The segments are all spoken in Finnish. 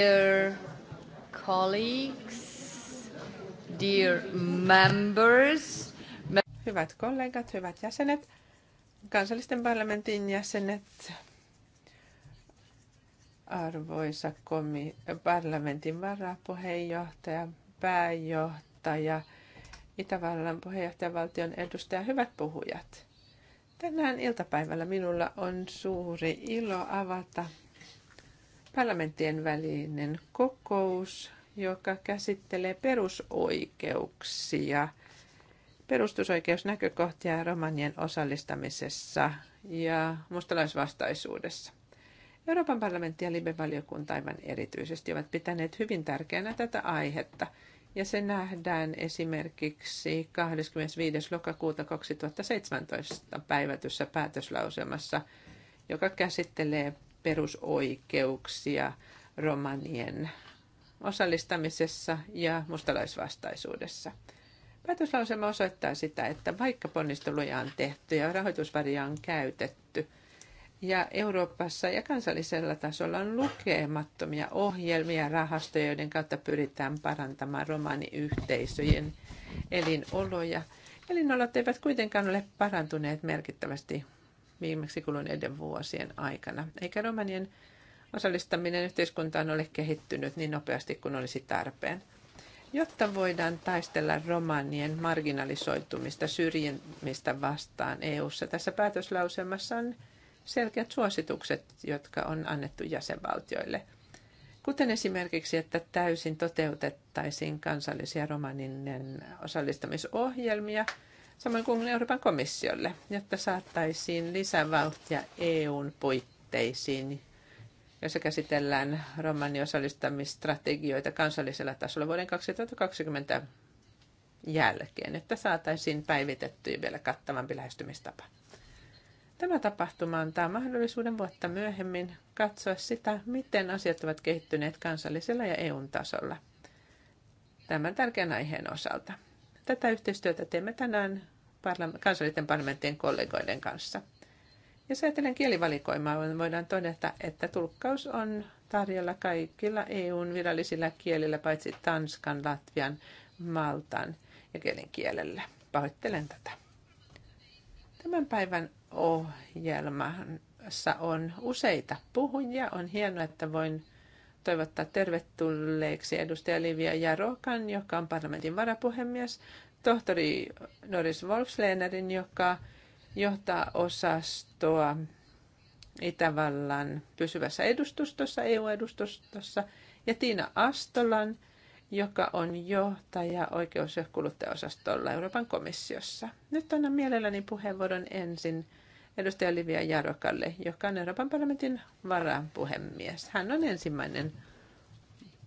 Dear colleagues, dear members. Hyvät kollegat, hyvät jäsenet, kansallisten parlamentin jäsenet, arvoisa komi- parlamentin varapuheenjohtaja, pääjohtaja, Itävallan puheenjohtajavaltion edustaja, hyvät puhujat. Tänään iltapäivällä minulla on suuri ilo avata parlamenttien välinen kokous, joka käsittelee perusoikeuksia, perustusoikeusnäkökohtia romanien osallistamisessa ja mustalaisvastaisuudessa. Euroopan parlamentti ja Libe-valiokunta aivan erityisesti ovat pitäneet hyvin tärkeänä tätä aihetta, ja se nähdään esimerkiksi 25. lokakuuta 2017 päivätyssä päätöslauselmassa, joka käsittelee perusoikeuksia romanien osallistamisessa ja mustalaisvastaisuudessa. Päätöslauselma osoittaa sitä, että vaikka ponnisteluja on tehty ja rahoitusvaria on käytetty, ja Euroopassa ja kansallisella tasolla on lukemattomia ohjelmia ja rahastoja, joiden kautta pyritään parantamaan romaniyhteisöjen elinoloja. Elinolot eivät kuitenkaan ole parantuneet merkittävästi viimeksi kuluneiden vuosien aikana. Eikä romanien osallistaminen yhteiskuntaan ole kehittynyt niin nopeasti kuin olisi tarpeen. Jotta voidaan taistella romanien marginalisoitumista, syrjimistä vastaan EU:ssa, tässä päätöslauselmassa on selkeät suositukset, jotka on annettu jäsenvaltioille. Kuten esimerkiksi, että täysin toteutettaisiin kansallisia romaninen osallistamisohjelmia – samoin kuin Euroopan komissiolle, jotta saattaisiin lisävauhtia EUn puitteisiin, jossa käsitellään romanin osallistamistrategioita kansallisella tasolla vuoden 2020 jälkeen, että saataisiin päivitettyä vielä kattavampi lähestymistapa. Tämä tapahtuma antaa mahdollisuuden vuotta myöhemmin katsoa sitä, miten asiat ovat kehittyneet kansallisella ja EUn tasolla tämän tärkeän aiheen osalta. Tätä yhteistyötä teemme tänään kansallisten parlamenttien kollegoiden kanssa. Jos ajatellen kielivalikoimaa, voidaan todeta, että tulkkaus on tarjolla kaikilla EUn virallisilla kielillä, paitsi Tanskan, Latvian, Maltan ja kielen kielellä. Pahoittelen tätä. Tämän päivän ohjelmassa on useita puhujia. On hienoa, että voin toivottaa tervetulleeksi edustaja Livia Jarokan, joka on parlamentin varapuhemies, tohtori Norris Wolfslenerin, joka johtaa osastoa Itävallan pysyvässä edustustossa, EU-edustustossa, ja Tiina Astolan, joka on johtaja oikeus- ja kuluttajaosastolla Euroopan komissiossa. Nyt annan mielelläni puheenvuoron ensin edustaja Livia Jarokalle, joka on Euroopan parlamentin varapuhemies. Hän on ensimmäinen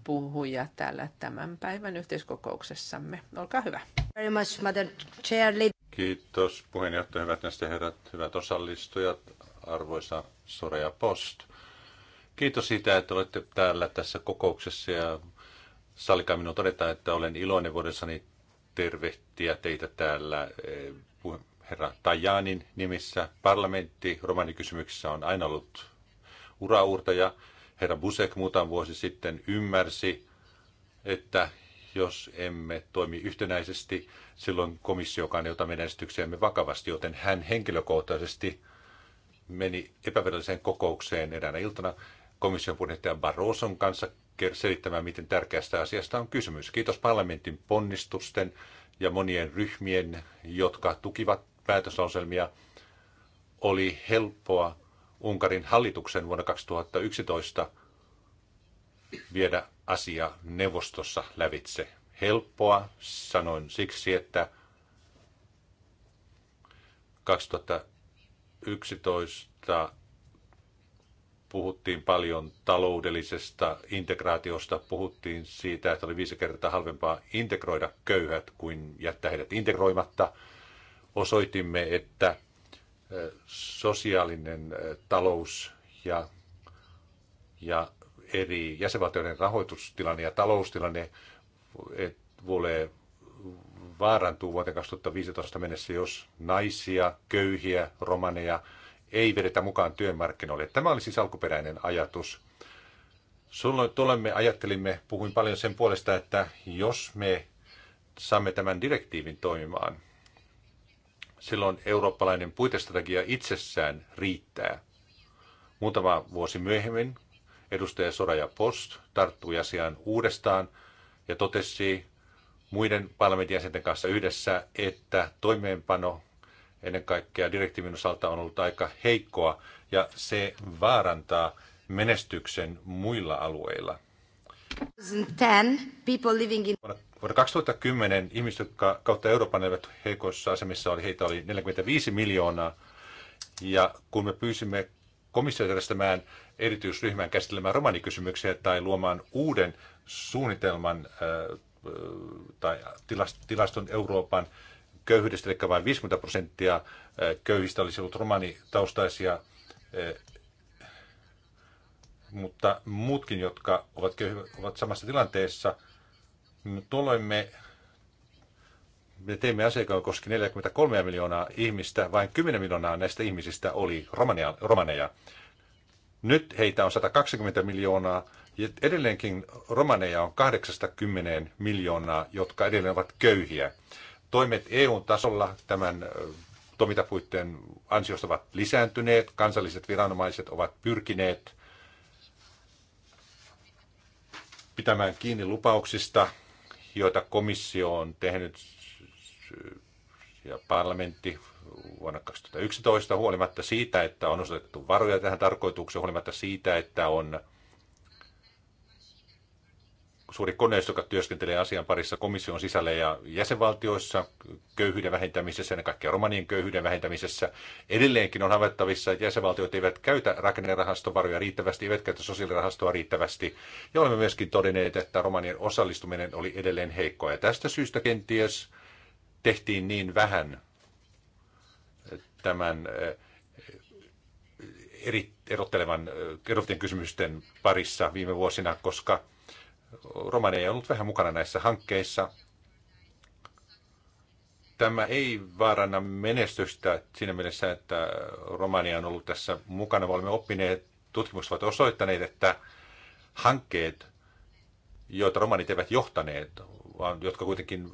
puhuja täällä tämän päivän yhteiskokouksessamme. Olkaa hyvä. Very much, Madam Chair. Kiitos puheenjohtaja, hyvät näistä herrat, hyvät osallistujat, arvoisa Sorea Post. Kiitos siitä, että olette täällä tässä kokouksessa ja sallikaa minun todeta, että olen iloinen vuodessani tervehtiä teitä täällä eh, herra Tajanin nimissä. Parlamentti romanikysymyksessä on aina ollut uraurtaja. Herra Busek muutaman vuosi sitten ymmärsi, että jos emme toimi yhtenäisesti, silloin komissio ei ota meidän vakavasti, joten hän henkilökohtaisesti meni epäviralliseen kokoukseen eräänä iltana komission puheenjohtaja Barroson kanssa selittämään, miten tärkeästä asiasta on kysymys. Kiitos parlamentin ponnistusten ja monien ryhmien, jotka tukivat päätöslauselmia oli helppoa Unkarin hallituksen vuonna 2011 viedä asia neuvostossa lävitse. Helppoa sanoin siksi, että 2011 puhuttiin paljon taloudellisesta integraatiosta, puhuttiin siitä, että oli viisi kertaa halvempaa integroida köyhät kuin jättää heidät integroimatta – osoitimme, että sosiaalinen talous ja, ja eri jäsenvaltioiden rahoitustilanne ja taloustilanne e, tulee vaarantuu vuoteen 2015 mennessä, jos naisia, köyhiä, romaneja ei vedetä mukaan työmarkkinoille. Tämä oli siis alkuperäinen ajatus. Tuolla me ajattelimme, puhuin paljon sen puolesta, että jos me saamme tämän direktiivin toimimaan, silloin eurooppalainen puitestrategia itsessään riittää. Muutama vuosi myöhemmin edustaja Soraja Post tarttui asiaan uudestaan ja totesi muiden parlamentin jäsenten kanssa yhdessä, että toimeenpano ennen kaikkea direktiivin osalta on ollut aika heikkoa ja se vaarantaa menestyksen muilla alueilla. people living in... Vuonna 2010 ihmiset, jotka kautta Euroopan eivät heikoissa asemissa oli, heitä oli 45 miljoonaa. Ja kun me pyysimme komissiota järjestämään erityisryhmän käsittelemään romanikysymyksiä tai luomaan uuden suunnitelman tai tilaston Euroopan köyhyydestä, eli vain 50 prosenttia köyhistä olisi ollut romanitaustaisia, mutta muutkin, jotka ovat, köyhy- ovat samassa tilanteessa – nyt me teimme asiakkaan koski 43 miljoonaa ihmistä, vain 10 miljoonaa näistä ihmisistä oli romania, romaneja. Nyt heitä on 120 miljoonaa, ja edelleenkin romaneja on 80 miljoonaa, jotka edelleen ovat köyhiä. Toimet EU-tasolla tämän toimintapuitteen ansiosta ovat lisääntyneet, kansalliset viranomaiset ovat pyrkineet pitämään kiinni lupauksista, joita komissio on tehnyt ja parlamentti vuonna 2011 huolimatta siitä, että on osoitettu varoja tähän tarkoitukseen, huolimatta siitä, että on suuri koneisto, joka työskentelee asian parissa komission sisällä ja jäsenvaltioissa köyhyyden vähentämisessä, ennen kaikkea romanien köyhyyden vähentämisessä. Edelleenkin on havaittavissa, että jäsenvaltiot eivät käytä rakennerahastovaroja riittävästi, eivät käytä sosiaalirahastoa riittävästi. Ja olemme myöskin todenneet, että romanien osallistuminen oli edelleen heikkoa. Ja tästä syystä kenties tehtiin niin vähän tämän eh, eri, erottelevan eh, erottien kysymysten parissa viime vuosina, koska Romania ei ollut vähän mukana näissä hankkeissa. Tämä ei vaaranna menestystä siinä mielessä, että Romania on ollut tässä mukana. Me olemme oppineet, tutkimukset ovat osoittaneet, että hankkeet, joita romanit eivät johtaneet, vaan jotka kuitenkin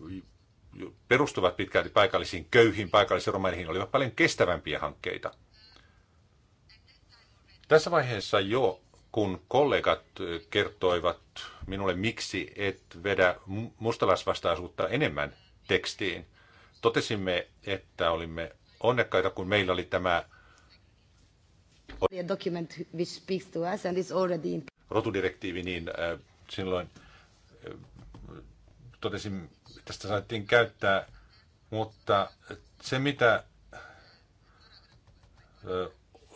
perustuvat pitkälti paikallisiin köyhiin, paikallisiin romaneihin, olivat paljon kestävämpiä hankkeita. Tässä vaiheessa jo kun kollegat kertoivat minulle, miksi et vedä mustalaisvastaisuutta enemmän tekstiin, totesimme, että olimme onnekkaita, kun meillä oli tämä rotudirektiivi, niin äh, silloin äh, totesin, tästä saatiin käyttää, mutta se mitä äh,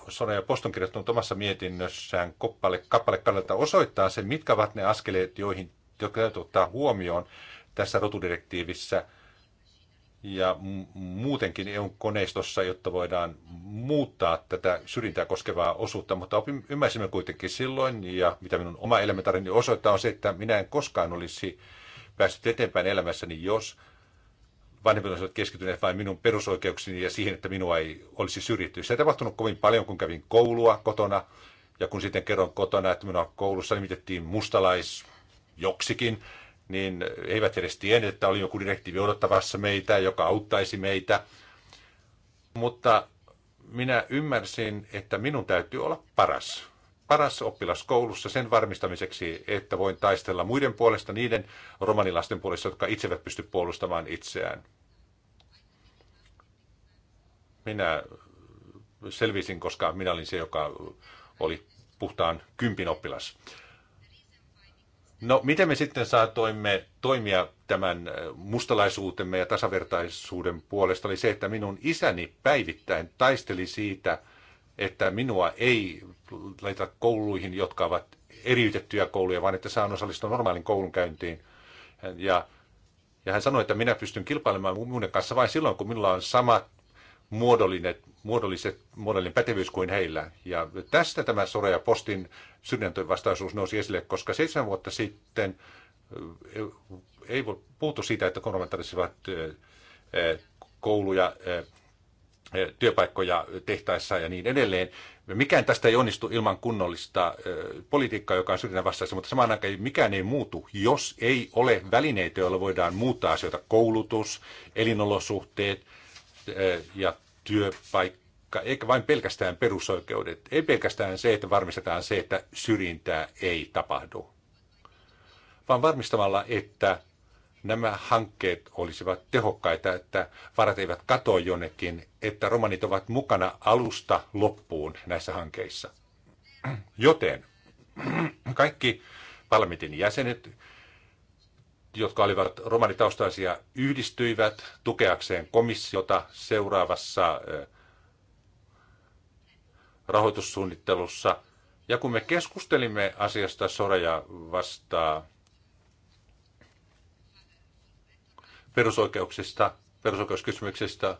Sona ja Poston kirjoittanut omassa mietinnössään kappale, kappale kannalta osoittaa sen, mitkä ovat ne askeleet, joihin jotka täytyy ottaa huomioon tässä rotudirektiivissä ja muutenkin EUn koneistossa, jotta voidaan muuttaa tätä syrjintää koskevaa osuutta, mutta ymmärsimme kuitenkin silloin, ja mitä minun oma elementarini osoittaa, on se, että minä en koskaan olisi päässyt eteenpäin elämässäni, jos vanhemmat olisivat keskittyneet vain minun perusoikeuksiini ja siihen, että minua ei olisi syrjitty. Se ei tapahtunut kovin paljon, kun kävin koulua kotona. Ja kun sitten kerron kotona, että minua koulussa nimitettiin mustalais joksikin, niin eivät edes tienneet, että oli joku direktiivi odottavassa meitä, joka auttaisi meitä. Mutta minä ymmärsin, että minun täytyy olla paras paras oppilas koulussa sen varmistamiseksi, että voin taistella muiden puolesta niiden romanilasten puolesta, jotka itsevät pysty puolustamaan itseään. Minä selvisin, koska minä olin se, joka oli puhtaan kympin oppilas. No, miten me sitten saatoimme toimia tämän äh, mustalaisuutemme ja tasavertaisuuden puolesta, oli se, että minun isäni päivittäin taisteli siitä, että minua ei laita kouluihin, jotka ovat eriytettyjä kouluja, vaan että saan osallistua normaalin koulunkäyntiin. Ja, ja hän sanoi, että minä pystyn kilpailemaan muiden kanssa vain silloin, kun minulla on samat muodolliset, muodolliset, muodollinen pätevyys kuin heillä. Ja tästä tämä Sorea Postin syrjintövastaisuus nousi esille, koska seitsemän vuotta sitten ei puhuttu siitä, että koronamentaarisivat kouluja työpaikkoja tehtaissa ja niin edelleen. Mikään tästä ei onnistu ilman kunnollista politiikkaa, joka on syrjinnän vastaista, mutta samaan aikaan mikään ei muutu, jos ei ole välineitä, joilla voidaan muuttaa asioita. Koulutus, elinolosuhteet ja työpaikka, eikä vain pelkästään perusoikeudet. Ei pelkästään se, että varmistetaan se, että syrjintää ei tapahdu, vaan varmistamalla, että nämä hankkeet olisivat tehokkaita, että varat eivät katoa jonnekin, että romanit ovat mukana alusta loppuun näissä hankkeissa. Joten kaikki parlamentin jäsenet, jotka olivat romanitaustaisia, yhdistyivät tukeakseen komissiota seuraavassa rahoitussuunnittelussa. Ja kun me keskustelimme asiasta Soraja vastaa perusoikeuksista, perusoikeuskysymyksistä.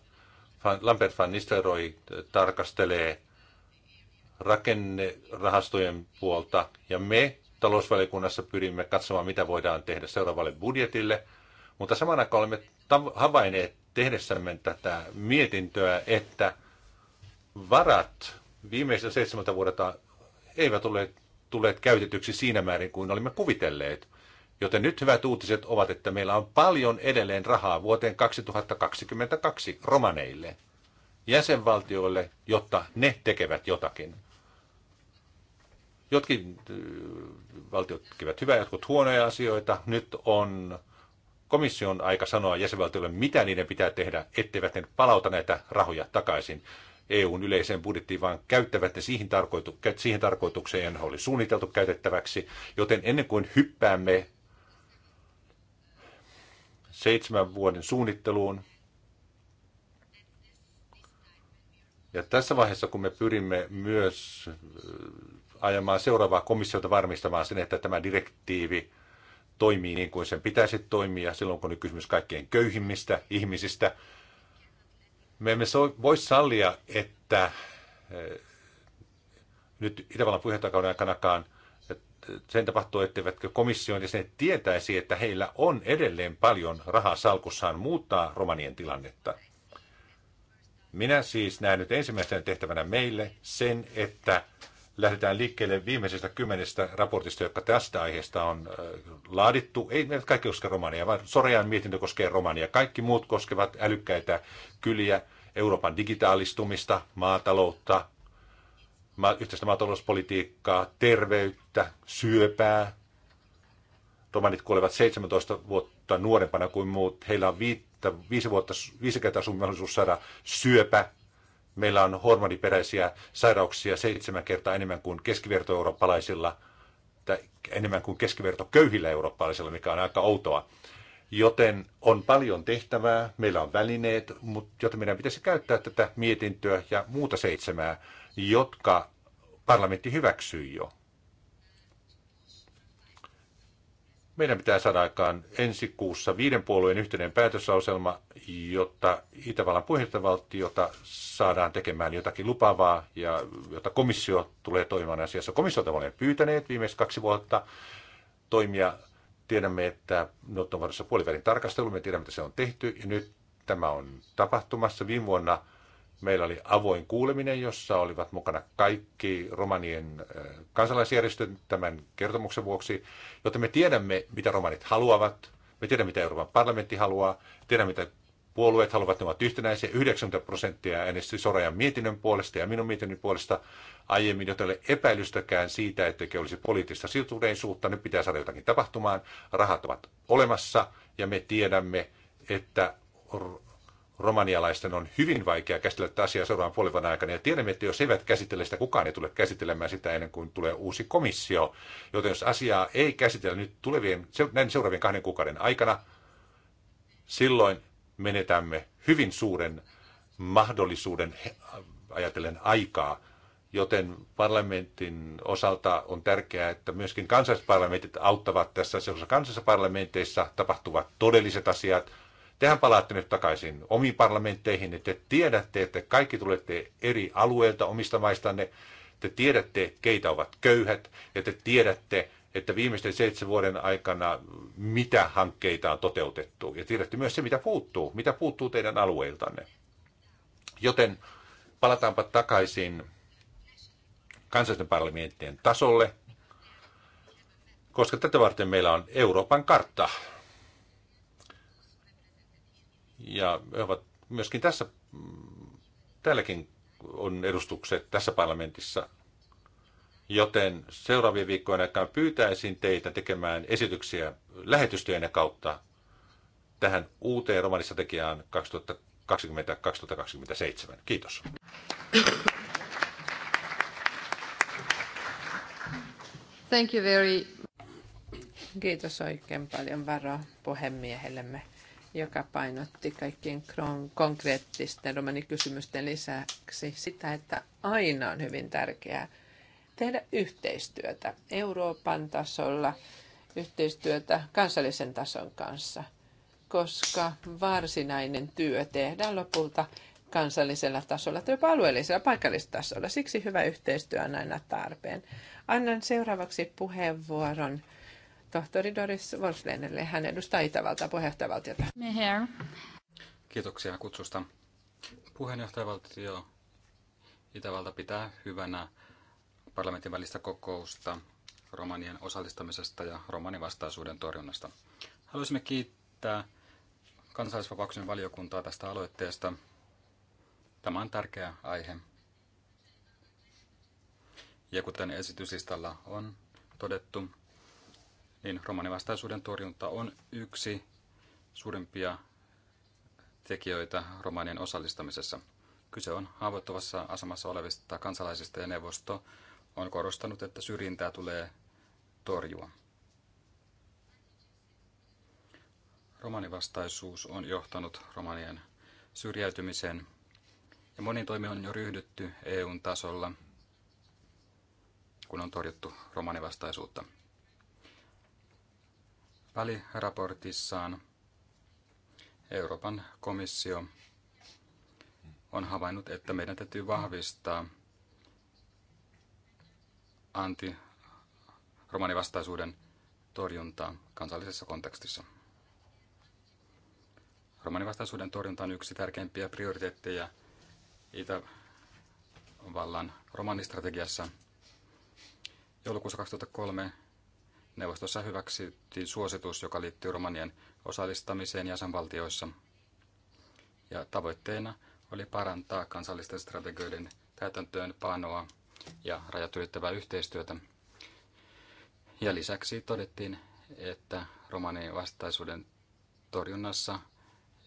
Lambert van Nistelrooy tarkastelee rakennerahastojen puolta ja me talousvaliokunnassa pyrimme katsomaan, mitä voidaan tehdä seuraavalle budjetille, mutta saman aikaan olemme havainneet tehdessämme tätä mietintöä, että varat viimeisen seitsemältä vuodelta eivät ole tulleet käytetyksi siinä määrin kuin olimme kuvitelleet. Joten nyt hyvät uutiset ovat, että meillä on paljon edelleen rahaa vuoteen 2022 romaneille, jäsenvaltioille, jotta ne tekevät jotakin. Jotkin äh, valtiot tekevät hyvää, jotkut huonoja asioita. Nyt on komission aika sanoa jäsenvaltioille, mitä niiden pitää tehdä, etteivät ne palauta näitä rahoja takaisin EUn yleiseen budjettiin, vaan käyttävät ne siihen, tarkoitu- siihen tarkoitukseen, johon oli suunniteltu käytettäväksi. Joten ennen kuin hyppäämme seitsemän vuoden suunnitteluun. Ja tässä vaiheessa, kun me pyrimme myös äh, ajamaan seuraavaa komissiota varmistamaan sen, että tämä direktiivi toimii niin kuin sen pitäisi toimia, silloin kun on kysymys kaikkein köyhimmistä ihmisistä, me emme voi sallia, että äh, nyt Itävallan puheenjohtajakauden aikanakaan sen tapahtuu, etteivätkö komission ja sen tietäisi, että heillä on edelleen paljon rahaa salkussaan muuttaa romanien tilannetta. Minä siis näen nyt ensimmäisenä tehtävänä meille sen, että lähdetään liikkeelle viimeisestä kymmenestä raportista, jotka tästä aiheesta on äh, laadittu. Ei ne kaikki koske romania, vaan Sorjan mietintö koskee romania. Kaikki muut koskevat älykkäitä kyliä, Euroopan digitaalistumista, maataloutta, yhteistä maatalouspolitiikkaa, terveyttä, syöpää. Romanit kuolevat 17 vuotta nuorempana kuin muut. Heillä on viittä, viisi, vuotta, viisi kertaa mahdollisuus saada syöpä. Meillä on hormoniperäisiä sairauksia seitsemän kertaa enemmän kuin keskiverto-eurooppalaisilla tai enemmän kuin keskiverto köyhillä eurooppalaisilla, mikä on aika outoa. Joten on paljon tehtävää, meillä on välineet, mutta jotta meidän pitäisi käyttää tätä mietintöä ja muuta seitsemää, jotka parlamentti hyväksyy jo. Meidän pitää saada aikaan ensi kuussa viiden puolueen yhteinen päätösauselma, jotta Itävallan puheenjohtajavaltiota saadaan tekemään jotakin lupavaa ja jotta komissio tulee toimimaan asiassa. Komissiota olemme pyytäneet viimeiset kaksi vuotta toimia Tiedämme, että nyt on varassa puolivälin tarkastelu, me tiedämme, että se on tehty ja nyt tämä on tapahtumassa. Viime vuonna meillä oli avoin kuuleminen, jossa olivat mukana kaikki romanien äh, kansalaisjärjestöt tämän kertomuksen vuoksi, jotta me tiedämme, mitä romanit haluavat, me tiedämme, mitä Euroopan parlamentti haluaa, tiedämme, mitä puolueet haluavat, ne ovat yhtenäisiä. 90 prosenttia äänesti Sorajan mietinnön puolesta ja minun mietinnön puolesta aiemmin, joten ole epäilystäkään siitä, etteikö olisi poliittista siltuneisuutta. Nyt pitää saada jotakin tapahtumaan. Rahat ovat olemassa ja me tiedämme, että romanialaisten on hyvin vaikea käsitellä tätä asiaa seuraavan puolivan aikana. Ja tiedämme, että jos eivät käsittele sitä, kukaan ei tule käsittelemään sitä ennen kuin tulee uusi komissio. Joten jos asiaa ei käsitellä nyt tulevien, näin seuraavien kahden kuukauden aikana, silloin menetämme hyvin suuren mahdollisuuden ajatellen aikaa, joten parlamentin osalta on tärkeää, että myöskin kansallisparlamentit auttavat tässä, koska kansallisissa parlamenteissa tapahtuvat todelliset asiat. Tehän palaatte nyt takaisin omiin parlamentteihin, että niin te tiedätte, että kaikki tulette eri alueilta omista maistanne, te tiedätte, keitä ovat köyhät, ja te tiedätte, että viimeisten seitsemän vuoden aikana mitä hankkeita on toteutettu. Ja tiedätte myös se, mitä puuttuu, mitä puuttuu teidän alueiltanne. Joten palataanpa takaisin kansallisten parlamenttien tasolle, koska tätä varten meillä on Euroopan kartta. Ja he ovat myöskin tässä, täälläkin on edustukset tässä parlamentissa Joten seuraavien viikkojen aikana pyytäisin teitä tekemään esityksiä lähetystyönne kautta tähän uuteen romanistrategiaan 2020-2027. Kiitos. Thank you very... Kiitos oikein paljon varo puhemiehellemme, joka painotti kaikkien konkreettisten romanikysymysten lisäksi sitä, että aina on hyvin tärkeää tehdä yhteistyötä Euroopan tasolla, yhteistyötä kansallisen tason kanssa, koska varsinainen työ tehdään lopulta kansallisella tasolla tai jopa alueellisella paikallistasolla. Siksi hyvä yhteistyö on aina tarpeen. Annan seuraavaksi puheenvuoron tohtori Doris Wolflenelle. Hän edustaa Itävaltaa puheenjohtajavaltiota. Kiitoksia kutsusta. Puheenjohtajavaltio Itävalta pitää hyvänä parlamentin välistä kokousta romanien osallistamisesta ja vastaisuuden torjunnasta. Haluaisimme kiittää kansallisvapauksen valiokuntaa tästä aloitteesta. Tämä on tärkeä aihe. Ja kuten esityslistalla on todettu, niin romanivastaisuuden torjunta on yksi suurimpia tekijöitä romanien osallistamisessa. Kyse on haavoittuvassa asemassa olevista kansalaisista ja neuvosto on korostanut, että syrjintää tulee torjua. Romanivastaisuus on johtanut romanien syrjäytymiseen ja moniin toimi on jo ryhdytty EUn tasolla, kun on torjuttu romanivastaisuutta. Väliraportissaan Euroopan komissio on havainnut, että meidän täytyy vahvistaa – anti romanivastaisuuden torjuntaa kansallisessa kontekstissa. Romanivastaisuuden torjunta on yksi tärkeimpiä prioriteetteja Itävallan romanistrategiassa. Joulukuussa 2003 neuvostossa hyväksyttiin suositus, joka liittyy romanien osallistamiseen jäsenvaltioissa. Ja tavoitteena oli parantaa kansallisten strategioiden täytäntöönpanoa panoa ja rajat ylittävää yhteistyötä. Ja lisäksi todettiin, että romanien vastaisuuden torjunnassa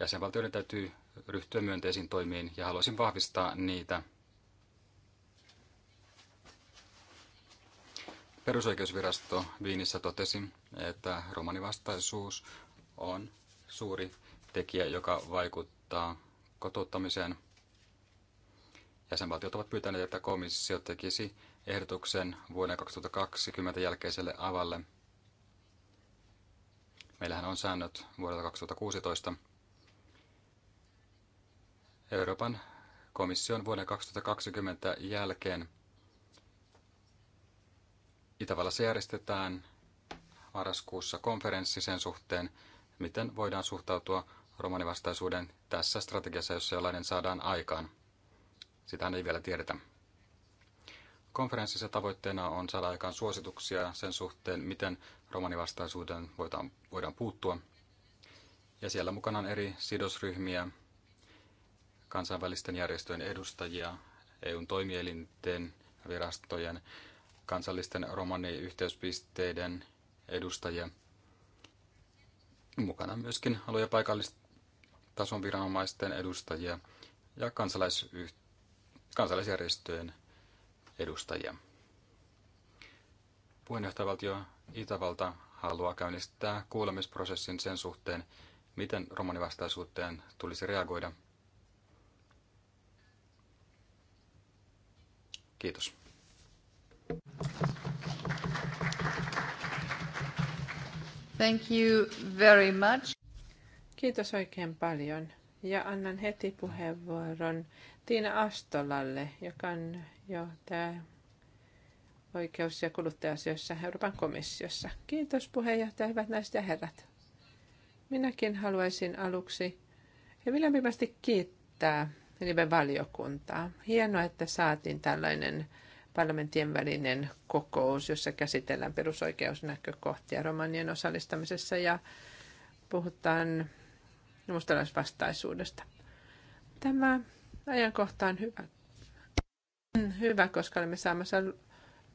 jäsenvaltioiden täytyy ryhtyä myönteisiin toimiin ja haluaisin vahvistaa niitä. Perusoikeusvirasto Viinissä totesi, että romanivastaisuus on suuri tekijä, joka vaikuttaa kotouttamiseen. Jäsenvaltiot ovat pyytäneet, että komissio tekisi ehdotuksen vuoden 2020 jälkeiselle avalle. Meillähän on säännöt vuodelta 2016. Euroopan komission vuoden 2020 jälkeen Itävallassa järjestetään marraskuussa konferenssi sen suhteen, miten voidaan suhtautua romanivastaisuuden tässä strategiassa, jossa sellainen saadaan aikaan. Sitä ei vielä tiedetä. Konferenssissa tavoitteena on saada aikaan suosituksia sen suhteen, miten romanivastaisuuteen voidaan, voidaan puuttua. Ja siellä mukana on eri sidosryhmiä, kansainvälisten järjestöjen edustajia, EUn toimielinten, virastojen, kansallisten romaniyhteyspisteiden edustajia. Mukana myöskin alue- ja paikallistason viranomaisten edustajia ja kansalaisyhteisöjen kansalaisjärjestöjen edustajia. Puheenjohtajavaltio Itävalta haluaa käynnistää kuulemisprosessin sen suhteen, miten romanivastaisuuteen tulisi reagoida. Kiitos. Thank you very much. Kiitos oikein paljon. Ja annan heti puheenvuoron Tiina Astolalle, joka on jo tämä oikeus- ja kuluttaja-asioissa Euroopan komissiossa. Kiitos puheenjohtaja, hyvät naiset ja herrat. Minäkin haluaisin aluksi hyvin lämpimästi kiittää live-valiokuntaa. Hienoa, että saatiin tällainen parlamenttien välinen kokous, jossa käsitellään perusoikeusnäkökohtia romanien osallistamisessa ja puhutaan mustalaisvastaisuudesta. Tämä ajankohta on hyvä, hyvä koska olemme saamassa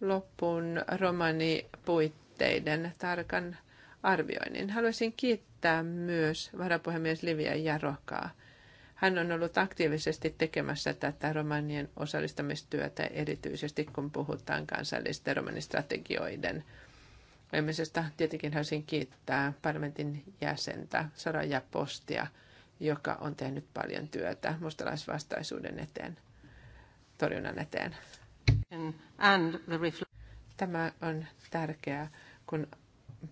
loppuun romanipuitteiden tarkan arvioinnin. Haluaisin kiittää myös varapuhemies Livia Jarokaa. Hän on ollut aktiivisesti tekemässä tätä romanien osallistamistyötä, erityisesti kun puhutaan kansallisten romanistrategioiden strategioiden Emisestä tietenkin haluaisin kiittää parlamentin jäsentä Saraja Postia, joka on tehnyt paljon työtä mustalaisvastaisuuden eteen, torjunnan eteen. Tämä on tärkeää, kun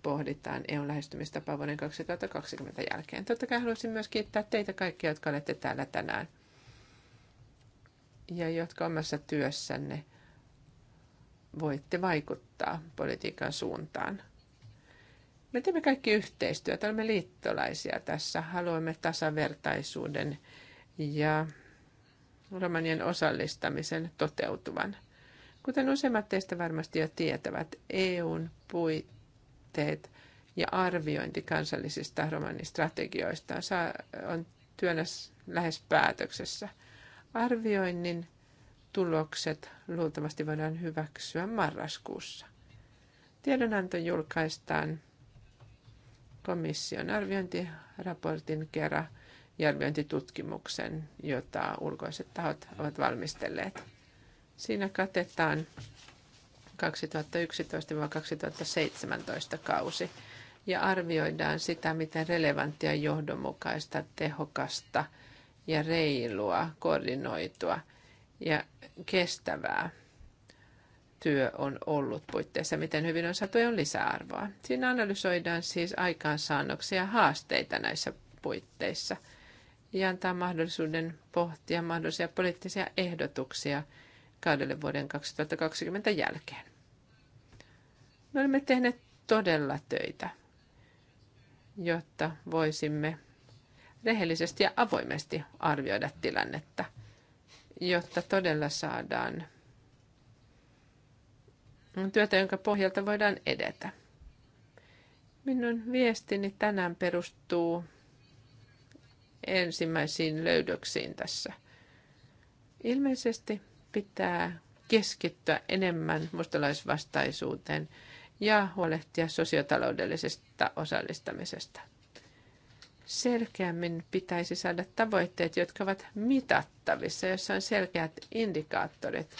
pohditaan EUn lähestymistapaa vuoden 2020 jälkeen. Totta kai haluaisin myös kiittää teitä kaikkia, jotka olette täällä tänään ja jotka omassa työssänne voitte vaikuttaa politiikan suuntaan. Me teemme kaikki yhteistyötä, olemme liittolaisia tässä, haluamme tasavertaisuuden ja romanien osallistamisen toteutuvan. Kuten useimmat teistä varmasti jo tietävät, EUn puitteet ja arviointi kansallisista romanistrategioista on työnnä lähes päätöksessä. Arvioinnin tulokset luultavasti voidaan hyväksyä marraskuussa. Tiedonanto julkaistaan komission arviointiraportin kerran ja arviointitutkimuksen, jota ulkoiset tahot ovat valmistelleet. Siinä katetaan 2011-2017 kausi ja arvioidaan sitä, miten relevanttia, johdonmukaista, tehokasta ja reilua, koordinoitua – ja kestävää työ on ollut puitteissa, miten hyvin on saatu on lisäarvoa. Siinä analysoidaan siis aikaansaannoksia ja haasteita näissä puitteissa ja antaa mahdollisuuden pohtia mahdollisia poliittisia ehdotuksia kaudelle vuoden 2020 jälkeen. Me olemme tehneet todella töitä, jotta voisimme rehellisesti ja avoimesti arvioida tilannetta – jotta todella saadaan työtä, jonka pohjalta voidaan edetä. Minun viestini tänään perustuu ensimmäisiin löydöksiin tässä. Ilmeisesti pitää keskittyä enemmän mustalaisvastaisuuteen ja huolehtia sosiotaloudellisesta osallistamisesta selkeämmin pitäisi saada tavoitteet, jotka ovat mitattavissa, jossa on selkeät indikaattorit,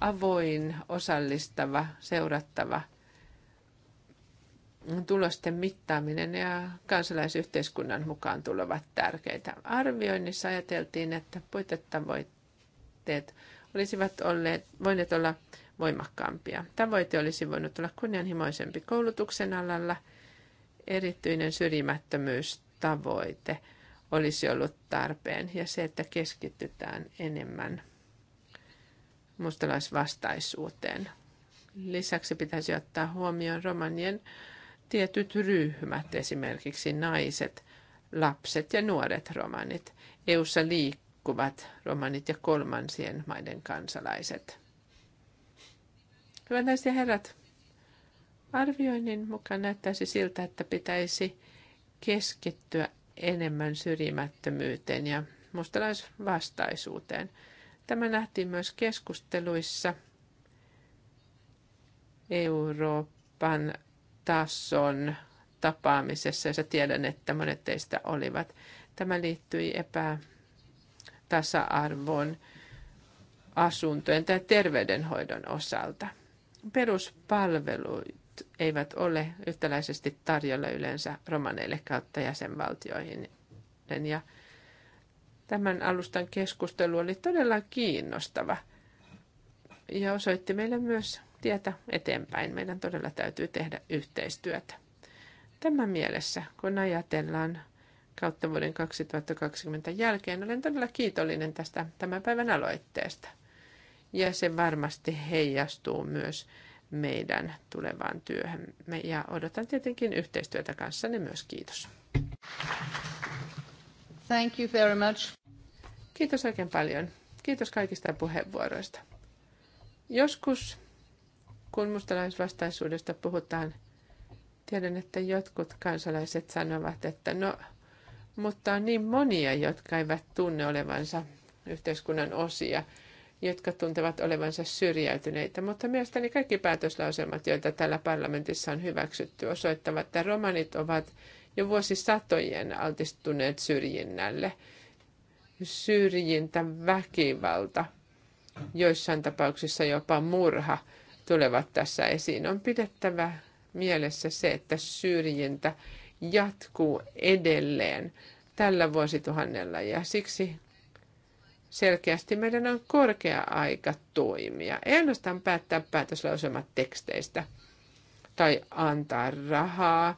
avoin, osallistava, seurattava tulosten mittaaminen ja kansalaisyhteiskunnan mukaan tulevat tärkeitä. Arvioinnissa ajateltiin, että puitetavoitteet olisivat olleet, voineet olla voimakkaampia. Tavoite olisi voinut olla kunnianhimoisempi koulutuksen alalla, erityinen syrjimättömyys tavoite olisi ollut tarpeen ja se, että keskitytään enemmän mustalaisvastaisuuteen. Lisäksi pitäisi ottaa huomioon romanien tietyt ryhmät, esimerkiksi naiset, lapset ja nuoret romanit, EU-ssa liikkuvat romanit ja kolmansien maiden kansalaiset. Hyvät naiset ja herrat, arvioinnin mukaan näyttäisi siltä, että pitäisi keskittyä enemmän syrjimättömyyteen ja mustalaisvastaisuuteen. Tämä nähtiin myös keskusteluissa Euroopan tason tapaamisessa, ja tiedän, että monet teistä olivat. Tämä liittyi epätasa-arvoon asuntojen tai terveydenhoidon osalta. Peruspalveluita eivät ole yhtäläisesti tarjolla yleensä romaneille kautta jäsenvaltioihin. Ja tämän alustan keskustelu oli todella kiinnostava ja osoitti meille myös tietä eteenpäin. Meidän todella täytyy tehdä yhteistyötä. Tämän mielessä, kun ajatellaan kautta vuoden 2020 jälkeen, olen todella kiitollinen tästä tämän päivän aloitteesta. Ja se varmasti heijastuu myös meidän tulevaan työhömme. Ja odotan tietenkin yhteistyötä kanssanne myös. Kiitos. Thank you very much. Kiitos oikein paljon. Kiitos kaikista puheenvuoroista. Joskus, kun mustalaisvastaisuudesta puhutaan, tiedän, että jotkut kansalaiset sanovat, että no, mutta on niin monia, jotka eivät tunne olevansa yhteiskunnan osia jotka tuntevat olevansa syrjäytyneitä, mutta mielestäni kaikki päätöslauselmat, joita tällä parlamentissa on hyväksytty, osoittavat, että romanit ovat jo vuosisatojen altistuneet syrjinnälle. Syrjintä, väkivalta, joissain tapauksissa jopa murha tulevat tässä esiin. On pidettävä mielessä se, että syrjintä jatkuu edelleen tällä vuosituhannella ja siksi selkeästi meidän on korkea aika toimia. Ei ainoastaan päättää päätöslauselmat teksteistä tai antaa rahaa,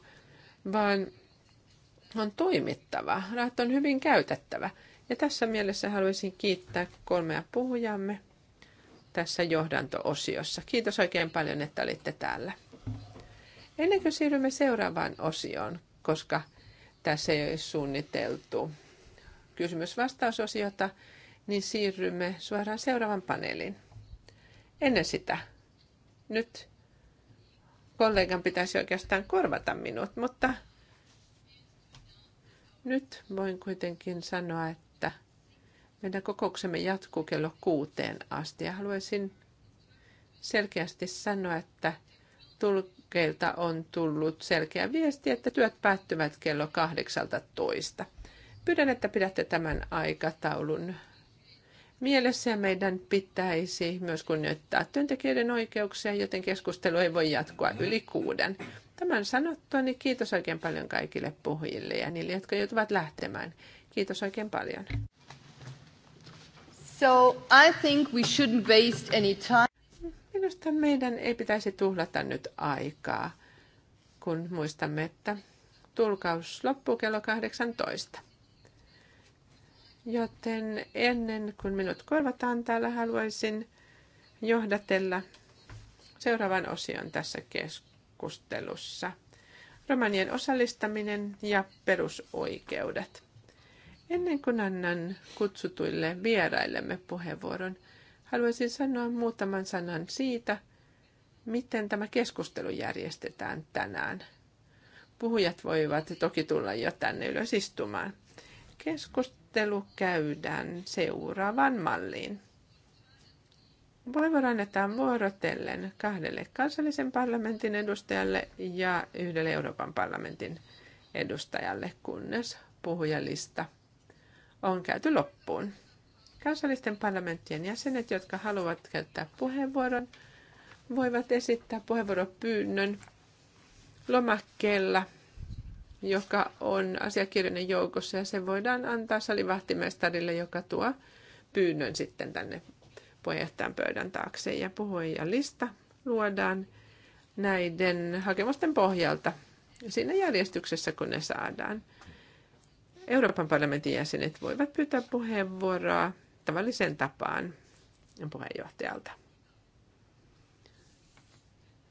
vaan on toimittava. Rahat on hyvin käytettävä. Ja tässä mielessä haluaisin kiittää kolmea puhujamme tässä johdanto-osiossa. Kiitos oikein paljon, että olitte täällä. Ennen kuin siirrymme seuraavaan osioon, koska tässä ei ole suunniteltu kysymys-vastausosiota, niin siirrymme suoraan seuraavan paneeliin. Ennen sitä, nyt kollegan pitäisi oikeastaan korvata minut, mutta nyt voin kuitenkin sanoa, että meidän kokouksemme jatkuu kello kuuteen asti ja haluaisin selkeästi sanoa, että tulkeilta on tullut selkeä viesti, että työt päättyvät kello 18. Pyydän, että pidätte tämän aikataulun mielessä meidän pitäisi myös kunnioittaa työntekijöiden oikeuksia, joten keskustelu ei voi jatkua yli kuuden. Tämän sanottua, niin kiitos oikein paljon kaikille puhujille ja niille, jotka joutuvat lähtemään. Kiitos oikein paljon. So I think we shouldn't waste any time. Minusta meidän ei pitäisi tuhlata nyt aikaa, kun muistamme, että tulkaus loppuu kello 18. Joten ennen kuin minut korvataan täällä, haluaisin johdatella seuraavan osion tässä keskustelussa. Romanien osallistaminen ja perusoikeudet. Ennen kuin annan kutsutuille vieraillemme puheenvuoron, haluaisin sanoa muutaman sanan siitä, miten tämä keskustelu järjestetään tänään. Puhujat voivat toki tulla jo tänne ylös istumaan. Keskustelu keskustelu käydään seuraavan malliin. Puheenvuoro annetaan vuorotellen kahdelle kansallisen parlamentin edustajalle ja yhdelle Euroopan parlamentin edustajalle, kunnes puhujalista on käyty loppuun. Kansallisten parlamenttien jäsenet, jotka haluavat käyttää puheenvuoron, voivat esittää puheenvuoropyynnön lomakkeella – joka on asiakirjojen joukossa ja se voidaan antaa salivahtimestarille, joka tuo pyynnön sitten tänne puheenjohtajan pöydän taakse ja puhujalista luodaan näiden hakemusten pohjalta siinä järjestyksessä, kun ne saadaan. Euroopan parlamentin jäsenet voivat pyytää puheenvuoroa tavalliseen tapaan puheenjohtajalta.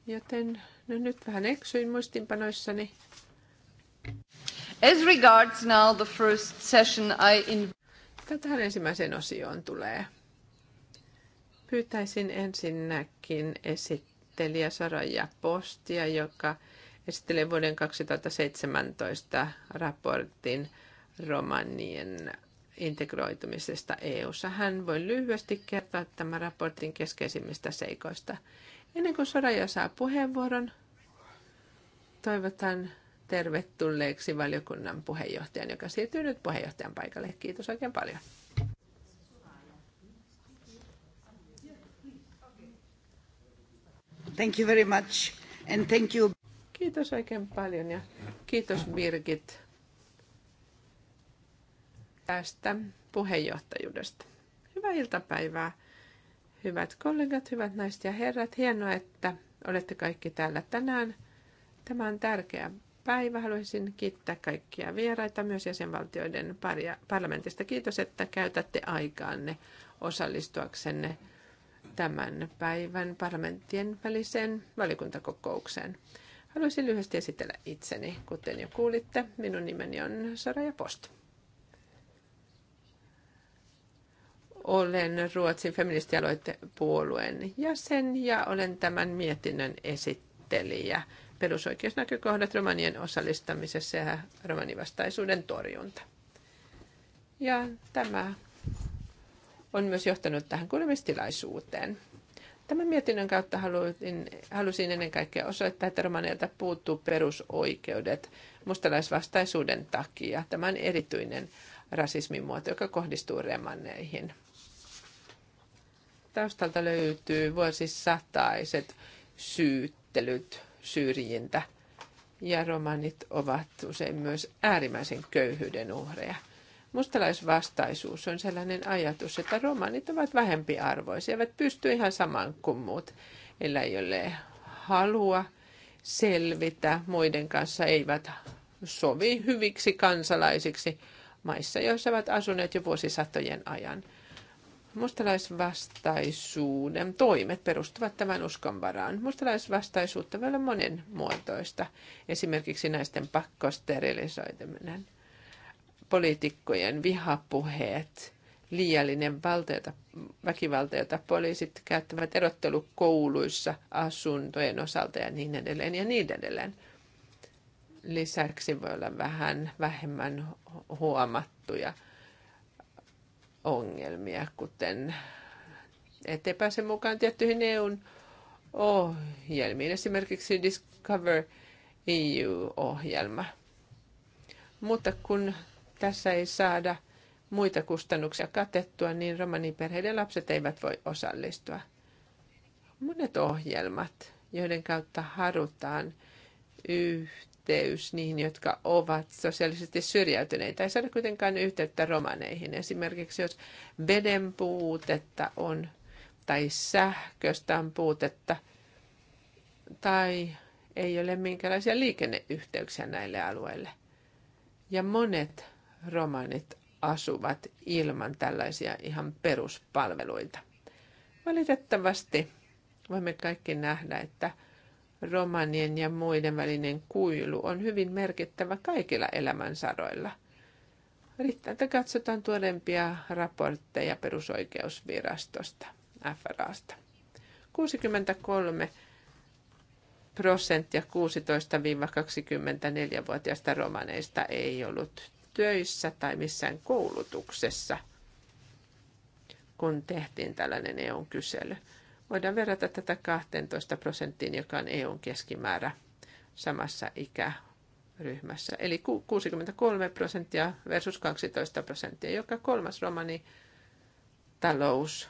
Joten no nyt vähän eksyin muistinpanoissani. As regards now the first session, I in... Tähän ensimmäiseen osioon tulee. Pyytäisin ensinnäkin esittelijä Saraja Postia, joka esittelee vuoden 2017 raportin romanien integroitumisesta eu Hän voi lyhyesti kertoa tämän raportin keskeisimmistä seikoista. Ennen kuin Soraja saa puheenvuoron, toivotan tervetulleeksi valiokunnan puheenjohtajan, joka siirtyy nyt puheenjohtajan paikalle. Kiitos oikein paljon. Thank you very much and thank you. Kiitos oikein paljon ja kiitos Birgit tästä puheenjohtajuudesta. Hyvää iltapäivää, hyvät kollegat, hyvät naiset ja herrat. Hienoa, että olette kaikki täällä tänään. Tämä on tärkeä päivä. Haluaisin kiittää kaikkia vieraita myös jäsenvaltioiden parlamentista. Kiitos, että käytätte aikaanne osallistuaksenne tämän päivän parlamenttien väliseen valikuntakokoukseen. Haluaisin lyhyesti esitellä itseni. Kuten jo kuulitte, minun nimeni on Saraja Post. Olen Ruotsin feministialoitepuolueen jäsen ja olen tämän mietinnön esittelijä – perusoikeusnäkökohdat romanien osallistamisessa ja romanivastaisuuden torjunta. Ja tämä on myös johtanut tähän kuulemistilaisuuteen. Tämän mietinnön kautta halusin, halusin ennen kaikkea osoittaa, että romaneilta puuttuu perusoikeudet mustalaisvastaisuuden takia. Tämä on erityinen rasismin muoto, joka kohdistuu remanneihin. Taustalta löytyy vuosisataiset syyttelyt syrjintä. Ja romanit ovat usein myös äärimmäisen köyhyyden uhreja. Mustalaisvastaisuus on sellainen ajatus, että romanit ovat vähempiarvoisia, eivät pysty ihan samaan kuin muut. Heillä ei ole halua selvitä muiden kanssa, eivät sovi hyviksi kansalaisiksi maissa, joissa ovat asuneet jo vuosisatojen ajan – mustalaisvastaisuuden toimet perustuvat tämän uskon varaan. Mustalaisvastaisuutta voi olla muotoista, esimerkiksi naisten pakkosterilisoituminen, poliitikkojen vihapuheet, liiallinen valta, väkivalta, jota poliisit käyttävät erottelukouluissa asuntojen osalta ja niin edelleen ja niin edelleen. Lisäksi voi olla vähän vähemmän huomattuja – ongelmia, kuten ettei pääse mukaan tiettyihin EUn ohjelmiin, esimerkiksi Discover EU-ohjelma. Mutta kun tässä ei saada muita kustannuksia katettua, niin romaniperheiden lapset eivät voi osallistua. Monet ohjelmat, joiden kautta harutaan yhteen, yhteys niihin, jotka ovat sosiaalisesti syrjäytyneitä. Ei saada kuitenkaan yhteyttä romaneihin. Esimerkiksi jos veden puutetta on tai sähköstä on puutetta tai ei ole minkälaisia liikenneyhteyksiä näille alueille. Ja monet romanit asuvat ilman tällaisia ihan peruspalveluita. Valitettavasti voimme kaikki nähdä, että – romanien ja muiden välinen kuilu on hyvin merkittävä kaikilla elämänsaroilla. Riittää, että katsotaan tuodempia raportteja perusoikeusvirastosta, FRAsta. 63 prosenttia 16-24-vuotiaista romaneista ei ollut töissä tai missään koulutuksessa, kun tehtiin tällainen EU-kysely. Voidaan verrata tätä 12 prosenttiin, joka on EUn keskimäärä samassa ikäryhmässä. Eli 63 prosenttia versus 12 prosenttia. Joka kolmas romani talous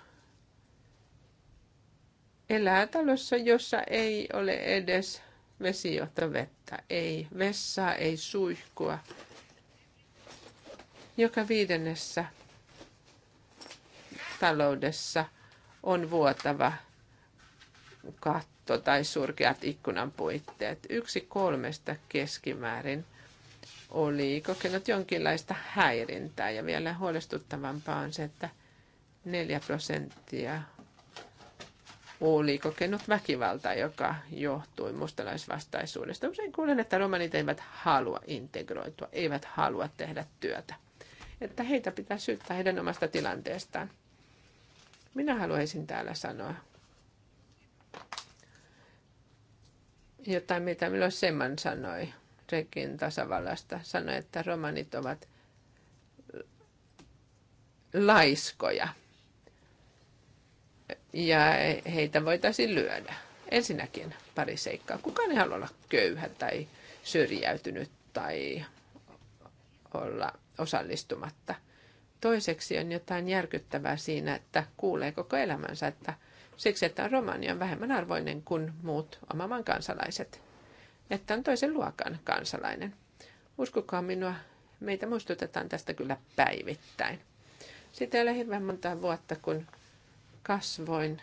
elää talossa, jossa ei ole edes vesijohtovettä, ei vessaa, ei suihkua. Joka viidennessä taloudessa on vuotava katto tai surkeat ikkunan puitteet. Yksi kolmesta keskimäärin oli kokenut jonkinlaista häirintää ja vielä huolestuttavampaa on se, että 4 prosenttia oli kokenut väkivaltaa, joka johtui mustalaisvastaisuudesta. Usein kuulen, että romanit eivät halua integroitua, eivät halua tehdä työtä. Että heitä pitää syyttää heidän omasta tilanteestaan. Minä haluaisin täällä sanoa jotain, mitä Milos Seman sanoi Rekin tasavallasta. Sanoi, että romanit ovat laiskoja ja heitä voitaisiin lyödä. Ensinnäkin pari seikkaa. Kukaan ei halua olla köyhä tai syrjäytynyt tai olla osallistumatta. Toiseksi on jotain järkyttävää siinä, että kuulee koko elämänsä, että siksi, että Romania on vähemmän arvoinen kuin muut omaman kansalaiset, että on toisen luokan kansalainen. Uskokaa minua, meitä muistutetaan tästä kyllä päivittäin. Sitä ei ole hirveän monta vuotta, kun kasvoin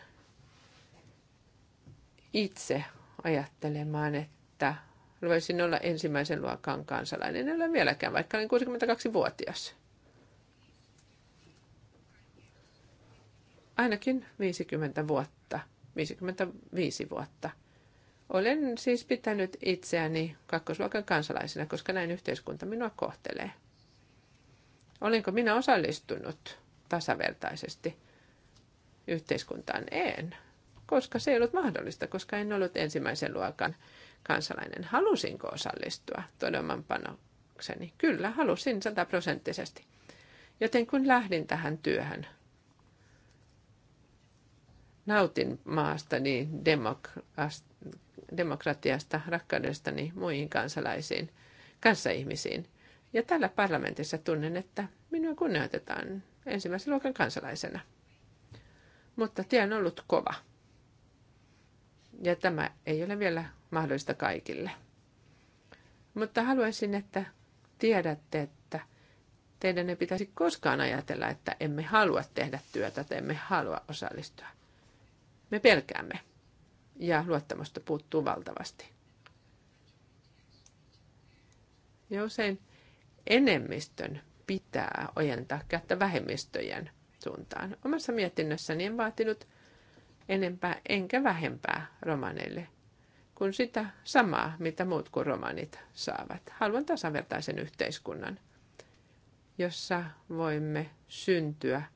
itse ajattelemaan, että voisin olla ensimmäisen luokan kansalainen. En ole vieläkään, vaikka olen 62-vuotias. ainakin 50 vuotta, 55 vuotta. Olen siis pitänyt itseäni kakkosluokan kansalaisena, koska näin yhteiskunta minua kohtelee. Olenko minä osallistunut tasavertaisesti yhteiskuntaan? En, koska se ei ollut mahdollista, koska en ollut ensimmäisen luokan kansalainen. Halusinko osallistua todemman panokseni? Kyllä, halusin sataprosenttisesti. Joten kun lähdin tähän työhön – nautin maastani demokratiasta, rakkaudestani muihin kansalaisiin, kanssaihmisiin. Ja tällä parlamentissa tunnen, että minua kunnioitetaan ensimmäisen luokan kansalaisena. Mutta tie on ollut kova. Ja tämä ei ole vielä mahdollista kaikille. Mutta haluaisin, että tiedätte, että teidän ei pitäisi koskaan ajatella, että emme halua tehdä työtä tai emme halua osallistua me pelkäämme ja luottamusta puuttuu valtavasti. Ja usein enemmistön pitää ojentaa kättä vähemmistöjen suuntaan. Omassa mietinnössäni en vaatinut enempää enkä vähempää romaneille kuin sitä samaa, mitä muut kuin romanit saavat. Haluan tasavertaisen yhteiskunnan, jossa voimme syntyä –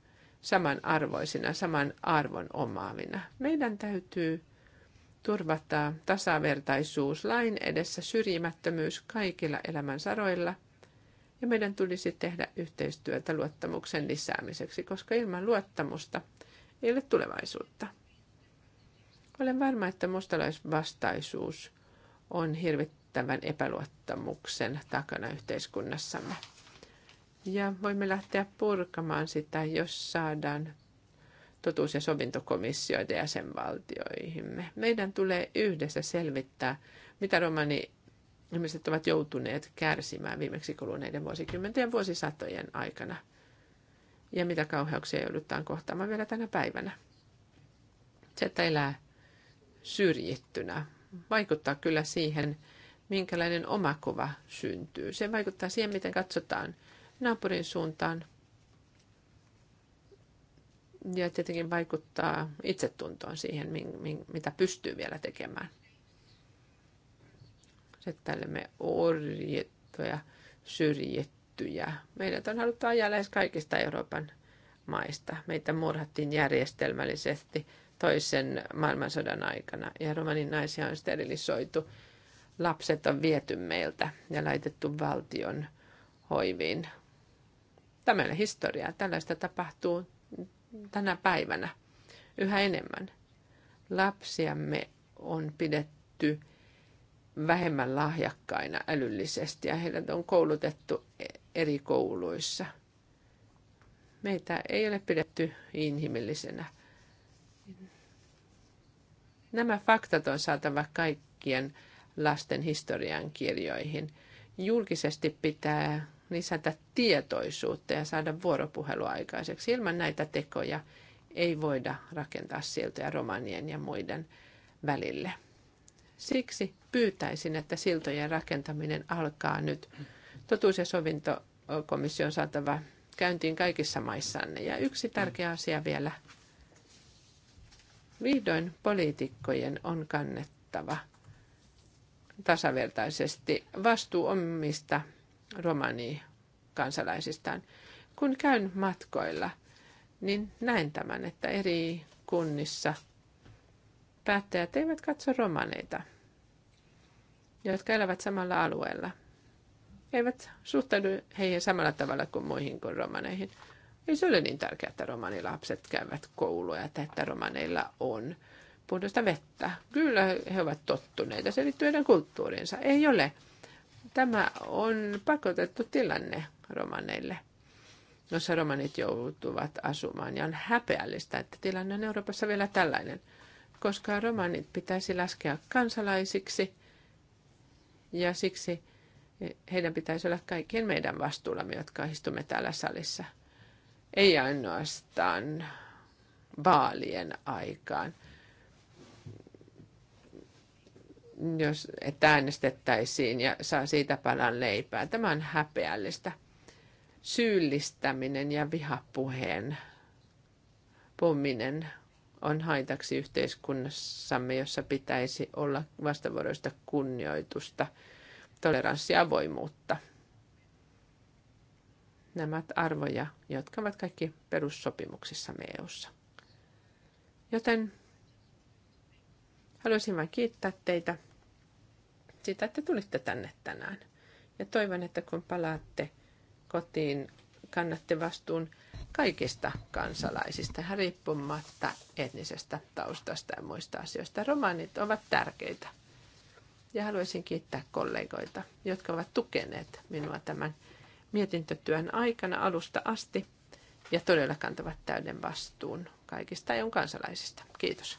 samanarvoisina, saman arvon omaavina. Meidän täytyy turvata tasavertaisuus lain edessä, syrjimättömyys kaikilla elämän saroilla. Ja meidän tulisi tehdä yhteistyötä luottamuksen lisäämiseksi, koska ilman luottamusta ei ole tulevaisuutta. Olen varma, että mustalaisvastaisuus on hirvittävän epäluottamuksen takana yhteiskunnassamme. Ja voimme lähteä purkamaan sitä, jos saadaan totuus- ja sovintokomissioita jäsenvaltioihimme. Meidän tulee yhdessä selvittää, mitä romani ihmiset ovat joutuneet kärsimään viimeksi kuluneiden vuosikymmenten ja vuosisatojen aikana. Ja mitä kauheuksia joudutaan kohtaamaan vielä tänä päivänä. Se, että elää syrjittynä, vaikuttaa kyllä siihen, minkälainen omakuva syntyy. Se vaikuttaa siihen, miten katsotaan naapurin suuntaan. Ja tietenkin vaikuttaa itsetuntoon siihen, mitä pystyy vielä tekemään. Se, että me orjettuja, syrjittyjä. Meidät on haluttu ajaa lähes kaikista Euroopan maista. Meitä murhattiin järjestelmällisesti toisen maailmansodan aikana ja romanin naisia on sterilisoitu. Lapset on viety meiltä ja laitettu valtion hoiviin. Tämä on historiaa. Tällaista tapahtuu tänä päivänä yhä enemmän. Lapsiamme on pidetty vähemmän lahjakkaina älyllisesti ja heidät on koulutettu eri kouluissa. Meitä ei ole pidetty inhimillisenä. Nämä faktat on saatava kaikkien lasten historian kirjoihin. Julkisesti pitää lisätä tietoisuutta ja saada vuoropuhelua aikaiseksi. Ilman näitä tekoja ei voida rakentaa siltoja romanien ja muiden välille. Siksi pyytäisin, että siltojen rakentaminen alkaa nyt. Totuus- ja sovintokomissio on saatava käyntiin kaikissa maissanne. Ja yksi tärkeä asia vielä. Vihdoin poliitikkojen on kannettava tasavertaisesti vastuu omista romani kansalaisistaan. Kun käyn matkoilla, niin näen tämän, että eri kunnissa päättäjät eivät katso romaneita, jotka elävät samalla alueella. Eivät suhtaudu heihin samalla tavalla kuin muihin kuin romaneihin. Ei se ole niin tärkeää, että romanilapset käyvät kouluja, ja että romaneilla on puhdasta vettä. Kyllä he ovat tottuneita, se liittyy heidän kulttuuriinsa. Ei ole Tämä on pakotettu tilanne romaneille, jossa romanit joutuvat asumaan. Ja on häpeällistä, että tilanne on Euroopassa vielä tällainen, koska romanit pitäisi laskea kansalaisiksi ja siksi heidän pitäisi olla kaikkien meidän vastuulla, jotka istumme täällä salissa. Ei ainoastaan vaalien aikaan jos, että äänestettäisiin ja saa siitä palan leipää. Tämä on häpeällistä. Syyllistäminen ja vihapuheen pomminen on haitaksi yhteiskunnassamme, jossa pitäisi olla vastavuoroista kunnioitusta, toleranssia ja avoimuutta. Nämä arvoja, jotka ovat kaikki perussopimuksissa EU:ssa. Joten Haluaisin vain kiittää teitä siitä, että tulitte tänne tänään. Ja toivon, että kun palaatte kotiin, kannatte vastuun kaikista kansalaisista, riippumatta etnisestä taustasta ja muista asioista. Romanit ovat tärkeitä. Ja haluaisin kiittää kollegoita, jotka ovat tukeneet minua tämän mietintötyön aikana alusta asti ja todella kantavat täyden vastuun kaikista EUn kansalaisista. Kiitos.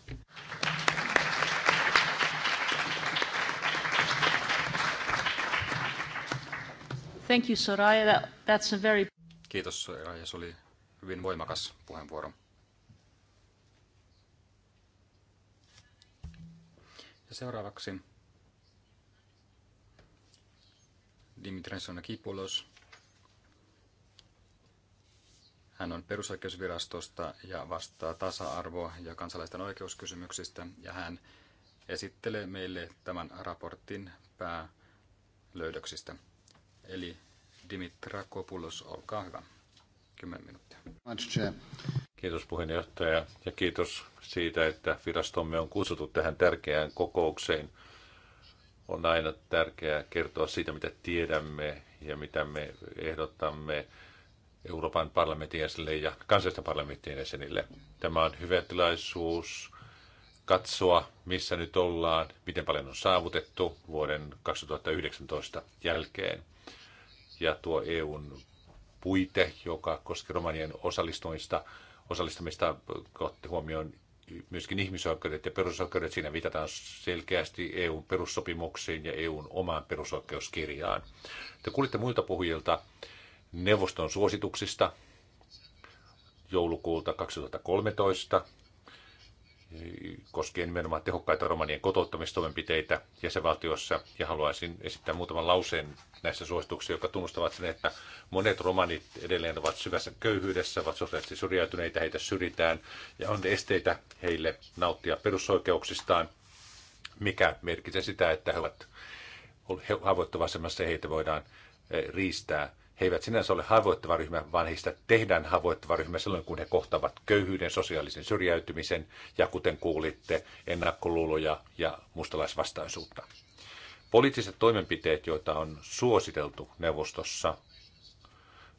Thank you, Soraya. That's a very... Kiitos, Soraya. Se oli hyvin voimakas puheenvuoro. Ja seuraavaksi Dimitris Sonakipulos. Hän on perusoikeusvirastosta ja vastaa tasa-arvo- ja kansalaisten oikeuskysymyksistä, ja hän esittelee meille tämän raportin päälöydöksistä. Eli Dimitrakopoulos, olkaa hyvä. 10 minuuttia. Kiitos puheenjohtaja ja kiitos siitä, että virastomme on kutsuttu tähän tärkeään kokoukseen. On aina tärkeää kertoa siitä, mitä tiedämme ja mitä me ehdottamme Euroopan parlamentin jäsenille ja kansallisten parlamentin jäsenille. Tämä on hyvä tilaisuus katsoa, missä nyt ollaan, miten paljon on saavutettu vuoden 2019 jälkeen ja tuo EUn puite, joka koski romanien osallistumista, osallistumista otti huomioon myöskin ihmisoikeudet ja perusoikeudet. Siinä viitataan selkeästi EUn perussopimuksiin ja EUn omaan perusoikeuskirjaan. Te kuulitte muilta puhujilta neuvoston suosituksista joulukuulta 2013, koskien nimenomaan tehokkaita romanien kotouttamistoimenpiteitä jäsenvaltiossa. Ja haluaisin esittää muutaman lauseen näissä suosituksissa, jotka tunnustavat sen, että monet romanit edelleen ovat syvässä köyhyydessä, ovat sosiaalisesti syrjäytyneitä, heitä syrjitään ja on esteitä heille nauttia perusoikeuksistaan, mikä merkitsee sitä, että he ovat haavoittuvassa heitä voidaan eh, riistää he eivät sinänsä ole haavoittava ryhmä, vaan heistä tehdään haavoittava ryhmä silloin, kun he kohtavat köyhyyden, sosiaalisen syrjäytymisen ja kuten kuulitte, ennakkoluuloja ja mustalaisvastaisuutta. Poliittiset toimenpiteet, joita on suositeltu neuvostossa,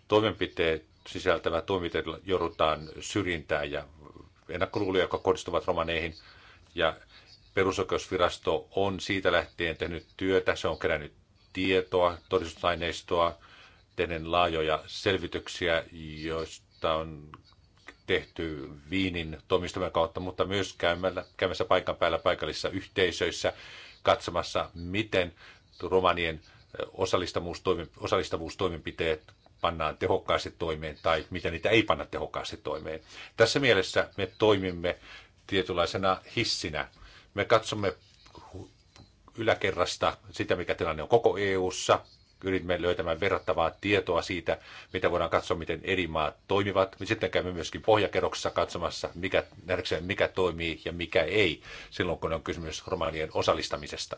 toimenpiteet sisältävät toimenpiteet, joudutaan syrjintää ja ennakkoluuloja, jotka kohdistuvat romaneihin, ja perusoikeusvirasto on siitä lähtien tehnyt työtä, se on kerännyt tietoa, todistusaineistoa, sitten laajoja selvityksiä, joista on tehty Viinin toimistamme kautta, mutta myös käymällä, käymässä paikan päällä paikallisissa yhteisöissä katsomassa, miten romanien osallistavuustoimenpiteet pannaan tehokkaasti toimeen tai miten niitä ei panna tehokkaasti toimeen. Tässä mielessä me toimimme tietynlaisena hissinä. Me katsomme yläkerrasta sitä, mikä tilanne on koko EU:ssa, Yritimme löytämään verrattavaa tietoa siitä, mitä voidaan katsoa, miten eri maat toimivat. Sitten käymme myöskin pohjakerroksessa katsomassa, mikä, nähdäkseen, mikä toimii ja mikä ei, silloin kun on kysymys romaanien osallistamisesta.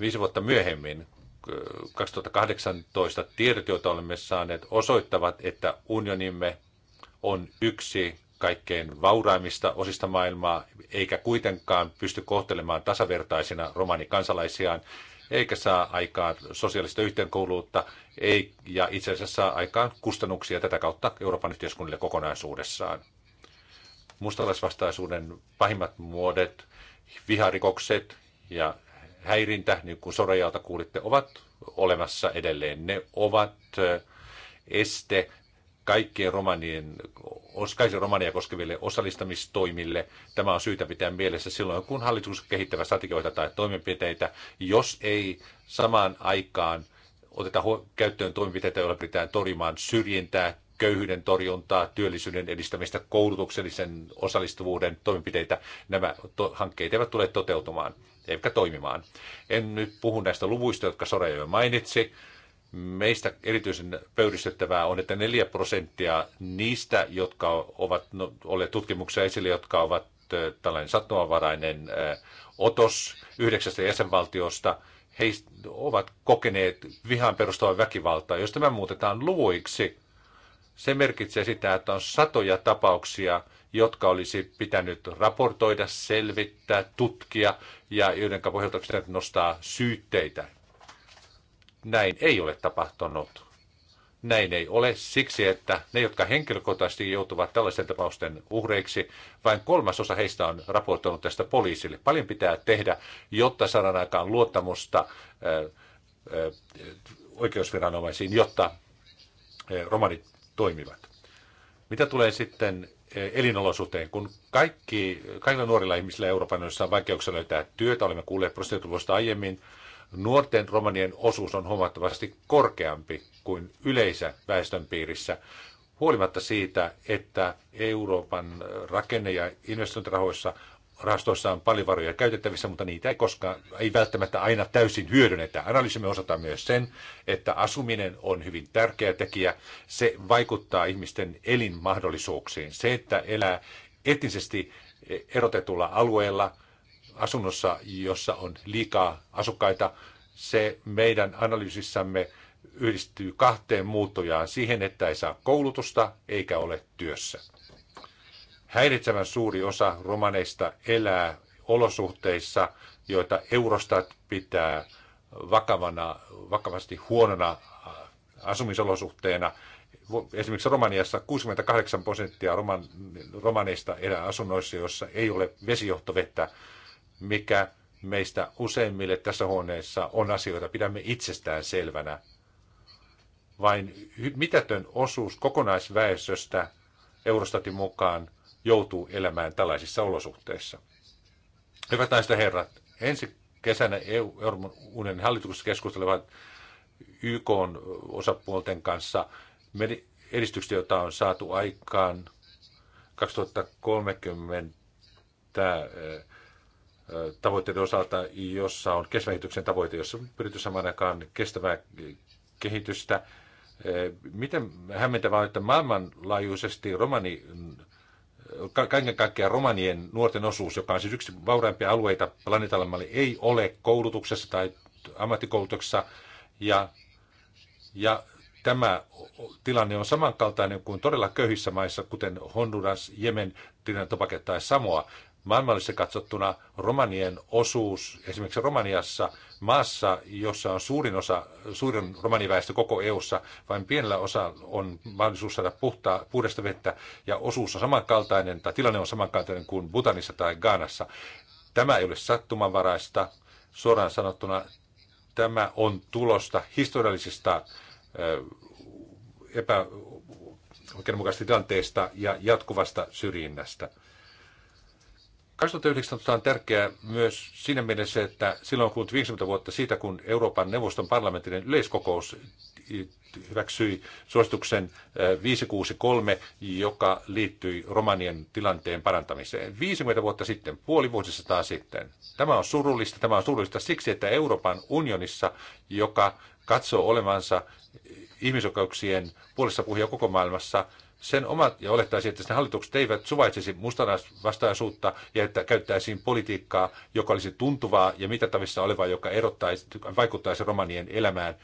Viisi vuotta myöhemmin, 2018 tiedot, joita olemme saaneet, osoittavat, että unionimme on yksi kaikkein vauraimmista osista maailmaa, eikä kuitenkaan pysty kohtelemaan tasavertaisina kansalaisiaan eikä saa aikaan sosiaalista yhteenkuuluutta, ei, ja itse asiassa saa aikaan kustannuksia tätä kautta Euroopan yhteiskunnille kokonaisuudessaan. Mustalaisvastaisuuden pahimmat muodet, viharikokset ja häirintä, niin kuin sorajalta kuulitte, ovat olemassa edelleen. Ne ovat eh, este kaikkien romanien, kaikille romania koskeville osallistamistoimille. Tämä on syytä pitää mielessä silloin, kun hallitus kehittävä strategioita tai toimenpiteitä, jos ei samaan aikaan oteta käyttöön toimenpiteitä, joilla pitää torjumaan syrjintää, köyhyyden torjuntaa, työllisyyden edistämistä, koulutuksellisen osallistuvuuden toimenpiteitä. Nämä to- hankkeet eivät tule toteutumaan eivätkä toimimaan. En nyt puhu näistä luvuista, jotka Soraja jo mainitsi Meistä erityisen pöyristyttävää on, että 4 prosenttia niistä, jotka ovat no, olleet tutkimuksessa esille, jotka ovat tällainen sattumanvarainen otos yhdeksästä jäsenvaltiosta, he ovat kokeneet vihan perustuvaa väkivaltaa. Jos tämä muutetaan luvuiksi, se merkitsee sitä, että on satoja tapauksia, jotka olisi pitänyt raportoida, selvittää, tutkia ja joiden pohjalta pitänyt nostaa syytteitä näin ei ole tapahtunut. Näin ei ole siksi, että ne, jotka henkilökohtaisesti joutuvat tällaisten tapausten uhreiksi, vain kolmasosa heistä on raportoinut tästä poliisille. Paljon pitää tehdä, jotta saadaan aikaan luottamusta oikeusviranomaisiin, jotta romanit toimivat. Mitä tulee sitten elinolosuhteen, kun kaikki, kaikilla nuorilla ihmisillä Euroopan on vaikeuksia löytää työtä, olemme kuulleet prostituutiosta aiemmin, nuorten romanien osuus on huomattavasti korkeampi kuin yleisä väestönpiirissä, huolimatta siitä, että Euroopan rakenne- ja investointirahoissa rahastoissa on paljon varoja käytettävissä, mutta niitä ei koskaan, ei välttämättä aina täysin hyödynnetä. Analyysimme osataan myös sen, että asuminen on hyvin tärkeä tekijä. Se vaikuttaa ihmisten elinmahdollisuuksiin. Se, että elää etnisesti erotetulla alueella, asunnossa, jossa on liikaa asukkaita, se meidän analyysissämme yhdistyy kahteen muuttujaan siihen, että ei saa koulutusta eikä ole työssä. Häiritsevän suuri osa romaneista elää olosuhteissa, joita Eurostat pitää vakavana, vakavasti huonona äh, asumisolosuhteena. Esimerkiksi Romaniassa 68 prosenttia romaneista elää asunnoissa, joissa ei ole vesijohtovettä mikä meistä useimmille tässä huoneessa on asioita, pidämme itsestään selvänä. Vain mitätön osuus kokonaisväestöstä Eurostatin mukaan joutuu elämään tällaisissa olosuhteissa. Hyvät naiset ja herrat, ensi kesänä EU, Euroopan unionin hallituksessa keskustelevat YK osapuolten kanssa edistyksestä, jota on saatu aikaan 2030 tavoitteiden osalta, jossa on kestävän tavoite, jossa on pyritty samaan aikaan kestävää kehitystä. Miten hämmentävää on, että maailmanlaajuisesti romani, kaiken kaikkiaan romanien nuorten osuus, joka on siis yksi vauraimpia alueita planeetalle ei ole koulutuksessa tai ammattikoulutuksessa. Ja, ja tämä tilanne on samankaltainen kuin todella köyhissä maissa, kuten Honduras, Jemen, Trinidad Tobago tai Samoa. Maailmallisesti katsottuna romanien osuus esimerkiksi Romaniassa, maassa, jossa on suurin osa, suurin romaniväestö koko EU:ssa, vain pienellä osa on mahdollisuus saada puhtaa, puhdasta vettä ja osuus on samankaltainen tai tilanne on samankaltainen kuin Butanissa tai Gaanassa. Tämä ei ole sattumanvaraista, suoraan sanottuna tämä on tulosta historiallisista epäoikeudenmukaisista tilanteista ja jatkuvasta syrjinnästä. 2019 on tärkeää myös siinä mielessä, että silloin on kulunut 50 vuotta siitä, kun Euroopan neuvoston parlamentin yleiskokous hyväksyi suosituksen 563, eh, joka liittyi romanien tilanteen parantamiseen. 50 vuotta sitten, puoli vuosisataa sitten. Tämä on surullista. Tämä on surullista siksi, että Euroopan unionissa, joka katsoo olevansa ihmisoikeuksien puolessa puhuja koko maailmassa, sen omat, ja olettaisiin, että sen hallitukset eivät suvaitsisi mustanaisvastaisuutta ja että käyttäisiin politiikkaa, joka olisi tuntuvaa ja mitattavissa olevaa, joka erottaisi, vaikuttaisi romanien elämään.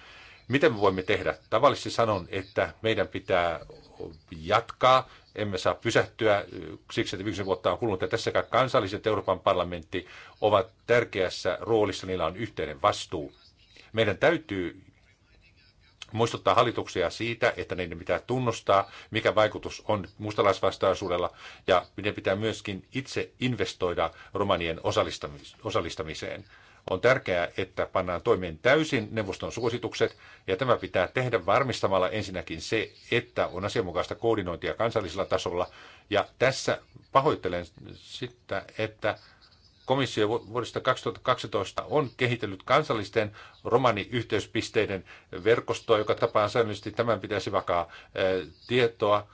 Miten me voimme tehdä? Tavallisesti sanon, että meidän pitää jatkaa, emme saa pysähtyä siksi, että yksi vuotta on kulunut. Ja tässäkään kansalliset Euroopan parlamentti ovat tärkeässä roolissa, niillä on yhteinen vastuu. Meidän täytyy muistuttaa hallituksia siitä, että niiden pitää tunnustaa, mikä vaikutus on mustalaisvastaisuudella, ja miten pitää myöskin itse investoida romanien osallistamiseen. On tärkeää, että pannaan toimeen täysin neuvoston suositukset, ja tämä pitää tehdä varmistamalla ensinnäkin se, että on asianmukaista koordinointia kansallisella tasolla. Ja tässä pahoittelen sitä, että komissio vuodesta 2012 on kehitellyt kansallisten romaniyhteyspisteiden verkostoa, joka tapaan säännöllisesti tämän pitäisi vakaa tietoa,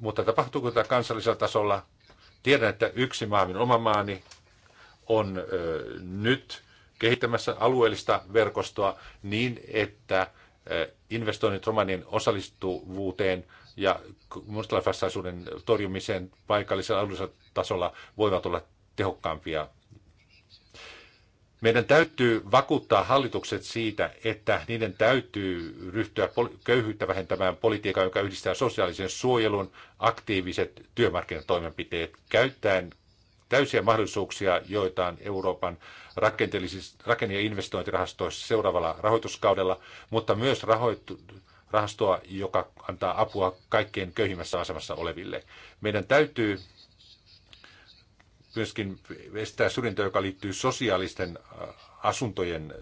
mutta tapahtuuko tämä kansallisella tasolla? Tiedän, että yksi maa, minun oma maani, on nyt kehittämässä alueellista verkostoa niin, että investoinnit romanien osallistuvuuteen ja mustalaisvastaisuuden torjumiseen paikallisella alueellisella tasolla voivat olla tehokkaampia meidän täytyy vakuuttaa hallitukset siitä, että niiden täytyy ryhtyä köyhyyttä vähentämään politiikkaa, joka yhdistää sosiaalisen suojelun, aktiiviset työmarkkinatoimenpiteet, käyttäen täysiä mahdollisuuksia, joita on Euroopan rakenne- ja investointirahastoissa seuraavalla rahoituskaudella, mutta myös rahoitu- rahastoa, joka antaa apua kaikkein köyhimmässä asemassa oleville. Meidän täytyy myöskin estää syrjintä, joka liittyy sosiaalisten asuntojen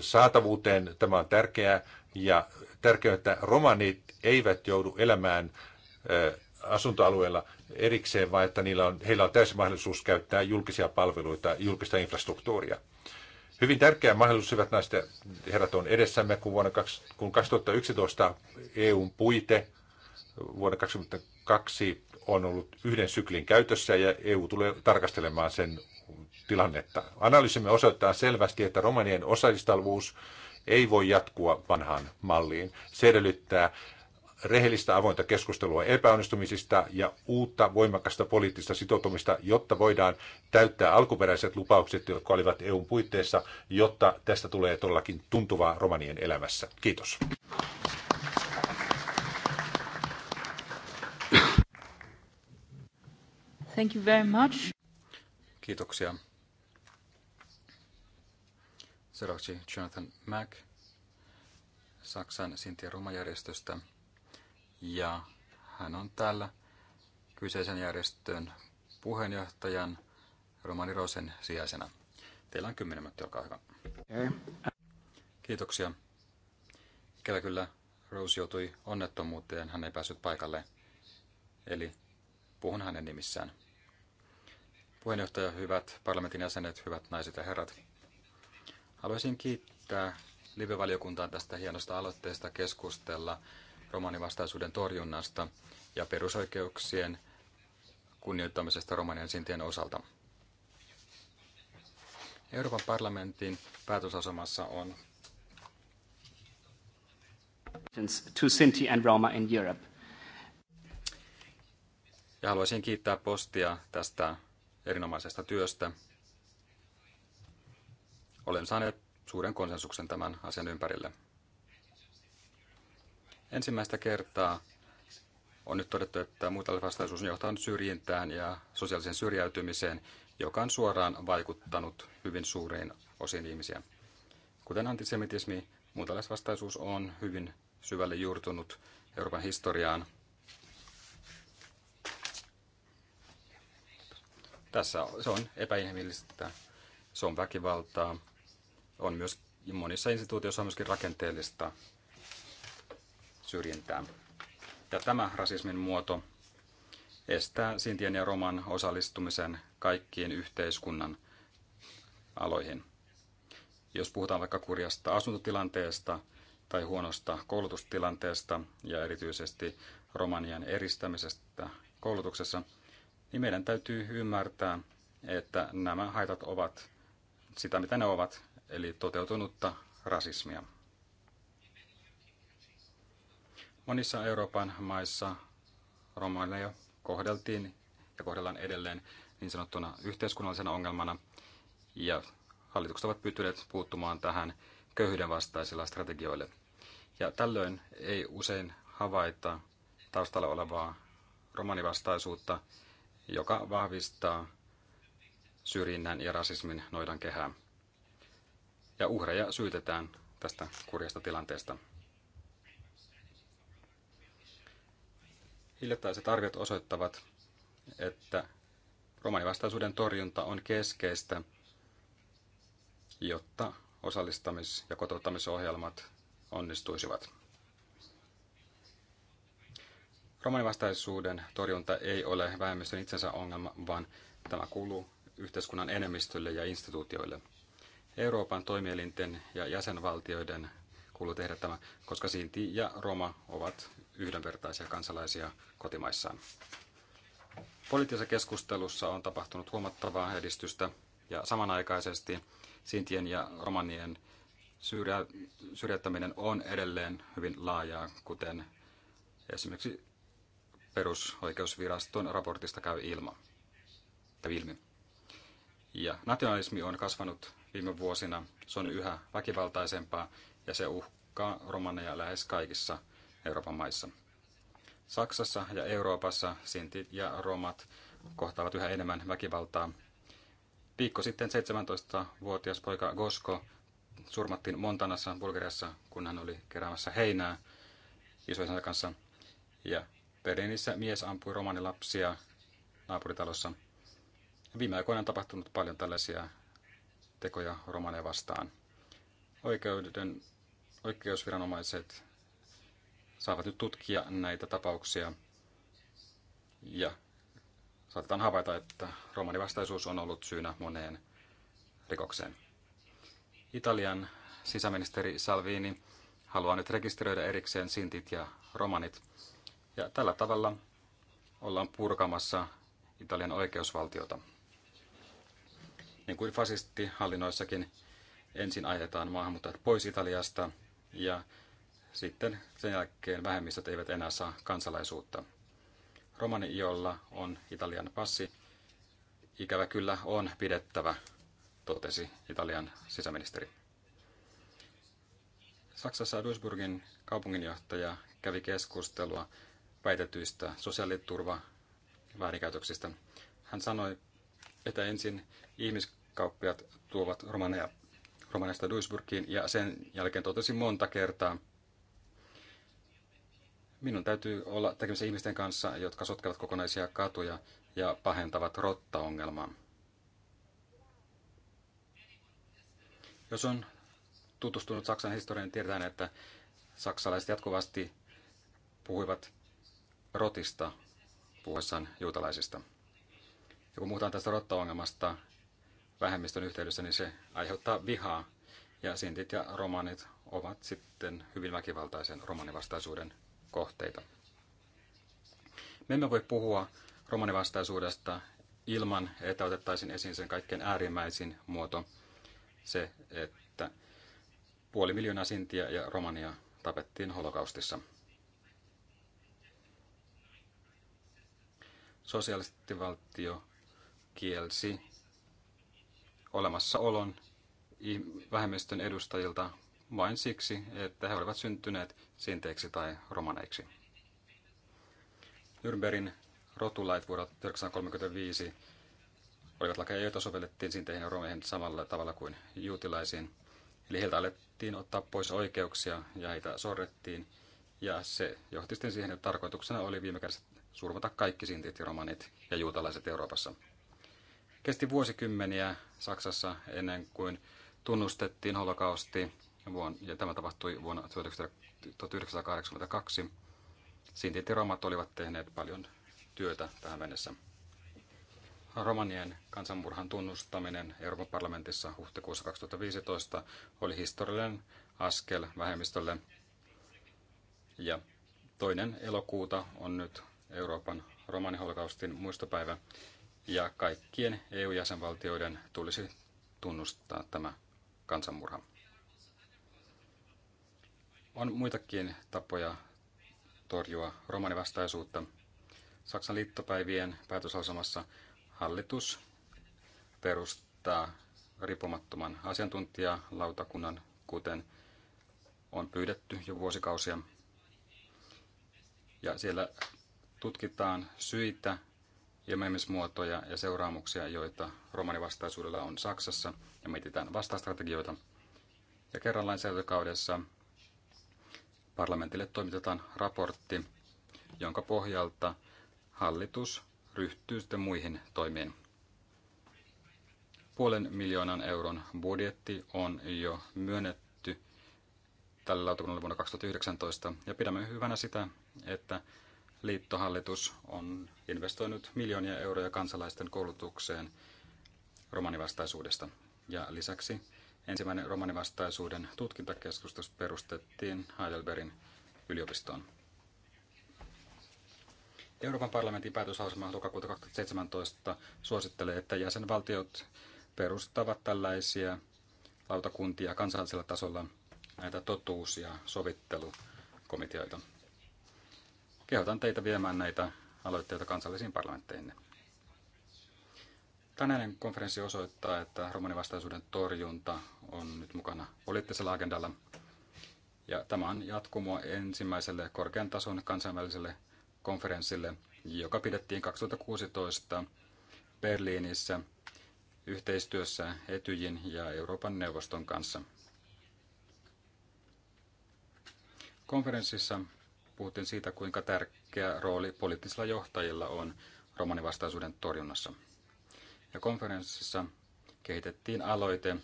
saatavuuteen. Tämä on tärkeää ja tärkeää, että romanit eivät joudu elämään asuntoalueella erikseen, vaan että niillä on, heillä on täysin mahdollisuus käyttää julkisia palveluita, julkista infrastruktuuria. Hyvin tärkeä mahdollisuus, hyvät naiset ja herrat, on edessämme, kun vuonna kun 2011 EUn puite vuonna 2022 on ollut yhden syklin käytössä ja EU tulee tarkastelemaan sen tilannetta. Analyysimme osoittaa selvästi, että romanien osallistavuus ei voi jatkua vanhaan malliin. Se edellyttää rehellistä avointa keskustelua epäonnistumisista ja uutta voimakasta poliittista sitoutumista, jotta voidaan täyttää alkuperäiset lupaukset, jotka olivat EUn puitteissa, jotta tästä tulee todellakin tuntuvaa romanien elämässä. Kiitos. Thank you very much. Kiitoksia. Seuraavaksi Jonathan Mack Saksan Sinti- ja Ruma-järjestöstä. Ja hän on täällä kyseisen järjestön puheenjohtajan Romani Rosen sijaisena. Teillä on kymmenen minuuttia, olkaa hyvä. Kiitoksia. Ikävä kyllä Rose joutui onnettomuuteen, hän ei päässyt paikalle, eli puhun hänen nimissään puheenjohtaja, hyvät parlamentin jäsenet, hyvät naiset ja herrat. Haluaisin kiittää live-valiokuntaa tästä hienosta aloitteesta keskustella romanivastaisuuden torjunnasta ja perusoikeuksien kunnioittamisesta romanien sintien osalta. Euroopan parlamentin päätösasemassa on to Sinti and Roma in Europe. Ja haluaisin kiittää postia tästä erinomaisesta työstä. Olen saanut suuren konsensuksen tämän asian ympärille. Ensimmäistä kertaa on nyt todettu, että muutalaisvastaisuus on johtanut syrjintään ja sosiaaliseen syrjäytymiseen, joka on suoraan vaikuttanut hyvin suuriin osiin ihmisiä. Kuten antisemitismi, muutalaisvastaisuus on hyvin syvälle juurtunut Euroopan historiaan Tässä se on epäinhimillistä, se on väkivaltaa, on myös monissa instituutioissa on myöskin rakenteellista syrjintää. Ja tämä rasismin muoto estää sintien ja roman osallistumisen kaikkiin yhteiskunnan aloihin. Jos puhutaan vaikka kurjasta asuntotilanteesta tai huonosta koulutustilanteesta ja erityisesti romanian eristämisestä koulutuksessa – niin meidän täytyy ymmärtää, että nämä haitat ovat sitä, mitä ne ovat, eli toteutunutta rasismia. Monissa Euroopan maissa romaneja kohdeltiin ja kohdellaan edelleen niin sanottuna yhteiskunnallisena ongelmana, ja hallitukset ovat pyytyneet puuttumaan tähän köyhyyden vastaisilla strategioille. Ja tällöin ei usein havaita taustalla olevaa romanivastaisuutta, joka vahvistaa syrjinnän ja rasismin noidan kehää. Ja uhreja syytetään tästä kurjasta tilanteesta. Hiljattaiset arviot osoittavat, että romanivastaisuuden torjunta on keskeistä, jotta osallistamis- ja kotouttamisohjelmat onnistuisivat. Romanivastaisuuden torjunta ei ole vähemmistön itsensä ongelma, vaan tämä kuuluu yhteiskunnan enemmistölle ja instituutioille. Euroopan toimielinten ja jäsenvaltioiden kuuluu tehdä tämä, koska Sinti ja Roma ovat yhdenvertaisia kansalaisia kotimaissaan. Poliittisessa keskustelussa on tapahtunut huomattavaa edistystä ja samanaikaisesti Sintien ja Romanien syrjäyttäminen on edelleen hyvin laajaa, kuten esimerkiksi perusoikeusviraston raportista käy ilma, käy ilmi. Ja nationalismi on kasvanut viime vuosina, se on yhä väkivaltaisempaa ja se uhkaa romaneja lähes kaikissa Euroopan maissa. Saksassa ja Euroopassa sintit ja romat kohtaavat yhä enemmän väkivaltaa. Viikko sitten 17-vuotias poika Gosko surmattiin Montanassa Bulgariassa, kun hän oli keräämässä heinää isoisänsä kanssa. Ja Berliinissä mies ampui romanilapsia naapuritalossa. Viime aikoina on tapahtunut paljon tällaisia tekoja romaneja vastaan. Oikeuden, oikeusviranomaiset saavat nyt tutkia näitä tapauksia ja saatetaan havaita, että romanivastaisuus on ollut syynä moneen rikokseen. Italian sisäministeri Salvini haluaa nyt rekisteröidä erikseen sintit ja romanit ja tällä tavalla ollaan purkamassa Italian oikeusvaltiota. Niin kuin fasistihallinnoissakin, ensin ajetaan maahanmuuttajat pois Italiasta ja sitten sen jälkeen vähemmistöt eivät enää saa kansalaisuutta. Romani, jolla on Italian passi, ikävä kyllä on pidettävä, totesi Italian sisäministeri. Saksassa Duisburgin kaupunginjohtaja kävi keskustelua väitetyistä sosiaaliturvaväärinkäytöksistä. Hän sanoi, että ensin ihmiskauppiat tuovat romaneja romaneista Duisburgiin ja sen jälkeen totesi monta kertaa, minun täytyy olla tekemisissä ihmisten kanssa, jotka sotkevat kokonaisia katuja ja pahentavat rottaongelmaa. Jos on tutustunut Saksan historiaan, tiedetään, että saksalaiset jatkuvasti puhuivat rotista puhuessaan juutalaisista. Ja kun puhutaan tästä rottaongelmasta vähemmistön yhteydessä, niin se aiheuttaa vihaa. Ja sintit ja romanit ovat sitten hyvin väkivaltaisen romanivastaisuuden kohteita. Me emme voi puhua romanivastaisuudesta ilman, että otettaisiin esiin sen kaikkein äärimmäisin muoto, se, että puoli miljoonaa sintiä ja romania tapettiin holokaustissa. sosialistivaltio kielsi olemassaolon vähemmistön edustajilta vain siksi, että he olivat syntyneet sinteiksi tai romaneiksi. Nürnbergin rotulait vuodelta 1935 olivat lakeja, joita sovellettiin sinteihin ja romeihin samalla tavalla kuin juutilaisiin. Eli heiltä alettiin ottaa pois oikeuksia ja heitä sorrettiin. Ja se johti sitten siihen, että tarkoituksena oli viime kädessä survota kaikki sintit, romanit ja juutalaiset Euroopassa. Kesti vuosikymmeniä Saksassa ennen kuin tunnustettiin holokausti, ja tämä tapahtui vuonna 1982. Sintit ja romat olivat tehneet paljon työtä tähän mennessä. Romanien kansanmurhan tunnustaminen Euroopan parlamentissa huhtikuussa 2015 oli historiallinen askel vähemmistölle. Ja toinen elokuuta on nyt Euroopan romaniholokaustin muistopäivä, ja kaikkien EU-jäsenvaltioiden tulisi tunnustaa tämä kansanmurha. On muitakin tapoja torjua romanivastaisuutta. Saksan liittopäivien päätösasemassa hallitus perustaa riippumattoman asiantuntijalautakunnan, kuten on pyydetty jo vuosikausia. Ja siellä tutkitaan syitä, ilmeimismuotoja ja seuraamuksia, joita romanivastaisuudella on Saksassa, ja mietitään vastastrategioita. Ja kerran lainsäädäntökaudessa parlamentille toimitetaan raportti, jonka pohjalta hallitus ryhtyy sitten muihin toimiin. Puolen miljoonan euron budjetti on jo myönnetty tällä lautakunnalla vuonna 2019, ja pidämme hyvänä sitä, että liittohallitus on investoinut miljoonia euroja kansalaisten koulutukseen romanivastaisuudesta. Ja lisäksi ensimmäinen romanivastaisuuden tutkintakeskustus perustettiin Heidelbergin yliopistoon. Euroopan parlamentin päätöslauselma lokakuuta 2017 suosittelee, että jäsenvaltiot perustavat tällaisia lautakuntia kansallisella tasolla näitä totuus- ja sovittelukomiteoita kehotan teitä viemään näitä aloitteita kansallisiin parlamentteihin. Tänäinen konferenssi osoittaa, että romanivastaisuuden torjunta on nyt mukana poliittisella agendalla. Ja tämä on jatkumoa ensimmäiselle korkean tason kansainväliselle konferenssille, joka pidettiin 2016 Berliinissä yhteistyössä Etyjin ja Euroopan neuvoston kanssa. Konferenssissa puhuttiin siitä, kuinka tärkeä rooli poliittisilla johtajilla on romanivastaisuuden torjunnassa. Ja konferenssissa kehitettiin aloite,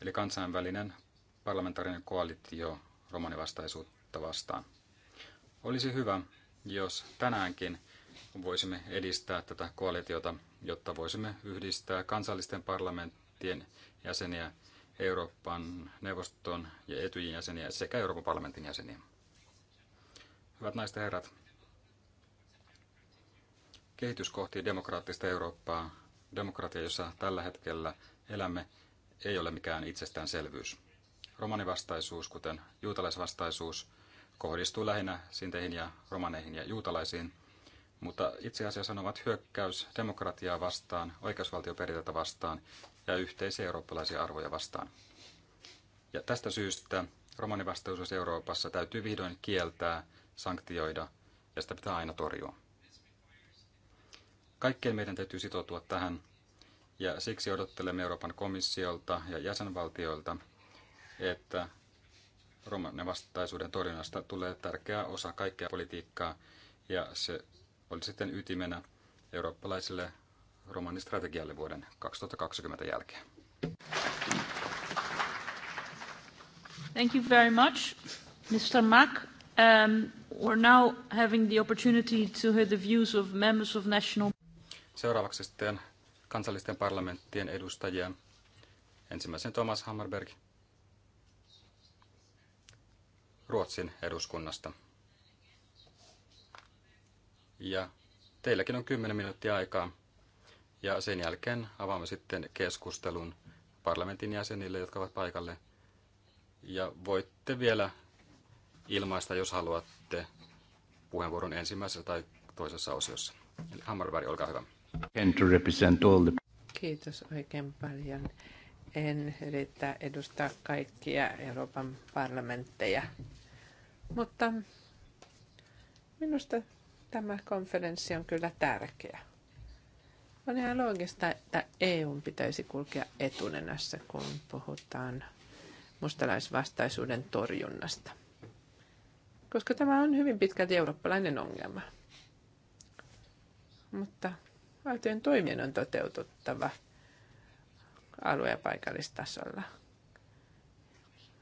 eli kansainvälinen parlamentaarinen koalitio romanivastaisuutta vastaan. Olisi hyvä, jos tänäänkin voisimme edistää tätä koalitiota, jotta voisimme yhdistää kansallisten parlamenttien jäseniä, Euroopan neuvoston ja etujen jäseniä sekä Euroopan parlamentin jäseniä. Hyvät naiset ja herrat, kehitys kohti demokraattista Eurooppaa, demokratia, jossa tällä hetkellä elämme, ei ole mikään itsestäänselvyys. Romanivastaisuus, kuten juutalaisvastaisuus, kohdistuu lähinnä sinteihin ja romaneihin ja juutalaisiin, mutta itse asiassa ne ovat hyökkäys demokratiaa vastaan, oikeusvaltioperiaatetta vastaan ja yhteisiä eurooppalaisia arvoja vastaan. Ja tästä syystä romanivastaisuus Euroopassa täytyy vihdoin kieltää – sanktioida ja sitä pitää aina torjua. Kaikkeen meidän täytyy sitoutua tähän ja siksi odottelemme Euroopan komissiolta ja jäsenvaltioilta, että Romanne vastaisuuden torjunnasta tulee tärkeä osa kaikkea politiikkaa ja se oli sitten ytimenä eurooppalaiselle romanistrategialle vuoden 2020 jälkeen. Thank you very much, Mr. Mack. Um, we're now having the opportunity to hear the views of members of national... Seuraavaksi sitten kansallisten parlamenttien edustajia. Ensimmäisen Thomas Hammerberg Ruotsin eduskunnasta. Ja teilläkin on 10 minuuttia aikaa. Ja sen jälkeen avaamme sitten keskustelun parlamentin jäsenille, jotka ovat paikalle. Ja voitte vielä ilmaista, jos haluatte puheenvuoron ensimmäisessä tai toisessa osiossa. Eli Hammarberg, olkaa hyvä. Kiitos oikein paljon. En yritä edustaa kaikkia Euroopan parlamentteja, mutta minusta tämä konferenssi on kyllä tärkeä. On ihan loogista, että EU pitäisi kulkea etunenässä, kun puhutaan mustalaisvastaisuuden torjunnasta koska tämä on hyvin pitkälti eurooppalainen ongelma. Mutta valtion toimien on toteututtava alue- ja paikallistasolla.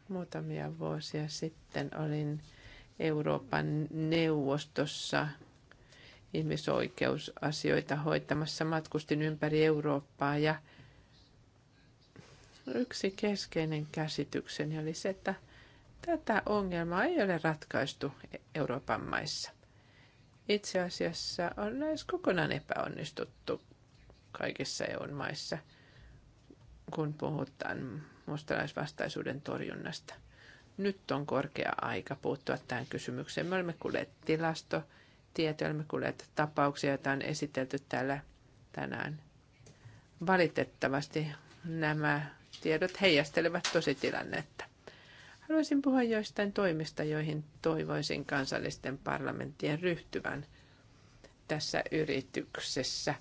Muutamia vuosia sitten olin Euroopan neuvostossa ihmisoikeusasioita hoitamassa. Matkustin ympäri Eurooppaa ja yksi keskeinen käsitykseni oli se, että Tätä ongelmaa ei ole ratkaistu Euroopan maissa. Itse asiassa on lähes kokonaan epäonnistuttu kaikissa EUn maissa, kun puhutaan mustalaisvastaisuuden torjunnasta. Nyt on korkea aika puuttua tähän kysymykseen. Me olemme kuulleet tilastotietoja, olemme kuulleet tapauksia, joita on esitelty täällä tänään. Valitettavasti nämä tiedot heijastelevat tosi tilannetta. Haluaisin puhua joistain toimista, joihin toivoisin kansallisten parlamenttien ryhtyvän tässä yrityksessä.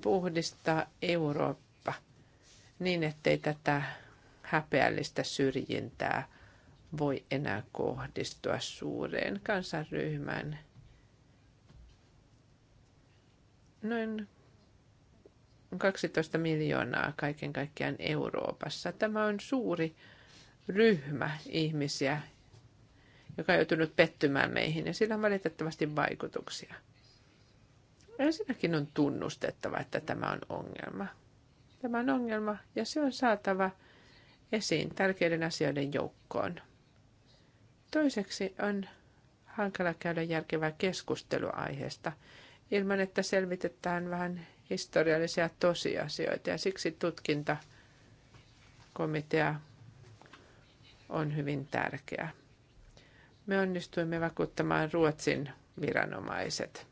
Puhdistaa Eurooppa niin, ettei tätä häpeällistä syrjintää voi enää kohdistua suureen kansanryhmään. Noin 12 miljoonaa kaiken kaikkiaan Euroopassa. Tämä on suuri ryhmä ihmisiä, joka on joutunut pettymään meihin, ja sillä on valitettavasti vaikutuksia. Ensinnäkin on tunnustettava, että tämä on ongelma. Tämä on ongelma, ja se on saatava esiin tärkeiden asioiden joukkoon. Toiseksi on hankala käydä järkevää keskustelua aiheesta ilman, että selvitetään vähän historiallisia tosiasioita ja siksi tutkintakomitea on hyvin tärkeä. Me onnistuimme vakuuttamaan Ruotsin viranomaiset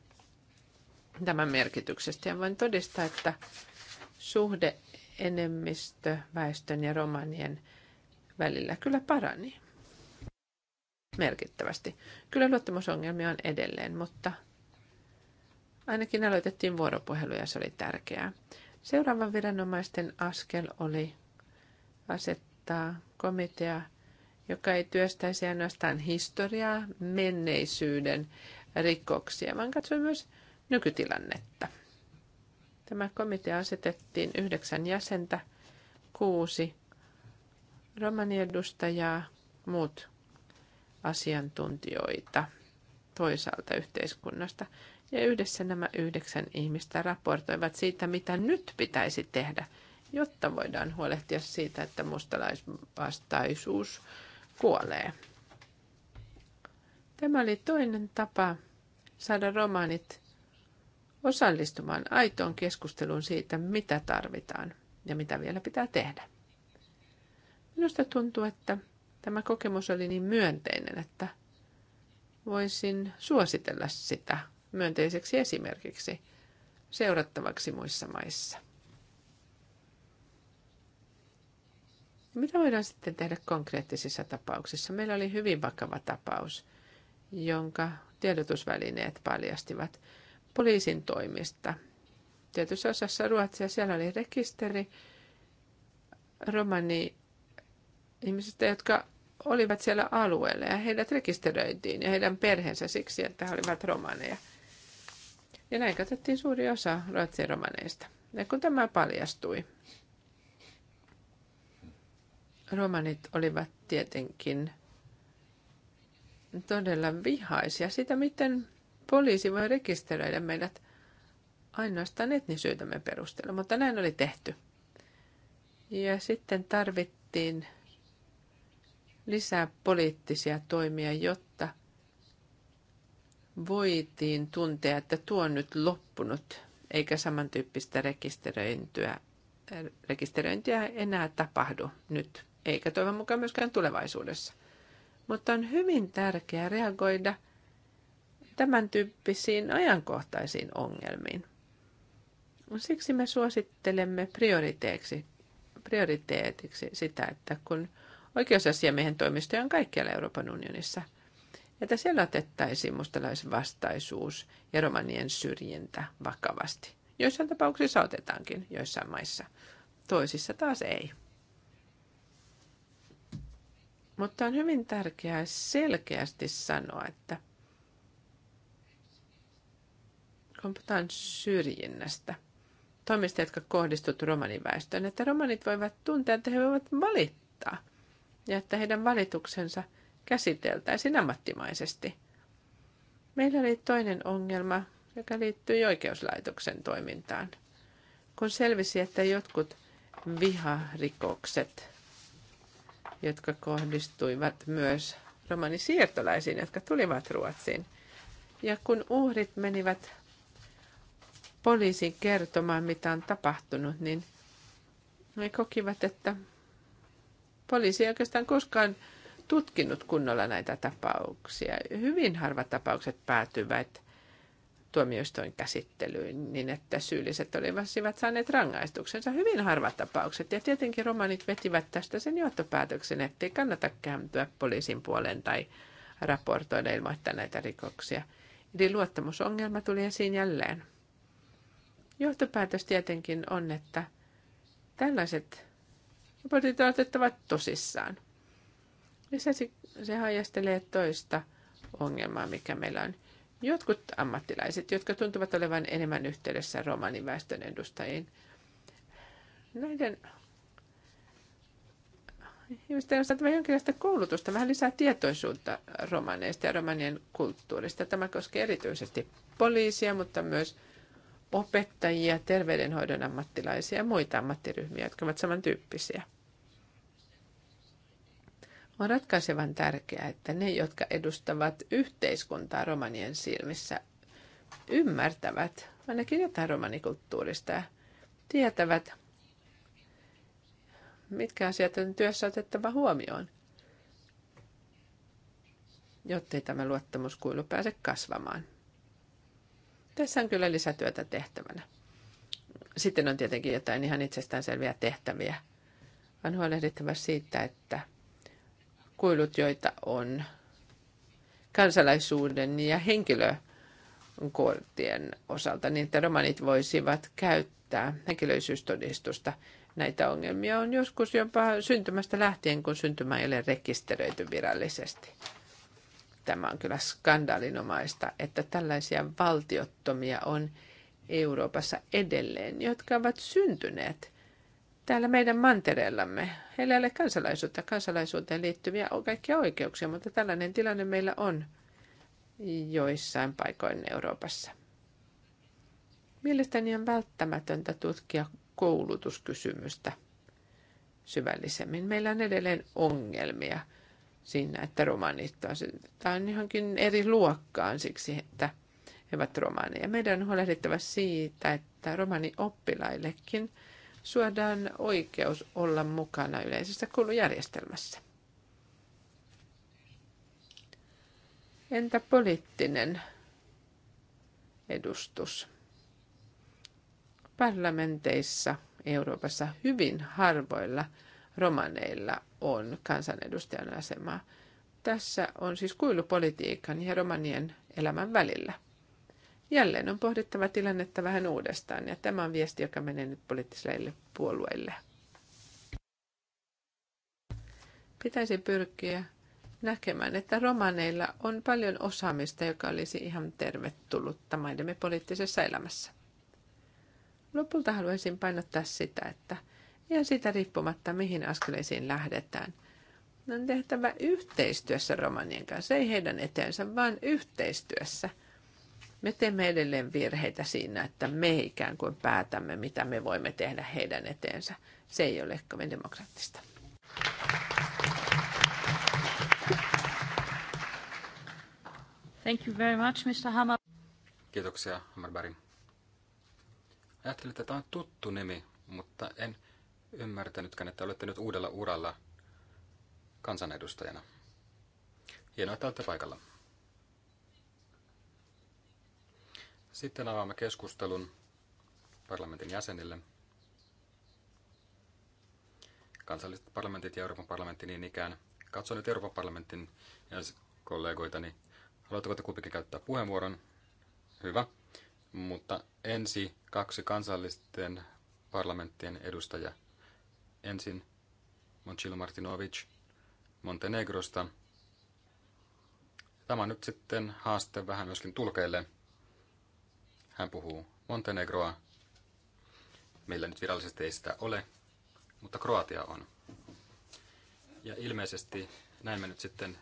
tämän merkityksestä ja voin todistaa, että suhde enemmistö väestön ja romanien välillä kyllä parani merkittävästi. Kyllä luottamusongelmia on edelleen, mutta ainakin aloitettiin vuoropuhelu ja se oli tärkeää. Seuraava viranomaisten askel oli asettaa komitea joka ei työstäisi ainoastaan historiaa, menneisyyden rikoksia, vaan katsoi myös nykytilannetta. Tämä komitea asetettiin yhdeksän jäsentä, kuusi romaniedustajaa, muut asiantuntijoita toisaalta yhteiskunnasta. Ja yhdessä nämä yhdeksän ihmistä raportoivat siitä, mitä nyt pitäisi tehdä, jotta voidaan huolehtia siitä, että mustalaisvastaisuus kuolee. Tämä oli toinen tapa saada romaanit osallistumaan aitoon keskusteluun siitä, mitä tarvitaan ja mitä vielä pitää tehdä. Minusta tuntuu, että tämä kokemus oli niin myönteinen, että voisin suositella sitä myönteiseksi esimerkiksi seurattavaksi muissa maissa. Mitä voidaan sitten tehdä konkreettisissa tapauksissa? Meillä oli hyvin vakava tapaus, jonka tiedotusvälineet paljastivat poliisin toimista. Tietyssä osassa Ruotsia siellä oli rekisteri romani ihmisistä, jotka olivat siellä alueella ja heidät rekisteröitiin ja heidän perheensä siksi, että he olivat romaneja. Ja näin katsottiin suuri osa ruotsin romaneista. Ja kun tämä paljastui, romanit olivat tietenkin todella vihaisia sitä, miten poliisi voi rekisteröidä meidät ainoastaan etnisyytämme perusteella, mutta näin oli tehty. Ja sitten tarvittiin lisää poliittisia toimia, jotta voitiin tuntea, että tuo on nyt loppunut, eikä samantyyppistä rekisteröintyä, rekisteröintiä enää tapahdu nyt eikä toivon mukaan myöskään tulevaisuudessa. Mutta on hyvin tärkeää reagoida tämän tyyppisiin ajankohtaisiin ongelmiin. Siksi me suosittelemme prioriteeksi, prioriteetiksi sitä, että kun oikeusasiamiehen toimistoja on kaikkialla Euroopan unionissa, että siellä otettaisiin mustalaisvastaisuus ja romanien syrjintä vakavasti. Joissain tapauksissa otetaankin, joissain maissa. Toisissa taas ei. Mutta on hyvin tärkeää selkeästi sanoa, että kun puhutaan syrjinnästä, toimista, jotka kohdistuvat romaniväestöön, että romanit voivat tuntea, että he voivat valittaa ja että heidän valituksensa käsiteltäisiin ammattimaisesti. Meillä oli toinen ongelma, joka liittyy oikeuslaitoksen toimintaan. Kun selvisi, että jotkut viharikokset jotka kohdistuivat myös romanisiirtolaisiin, jotka tulivat Ruotsiin. Ja kun uhrit menivät poliisin kertomaan, mitä on tapahtunut, niin he kokivat, että poliisi ei oikeastaan koskaan tutkinut kunnolla näitä tapauksia. Hyvin harvat tapaukset päätyvät tuomioistuin käsittelyyn niin, että syylliset olivat saaneet rangaistuksensa hyvin harvat tapaukset. Ja tietenkin romanit vetivät tästä sen johtopäätöksen, että kannata kääntyä poliisin puoleen tai raportoida ilmoittaa näitä rikoksia. Eli luottamusongelma tuli esiin jälleen. Johtopäätös tietenkin on, että tällaiset raportit on otettava tosissaan. Lisäksi se heijastelee toista ongelmaa, mikä meillä on – Jotkut ammattilaiset, jotka tuntuvat olevan enemmän yhteydessä romaniväestön edustajiin, näiden ihmisten on saatava jonkinlaista koulutusta, vähän lisää tietoisuutta romaneista ja romanien kulttuurista. Tämä koskee erityisesti poliisia, mutta myös opettajia, terveydenhoidon ammattilaisia ja muita ammattiryhmiä, jotka ovat samantyyppisiä. On ratkaisevan tärkeää, että ne, jotka edustavat yhteiskuntaa romanien silmissä, ymmärtävät ainakin jotain romanikulttuurista ja tietävät, mitkä asiat on työssä otettava huomioon, jotta ei tämä luottamuskuilu pääse kasvamaan. Tässä on kyllä lisätyötä tehtävänä. Sitten on tietenkin jotain ihan itsestäänselviä tehtäviä. On huolehdittava siitä, että – kuilut, joita on kansalaisuuden ja henkilökorttien osalta, niin että romanit voisivat käyttää henkilöisyystodistusta. Näitä ongelmia on joskus jopa syntymästä lähtien, kun syntymä ei ole rekisteröity virallisesti. Tämä on kyllä skandaalinomaista, että tällaisia valtiottomia on Euroopassa edelleen, jotka ovat syntyneet – täällä meidän mantereellamme. Heillä ei ole kansalaisuutta, kansalaisuuteen liittyviä kaikkia oikeuksia, mutta tällainen tilanne meillä on joissain paikoin Euroopassa. Mielestäni on välttämätöntä tutkia koulutuskysymystä syvällisemmin. Meillä on edelleen ongelmia siinä, että romanit on johonkin eri luokkaan siksi, että he ovat romaneja. Meidän on huolehdittava siitä, että romani oppilaillekin suodaan oikeus olla mukana yleisessä kulujärjestelmässä. Entä poliittinen edustus? Parlamenteissa Euroopassa hyvin harvoilla romaneilla on kansanedustajan asemaa. Tässä on siis kuilu politiikan ja romanien elämän välillä – jälleen on pohdittava tilannetta vähän uudestaan, ja tämä on viesti, joka menee nyt poliittisille puolueille. Pitäisi pyrkiä näkemään, että romaneilla on paljon osaamista, joka olisi ihan tervetullutta maidemme poliittisessa elämässä. Lopulta haluaisin painottaa sitä, että ja sitä riippumatta, mihin askeleisiin lähdetään, on tehtävä yhteistyössä romanien kanssa, ei heidän eteensä, vaan yhteistyössä – me teemme edelleen virheitä siinä, että me ikään kuin päätämme, mitä me voimme tehdä heidän eteensä. Se ei ole kovin demokraattista. Thank you very much, Mr. Hammer. Kiitoksia, Hammerberg. Ajattelin, että tämä on tuttu nimi, mutta en ymmärtänytkään, että olette nyt uudella uralla kansanedustajana. Hienoa, että olette paikalla. Sitten avaamme keskustelun parlamentin jäsenille. Kansalliset parlamentit ja Euroopan parlamentti niin ikään. Katson nyt Euroopan parlamentin kollegoitani. Haluatteko te kumpikin käyttää puheenvuoron? Hyvä. Mutta ensi kaksi kansallisten parlamenttien edustajaa. Ensin Monchil Martinovic Montenegrosta. Tämä on nyt sitten haaste vähän myöskin tulkeille. Hän puhuu Montenegroa. Meillä nyt virallisesti ei sitä ole, mutta Kroatia on. Ja ilmeisesti näin me nyt sitten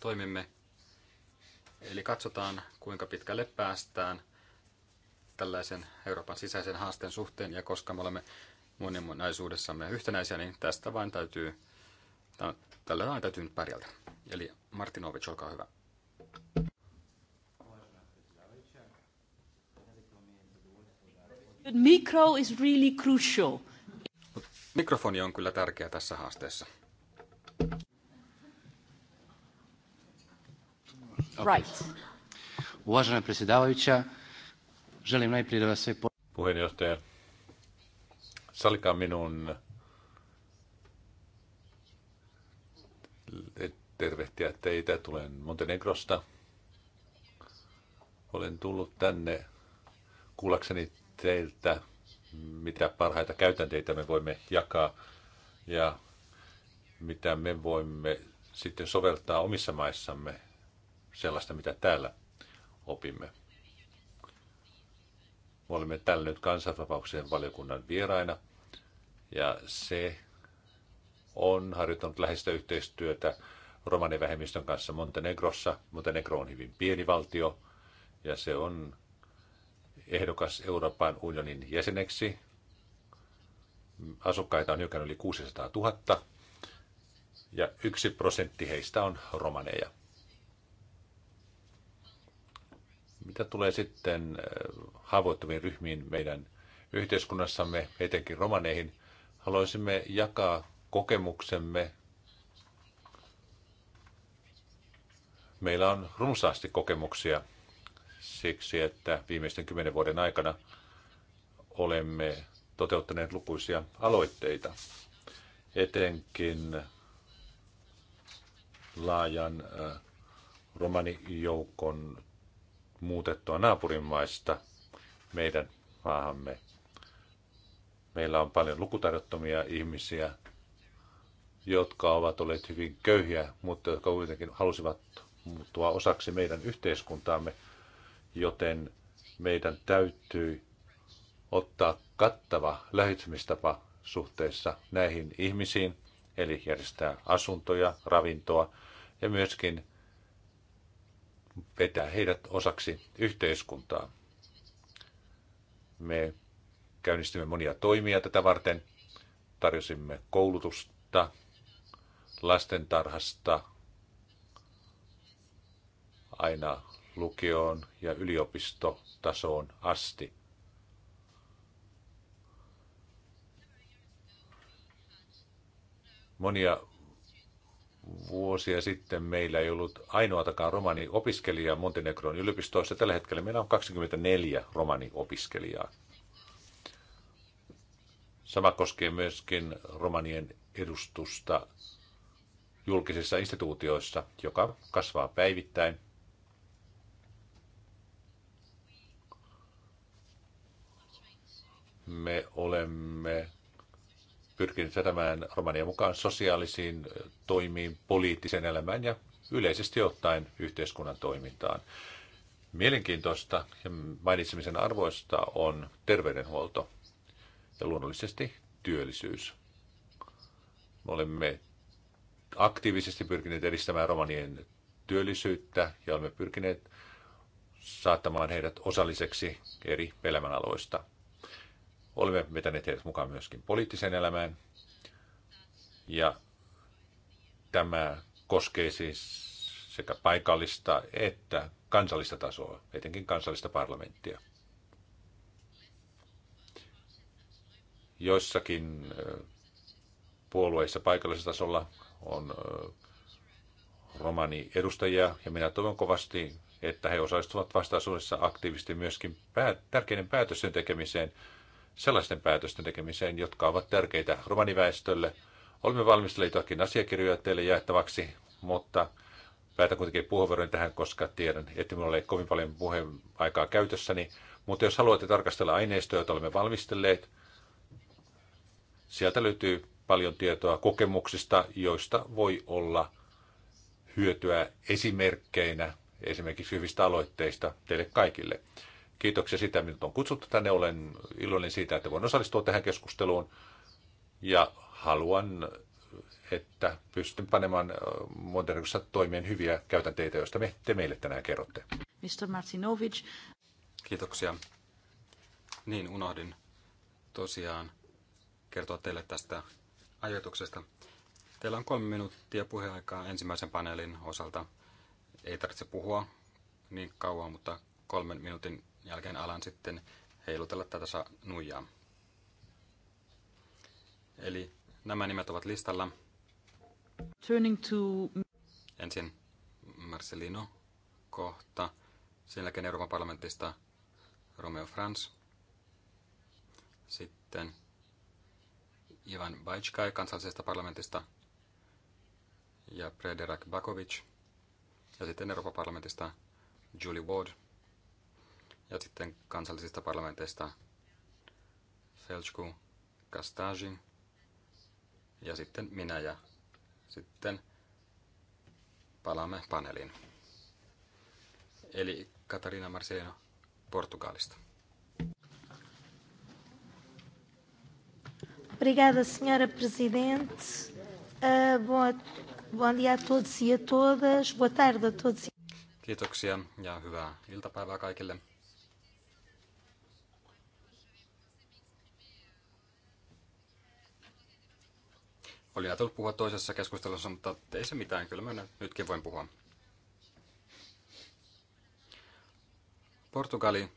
toimimme. Eli katsotaan, kuinka pitkälle päästään tällaisen Euroopan sisäisen haasteen suhteen, ja koska me olemme monimuotoisuudessamme yhtenäisiä, niin tästä vain täytyy, tällä vain täytyy nyt pärjältä. Eli Martinovic, olkaa hyvä. Micro is really crucial. Mikrofoni on kyllä tärkeä tässä haasteessa. Right. Uvažena predsjedavajuća, želim najprije da vas sve... Puheenjohtaja, salkaa minun tervehtiä teitä. Tulen Montenegrosta. Olen tullut tänne kuullakseni teiltä, mitä parhaita käytänteitä me voimme jakaa ja mitä me voimme sitten soveltaa omissa maissamme sellaista, mitä täällä opimme. Me olemme täällä nyt kansanvapauksien valiokunnan vieraina ja se on harjoittanut läheistä yhteistyötä romanivähemmistön kanssa Montenegrossa. Montenegro on hyvin pieni valtio ja se on ehdokas Euroopan unionin jäseneksi. Asukkaita on hiukan yli 600 000 ja yksi prosentti heistä on romaneja. Mitä tulee sitten äh, haavoittuviin ryhmiin meidän yhteiskunnassamme, etenkin romaneihin, haluaisimme jakaa kokemuksemme. Meillä on runsaasti kokemuksia siksi, että viimeisten kymmenen vuoden aikana olemme toteuttaneet lukuisia aloitteita, etenkin laajan romanijoukon muutettua naapurimaista meidän maahamme. Meillä on paljon lukutarjottomia ihmisiä, jotka ovat olleet hyvin köyhiä, mutta jotka kuitenkin halusivat muuttua osaksi meidän yhteiskuntaamme – joten meidän täytyy ottaa kattava lähestymistapa suhteessa näihin ihmisiin, eli järjestää asuntoja, ravintoa ja myöskin vetää heidät osaksi yhteiskuntaa. Me käynnistimme monia toimia tätä varten. Tarjosimme koulutusta, lastentarhasta aina lukioon ja yliopistotasoon asti. Monia vuosia sitten meillä ei ollut ainoatakaan romaniopiskelijaa Montenegron yliopistoissa. Tällä hetkellä meillä on 24 romaniopiskelijaa. Sama koskee myöskin romanien edustusta julkisissa instituutioissa, joka kasvaa päivittäin. me olemme pyrkineet vetämään Romania mukaan sosiaalisiin toimiin, poliittiseen elämään ja yleisesti ottaen yhteiskunnan toimintaan. Mielenkiintoista ja mainitsemisen arvoista on terveydenhuolto ja luonnollisesti työllisyys. Me olemme aktiivisesti pyrkineet edistämään romanien työllisyyttä ja olemme pyrkineet saattamaan heidät osalliseksi eri elämänaloista – Olemme vetäneet heidät mukaan myöskin poliittiseen elämään. Ja tämä koskee siis sekä paikallista että kansallista tasoa, etenkin kansallista parlamenttia. Joissakin puolueissa paikallisella tasolla on romani edustajia ja minä toivon kovasti, että he osallistuvat vastaisuudessa aktiivisesti myöskin päät- tärkeiden päätösten tekemiseen, sellaisten päätösten tekemiseen, jotka ovat tärkeitä romaniväestölle. Olemme valmistelleet jotakin asiakirjoja teille jaettavaksi, mutta päätän kuitenkin puheenvuoron tähän, koska tiedän, että minulla ei kovin paljon puheenaikaa käytössäni. Mutta jos haluatte tarkastella aineistoja, joita olemme valmistelleet, sieltä löytyy paljon tietoa kokemuksista, joista voi olla hyötyä esimerkkeinä, esimerkiksi hyvistä aloitteista teille kaikille. Kiitoksia sitä, minut on kutsuttu tänne. Olen iloinen siitä, että voin osallistua tähän keskusteluun. Ja haluan, että pystyn panemaan Montenegrossa toimien hyviä käytänteitä, joista me, te meille tänään kerrotte. Mr. Martinovic. Kiitoksia. Niin, unohdin tosiaan kertoa teille tästä ajatuksesta. Teillä on kolme minuuttia puheaikaa ensimmäisen paneelin osalta. Ei tarvitse puhua niin kauan, mutta kolmen minuutin jälkeen alan sitten heilutella tätä nuijaa. Eli nämä nimet ovat listalla. Turning to... Ensin Marcelino kohta, sen jälkeen Euroopan parlamentista Romeo Franz, sitten Ivan Bajkai kansallisesta parlamentista ja Predrag Bakovic ja sitten Euroopan parlamentista Julie Ward – ja sitten kansallisista parlamenteista Felsku, Kastajin ja sitten minä ja sitten palaamme paneeliin. Eli Katarina Marcelino Portugalista. Obrigada, senhora presidente. Uh, boa, bom dia a todos e a todas. Boa tarde a todos. E- Kiitoksia ja hyvää iltapäivää kaikille. Oli ajatellut puhua toisessa keskustelussa, mutta ei se mitään, kyllä mä nytkin voin puhua. Portugali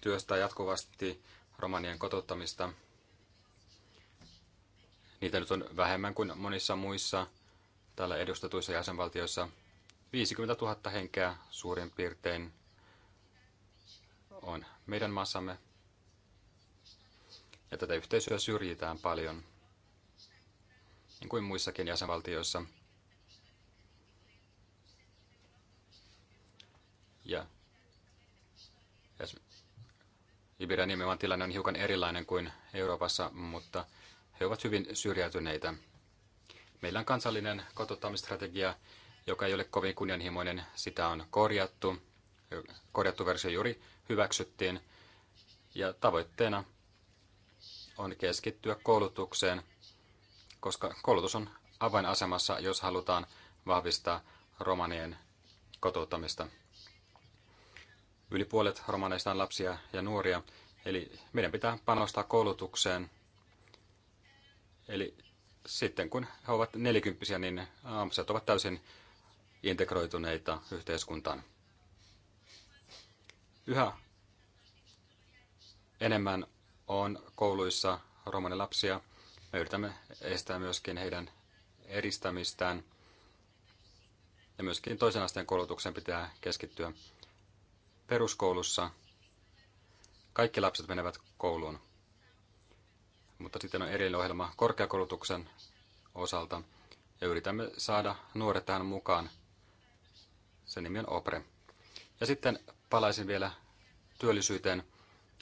työstää jatkuvasti romanien kotouttamista. Niitä nyt on vähemmän kuin monissa muissa täällä edustetuissa jäsenvaltioissa. 50 000 henkeä suurin piirtein on meidän maassamme. Ja tätä yhteisöä syrjitään paljon niin kuin muissakin jäsenvaltioissa. Ja Iberian nimenomaan tilanne on hiukan erilainen kuin Euroopassa, mutta he ovat hyvin syrjäytyneitä. Meillä on kansallinen kotouttamistrategia, joka ei ole kovin kunnianhimoinen. Sitä on korjattu. Korjattu versio juuri hyväksyttiin. Ja tavoitteena on keskittyä koulutukseen – koska koulutus on avainasemassa, jos halutaan vahvistaa romanien kotouttamista. Yli puolet romaneista on lapsia ja nuoria, eli meidän pitää panostaa koulutukseen. Eli sitten kun he ovat nelikymppisiä, niin lapset ovat täysin integroituneita yhteiskuntaan. Yhä enemmän on kouluissa romanilapsia lapsia me yritämme estää myöskin heidän eristämistään. Ja myöskin toisen asteen koulutuksen pitää keskittyä peruskoulussa. Kaikki lapset menevät kouluun. Mutta sitten on erillinen ohjelma korkeakoulutuksen osalta. Ja yritämme saada nuoret tähän mukaan. Sen nimi on OPRE. Ja sitten palaisin vielä työllisyyteen.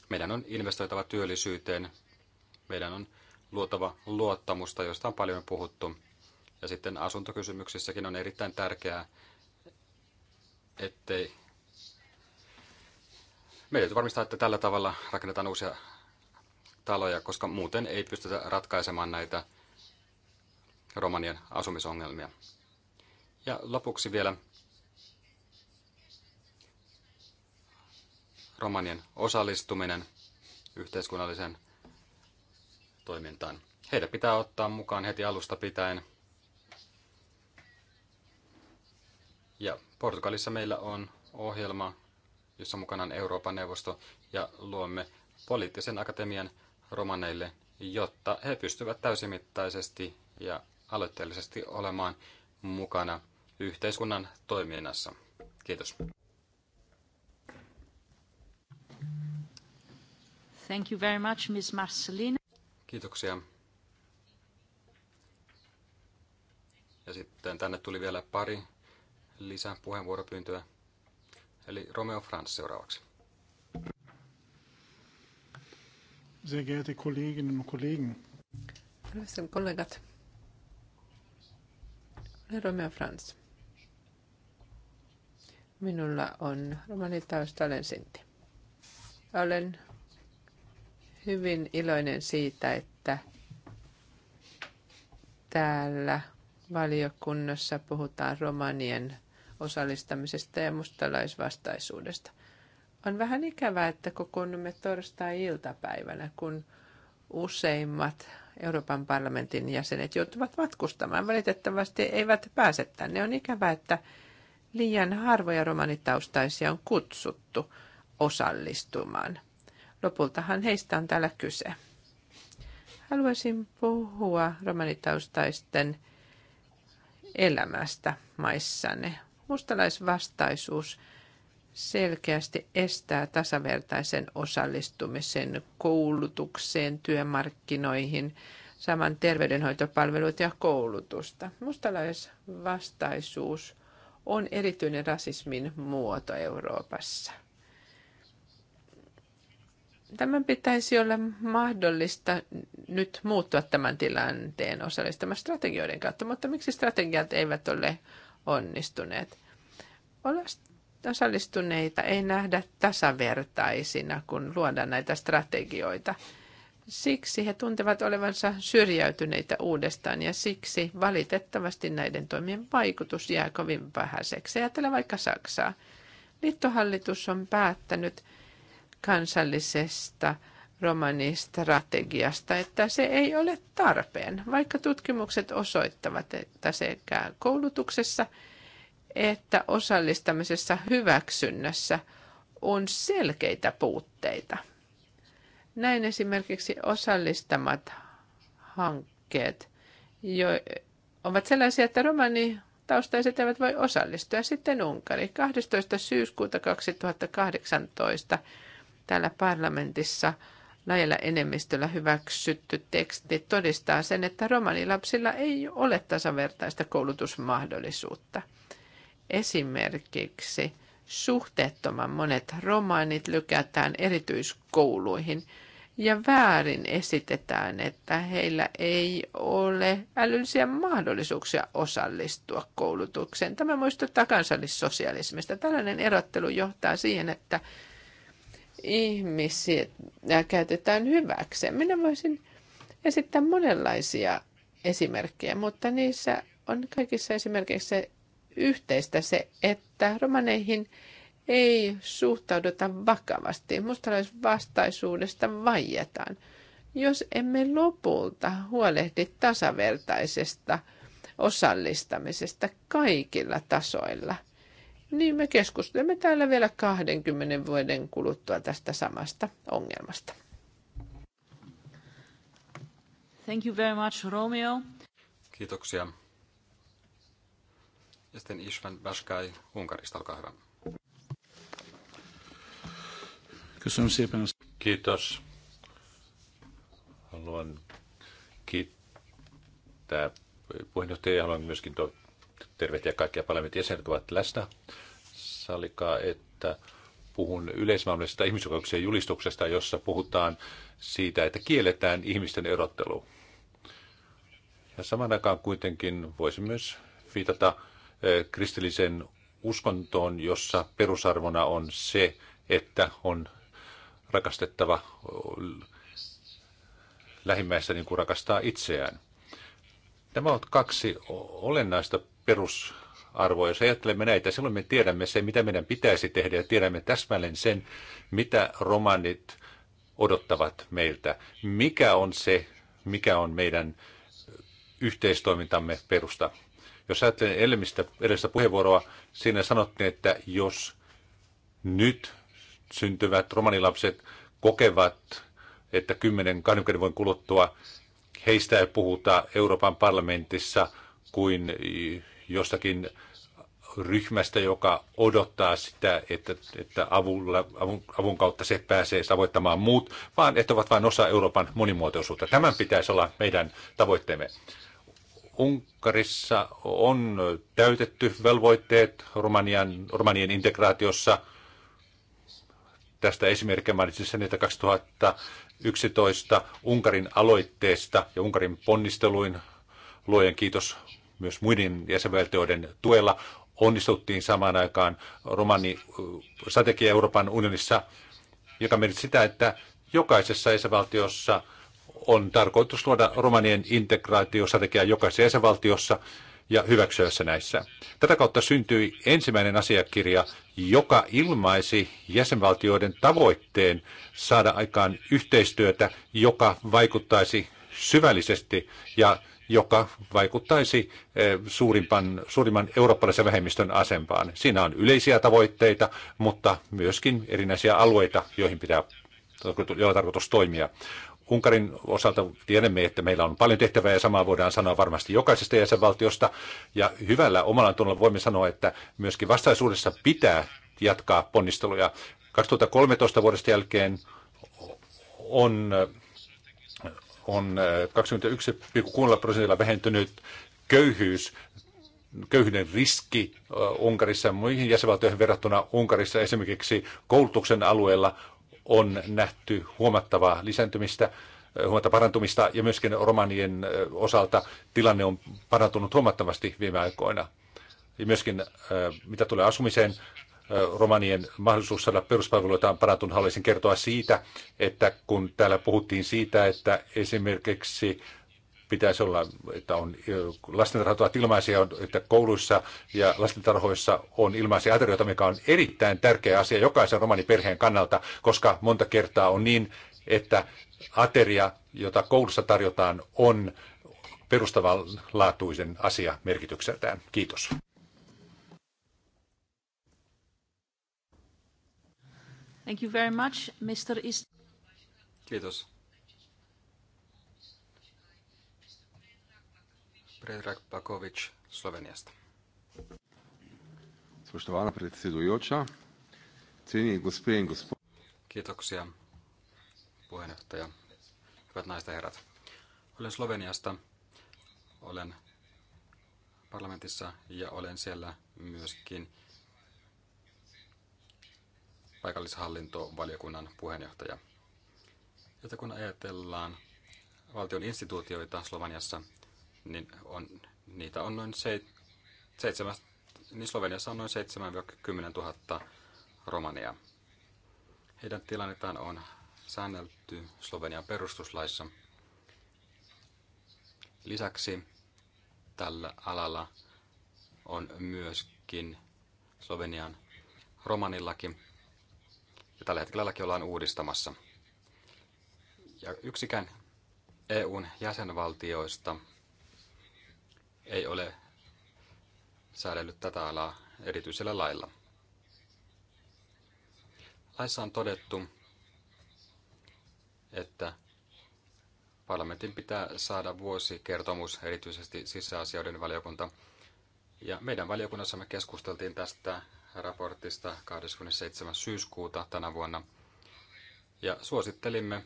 Meidän on investoitava työllisyyteen. Meidän on luotava luottamusta, josta on paljon puhuttu. Ja sitten asuntokysymyksissäkin on erittäin tärkeää, ettei meidän täytyy varmistaa, että tällä tavalla rakennetaan uusia taloja, koska muuten ei pystytä ratkaisemaan näitä romanien asumisongelmia. Ja lopuksi vielä romanien osallistuminen yhteiskunnalliseen toimintaan. Heidät pitää ottaa mukaan heti alusta pitäen. Ja Portugalissa meillä on ohjelma, jossa mukana on Euroopan neuvosto, ja luomme poliittisen akatemian romaneille, jotta he pystyvät täysimittaisesti ja aloitteellisesti olemaan mukana yhteiskunnan toiminnassa. Kiitos. Thank you very much, Ms. Marceline. Kiitoksia. Ja sitten tänne tuli vielä pari lisää puheenvuoropyyntöä. Eli Romeo Frans seuraavaksi. Sehr geehrte Kolleginnen und Kollegen. kollegat. Olen Romeo Frans. Minulla on romanitausta, olen sinti. Olen hyvin iloinen siitä, että täällä valiokunnassa puhutaan romanien osallistamisesta ja mustalaisvastaisuudesta. On vähän ikävää, että kokoonnumme torstai-iltapäivänä, kun useimmat Euroopan parlamentin jäsenet joutuvat matkustamaan. Valitettavasti eivät pääse tänne. On ikävää, että liian harvoja romanitaustaisia on kutsuttu osallistumaan. Lopultahan heistä on täällä kyse. Haluaisin puhua romanitaustaisten elämästä maissanne. Mustalaisvastaisuus selkeästi estää tasavertaisen osallistumisen koulutukseen, työmarkkinoihin, saman terveydenhoitopalvelut ja koulutusta. Mustalaisvastaisuus on erityinen rasismin muoto Euroopassa – Tämän pitäisi olla mahdollista nyt muuttua tämän tilanteen osallistamaan strategioiden kautta, mutta miksi strategiat eivät ole onnistuneet? Olla Osallistuneita ei nähdä tasavertaisina, kun luodaan näitä strategioita. Siksi he tuntevat olevansa syrjäytyneitä uudestaan ja siksi valitettavasti näiden toimien vaikutus jää kovin vähäiseksi. Ajatellaan vaikka Saksaa. Liittohallitus on päättänyt – kansallisesta romanistrategiasta, että se ei ole tarpeen, vaikka tutkimukset osoittavat, että sekä koulutuksessa että osallistamisessa hyväksynnässä on selkeitä puutteita. Näin esimerkiksi osallistamat hankkeet jo ovat sellaisia, että romani taustaiset eivät voi osallistua. Sitten Unkari 12. syyskuuta 2018 täällä parlamentissa laajalla enemmistöllä hyväksytty teksti todistaa sen, että romanilapsilla ei ole tasavertaista koulutusmahdollisuutta. Esimerkiksi suhteettoman monet romanit lykätään erityiskouluihin ja väärin esitetään, että heillä ei ole älyllisiä mahdollisuuksia osallistua koulutukseen. Tämä muistuttaa kansallissosialismista. Tällainen erottelu johtaa siihen, että ihmisiä käytetään hyväksi. Minä voisin esittää monenlaisia esimerkkejä, mutta niissä on kaikissa esimerkiksi se yhteistä se, että romaneihin ei suhtauduta vakavasti. Mustalaisvastaisuudesta vaietaan. Jos emme lopulta huolehdi tasavertaisesta osallistamisesta kaikilla tasoilla – niin me keskustelemme täällä vielä 20 vuoden kuluttua tästä samasta ongelmasta. Thank you very much, Romeo. Kiitoksia. Ja sitten Isvan Baskai Unkarista, olkaa hyvä. Kiitos. Haluan kiittää puheenjohtajia ja haluan myöskin toivottaa tervehtiä kaikkia paljon jäsenet ovat läsnä. Sallikaa, että puhun yleismaailmallisesta ihmisoikeuksien julistuksesta, jossa puhutaan siitä, että kielletään ihmisten erottelu. Ja saman aikaan kuitenkin voisi myös viitata eh, kristillisen uskontoon, jossa perusarvona on se, että on rakastettava lähimmäistä niin kuin rakastaa itseään. Nämä ovat kaksi olennaista perusarvoja. Jos ajattelemme näitä, silloin me tiedämme sen, mitä meidän pitäisi tehdä ja tiedämme täsmälleen sen, mitä romanit odottavat meiltä. Mikä on se, mikä on meidän yhteistoimintamme perusta. Jos ajattelen edelmistä, edellistä puheenvuoroa, siinä sanottiin, että jos nyt syntyvät romanilapset kokevat, että 10-20 vuoden kuluttua heistä ei puhuta Euroopan parlamentissa kuin jostakin ryhmästä, joka odottaa sitä, että, että avulla, avun, avun kautta se pääsee tavoittamaan muut, vaan että ovat vain osa Euroopan monimuotoisuutta. Tämän pitäisi olla meidän tavoitteemme. Unkarissa on täytetty velvoitteet Romanian, Romanien integraatiossa. Tästä esimerkkiä mainitsin sen, että 2011 Unkarin aloitteesta ja Unkarin ponnisteluin luojen kiitos myös muiden jäsenvaltioiden tuella onnistuttiin samaan aikaan romani strategia Euroopan unionissa, joka merkitsi sitä, että jokaisessa jäsenvaltiossa on tarkoitus luoda romanien integraatiostrategia jokaisessa jäsenvaltiossa ja hyväksyä se näissä. Tätä kautta syntyi ensimmäinen asiakirja, joka ilmaisi jäsenvaltioiden tavoitteen saada aikaan yhteistyötä, joka vaikuttaisi syvällisesti ja joka vaikuttaisi eh, suurimpan, suurimman eurooppalaisen vähemmistön asempaan. Siinä on yleisiä tavoitteita, mutta myöskin erinäisiä alueita, joihin pitää joilla tarkoitus toimia. Unkarin osalta tiedämme, että meillä on paljon tehtävää ja samaa voidaan sanoa varmasti jokaisesta jäsenvaltiosta. Ja hyvällä omalla tunnolla voimme sanoa, että myöskin vastaisuudessa pitää jatkaa ponnisteluja. 2013 vuodesta jälkeen on on 21,6 äh, prosentilla vähentynyt köyhyys, köyhyyden riski äh, Unkarissa ja muihin jäsenvaltioihin verrattuna Unkarissa esimerkiksi koulutuksen alueella on nähty huomattavaa lisääntymistä äh, huomattavaa parantumista ja myöskin romanien osalta tilanne on parantunut huomattavasti viime aikoina. Ja myöskin mitä tulee asumiseen, romanien mahdollisuus saada peruspalveluita on parantunut. Haluaisin kertoa siitä, että kun täällä puhuttiin siitä, että esimerkiksi pitäisi olla, että on lastentarhat ovat ilmaisia, että kouluissa ja lastentarhoissa on ilmaisia aterioita, mikä on erittäin tärkeä asia jokaisen romaniperheen kannalta, koska monta kertaa on niin, että ateria, jota koulussa tarjotaan, on perustavanlaatuisen asia merkitykseltään. Kiitos. Kiitos. Spoštovana predsedujoča, cijenjeni gospe in Kiitoksia, puheenjohtaja. Hyvät naiset ja herrat. Olen Sloveniasta, olen parlamentissa ja olen siellä myöskin paikallishallintovaliokunnan puheenjohtaja. Että kun ajatellaan valtion instituutioita Sloveniassa, niin on, niitä on noin seit, seitsemän, niin Sloveniassa on noin 7-10 000 romania. Heidän tilannettaan on säännelty Slovenian perustuslaissa. Lisäksi tällä alalla on myöskin Slovenian romanillakin tällä hetkellä laki ollaan uudistamassa. Ja yksikään EUn jäsenvaltioista ei ole säädellyt tätä alaa erityisellä lailla. Laissa on todettu, että parlamentin pitää saada vuosikertomus, erityisesti sisäasioiden valiokunta. Ja meidän valiokunnassamme keskusteltiin tästä raportista 27. syyskuuta tänä vuonna ja suosittelimme,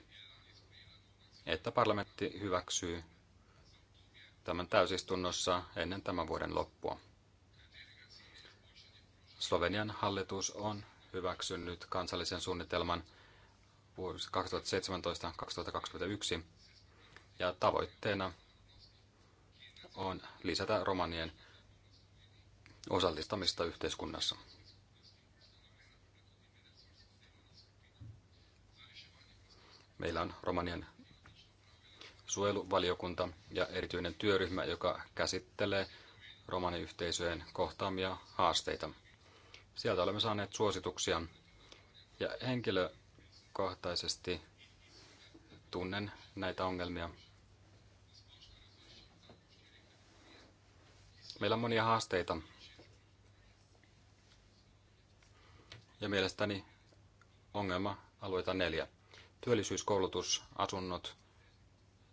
että parlamentti hyväksyy tämän täysistunnossa ennen tämän vuoden loppua. Slovenian hallitus on hyväksynyt kansallisen suunnitelman vuosi 2017-2021 ja tavoitteena on lisätä romanien osallistamista yhteiskunnassa. Meillä on Romanian suojeluvaliokunta ja erityinen työryhmä, joka käsittelee romaniyhteisöjen kohtaamia haasteita. Sieltä olemme saaneet suosituksia ja henkilökohtaisesti tunnen näitä ongelmia. Meillä on monia haasteita. Ja mielestäni ongelma alueita neljä työllisyyskoulutus, asunnot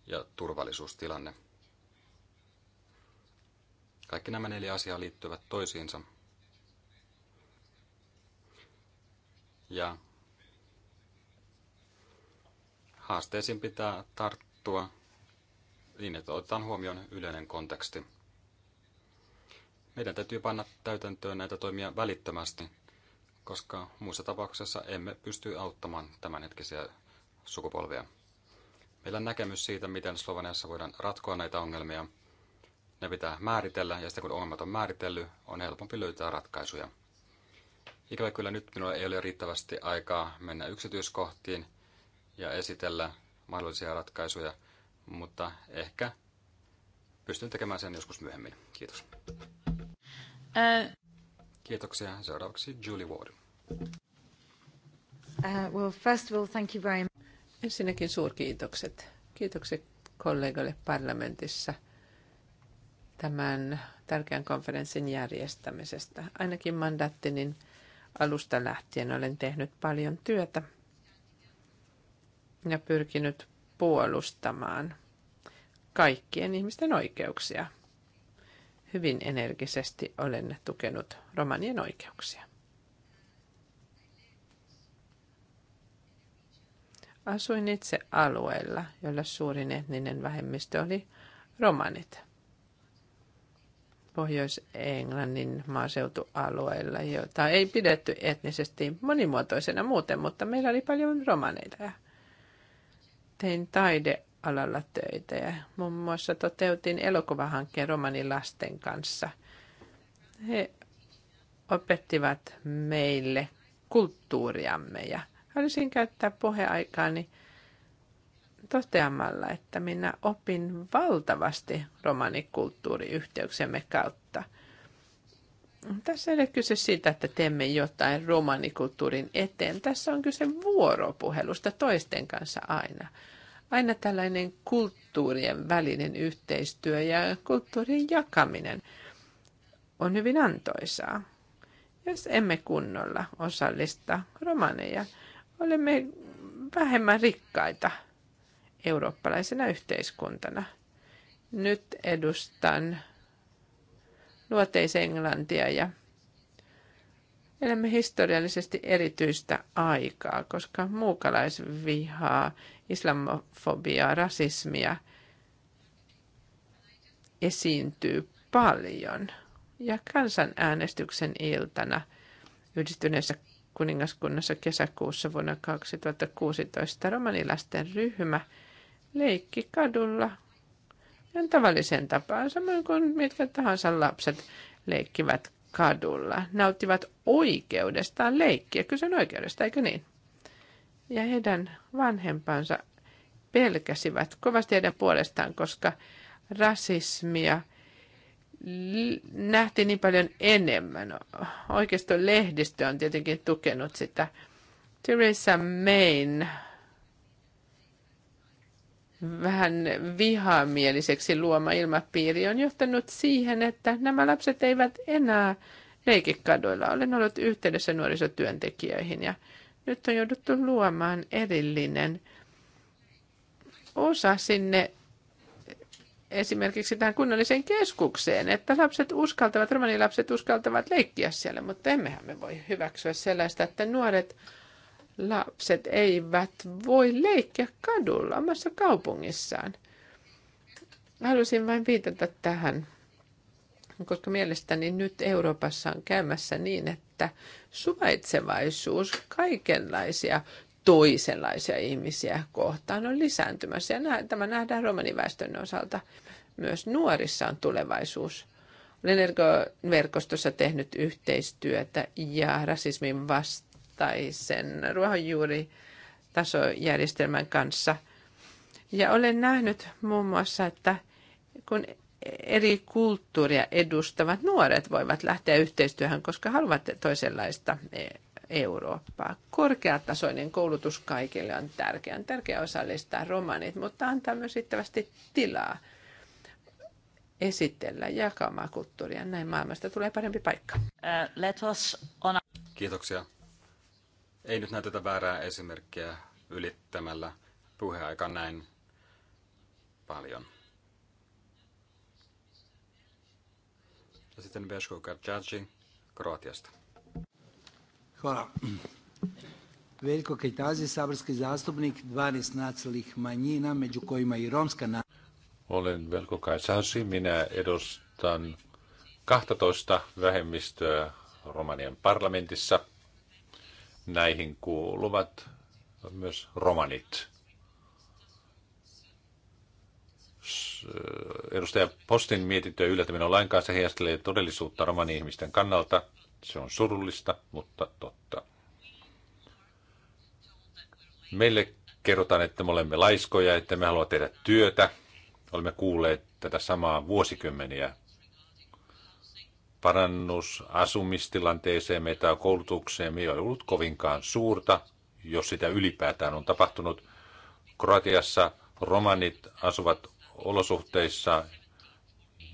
ja turvallisuustilanne. Kaikki nämä neljä asiaa liittyvät toisiinsa. Ja haasteisiin pitää tarttua niin, että otetaan huomioon yleinen konteksti. Meidän täytyy panna täytäntöön näitä toimia välittömästi, koska muussa tapauksessa emme pysty auttamaan tämänhetkisiä sukupolvia. Meillä on näkemys siitä, miten Sloveniassa voidaan ratkoa näitä ongelmia. Ne pitää määritellä, ja sitten kun ongelmat on määritellyt, on helpompi löytää ratkaisuja. Ikävä kyllä nyt minulla ei ole riittävästi aikaa mennä yksityiskohtiin ja esitellä mahdollisia ratkaisuja, mutta ehkä pystyn tekemään sen joskus myöhemmin. Kiitos. Ää... Äh. Kiitoksia. Seuraavaksi Julie Ward. Uh, well, first of all, thank you very much. Ensinnäkin suurkiitokset. Kiitokset kollegoille parlamentissa tämän tärkeän konferenssin järjestämisestä. Ainakin mandaattinin alusta lähtien olen tehnyt paljon työtä ja pyrkinyt puolustamaan kaikkien ihmisten oikeuksia. Hyvin energisesti olen tukenut romanien oikeuksia. Asuin itse alueella, jolla suurin etninen vähemmistö oli romanit. Pohjois-Englannin maaseutualueella, jota ei pidetty etnisesti monimuotoisena muuten, mutta meillä oli paljon romaneita. Tein taidealalla töitä ja muun muassa toteutin elokuvahankkeen romanilasten kanssa. He opettivat meille kulttuuriamme ja Haluaisin käyttää puheaikaani toteamalla, että minä opin valtavasti romanikulttuuriyhteyksemme kautta. Tässä ei ole kyse siitä, että teemme jotain romanikulttuurin eteen. Tässä on kyse vuoropuhelusta toisten kanssa aina. Aina tällainen kulttuurien välinen yhteistyö ja kulttuurin jakaminen on hyvin antoisaa. Jos emme kunnolla osallista romaneja, olemme vähemmän rikkaita eurooppalaisena yhteiskuntana. Nyt edustan luoteis-Englantia ja elämme historiallisesti erityistä aikaa, koska muukalaisvihaa, islamofobiaa, rasismia esiintyy paljon. Ja kansanäänestyksen iltana yhdistyneessä kuningaskunnassa kesäkuussa vuonna 2016 romanilasten ryhmä leikki kadulla Ja tavallisen tapaan, samoin kuin mitkä tahansa lapset leikkivät kadulla, nauttivat oikeudestaan leikkiä, kyse on oikeudesta, eikö niin? Ja heidän vanhempansa pelkäsivät kovasti heidän puolestaan, koska rasismia nähtiin niin paljon enemmän. Oikeiston lehdistö on tietenkin tukenut sitä. Theresa Main vähän vihamieliseksi luoma ilmapiiri on johtanut siihen, että nämä lapset eivät enää leikikadoilla. Olen ollut yhteydessä nuorisotyöntekijöihin ja nyt on jouduttu luomaan erillinen osa sinne esimerkiksi tähän kunnalliseen keskukseen, että lapset uskaltavat, romanilapset uskaltavat leikkiä siellä, mutta emmehän me voi hyväksyä sellaista, että nuoret lapset eivät voi leikkiä kadulla omassa kaupungissaan. Halusin vain viitata tähän, koska mielestäni nyt Euroopassa on käymässä niin, että suvaitsevaisuus, kaikenlaisia toisenlaisia ihmisiä kohtaan on lisääntymässä. Ja tämä nähdään romaniväestön osalta. Myös nuorissa on tulevaisuus. Olen verkostossa tehnyt yhteistyötä ja rasismin vastaisen ruohonjuuritasojärjestelmän kanssa. Ja olen nähnyt muun muassa, että kun eri kulttuuria edustavat nuoret voivat lähteä yhteistyöhön, koska haluavat toisenlaista Eurooppaa. Korkeatasoinen koulutus kaikille on tärkeä. On tärkeää osallistaa romanit, mutta antaa myös riittävästi tilaa esitellä, jakamaa kulttuuria. Näin maailmasta tulee parempi paikka. Uh, let us on... Kiitoksia. Ei nyt näytetä väärää esimerkkiä ylittämällä puheaika näin paljon. Ja sitten Vesko Karjaji Kroatiasta. Hvala. Veljko Kajtazi, saborski zastupnik 12 nacionalnih manjina, među kojima i romska Olen Velko Kajtazi, minä edustan 12 vähemmistöä Romanian parlamentissa. Näihin kuuluvat myös romanit. Edustaja Postin mietintö yllättäminen on lainkaan se heijastelee todellisuutta romani-ihmisten kannalta – se on surullista, mutta totta. Meille kerrotaan, että me olemme laiskoja, että me haluamme tehdä työtä. Olemme kuulleet tätä samaa vuosikymmeniä. Parannus asumistilanteeseen tai koulutukseemme ei ole ollut kovinkaan suurta, jos sitä ylipäätään on tapahtunut. Kroatiassa romanit asuvat olosuhteissa,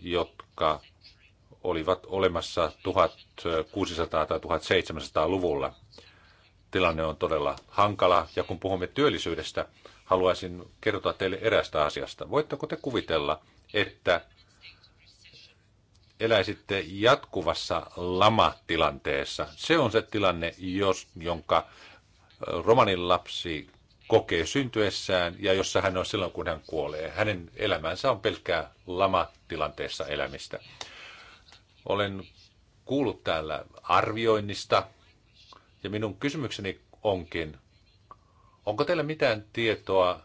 jotka olivat olemassa 1600- tai 1700-luvulla. Tilanne on todella hankala, ja kun puhumme työllisyydestä, haluaisin kertoa teille erästä asiasta. Voitteko te kuvitella, että eläisitte jatkuvassa lamatilanteessa? Se on se tilanne, jos, jonka romanin lapsi kokee syntyessään ja jossa hän on silloin, kun hän kuolee. Hänen elämänsä on pelkkää lamatilanteessa elämistä. Olen kuullut täällä arvioinnista ja minun kysymykseni onkin, onko teillä mitään tietoa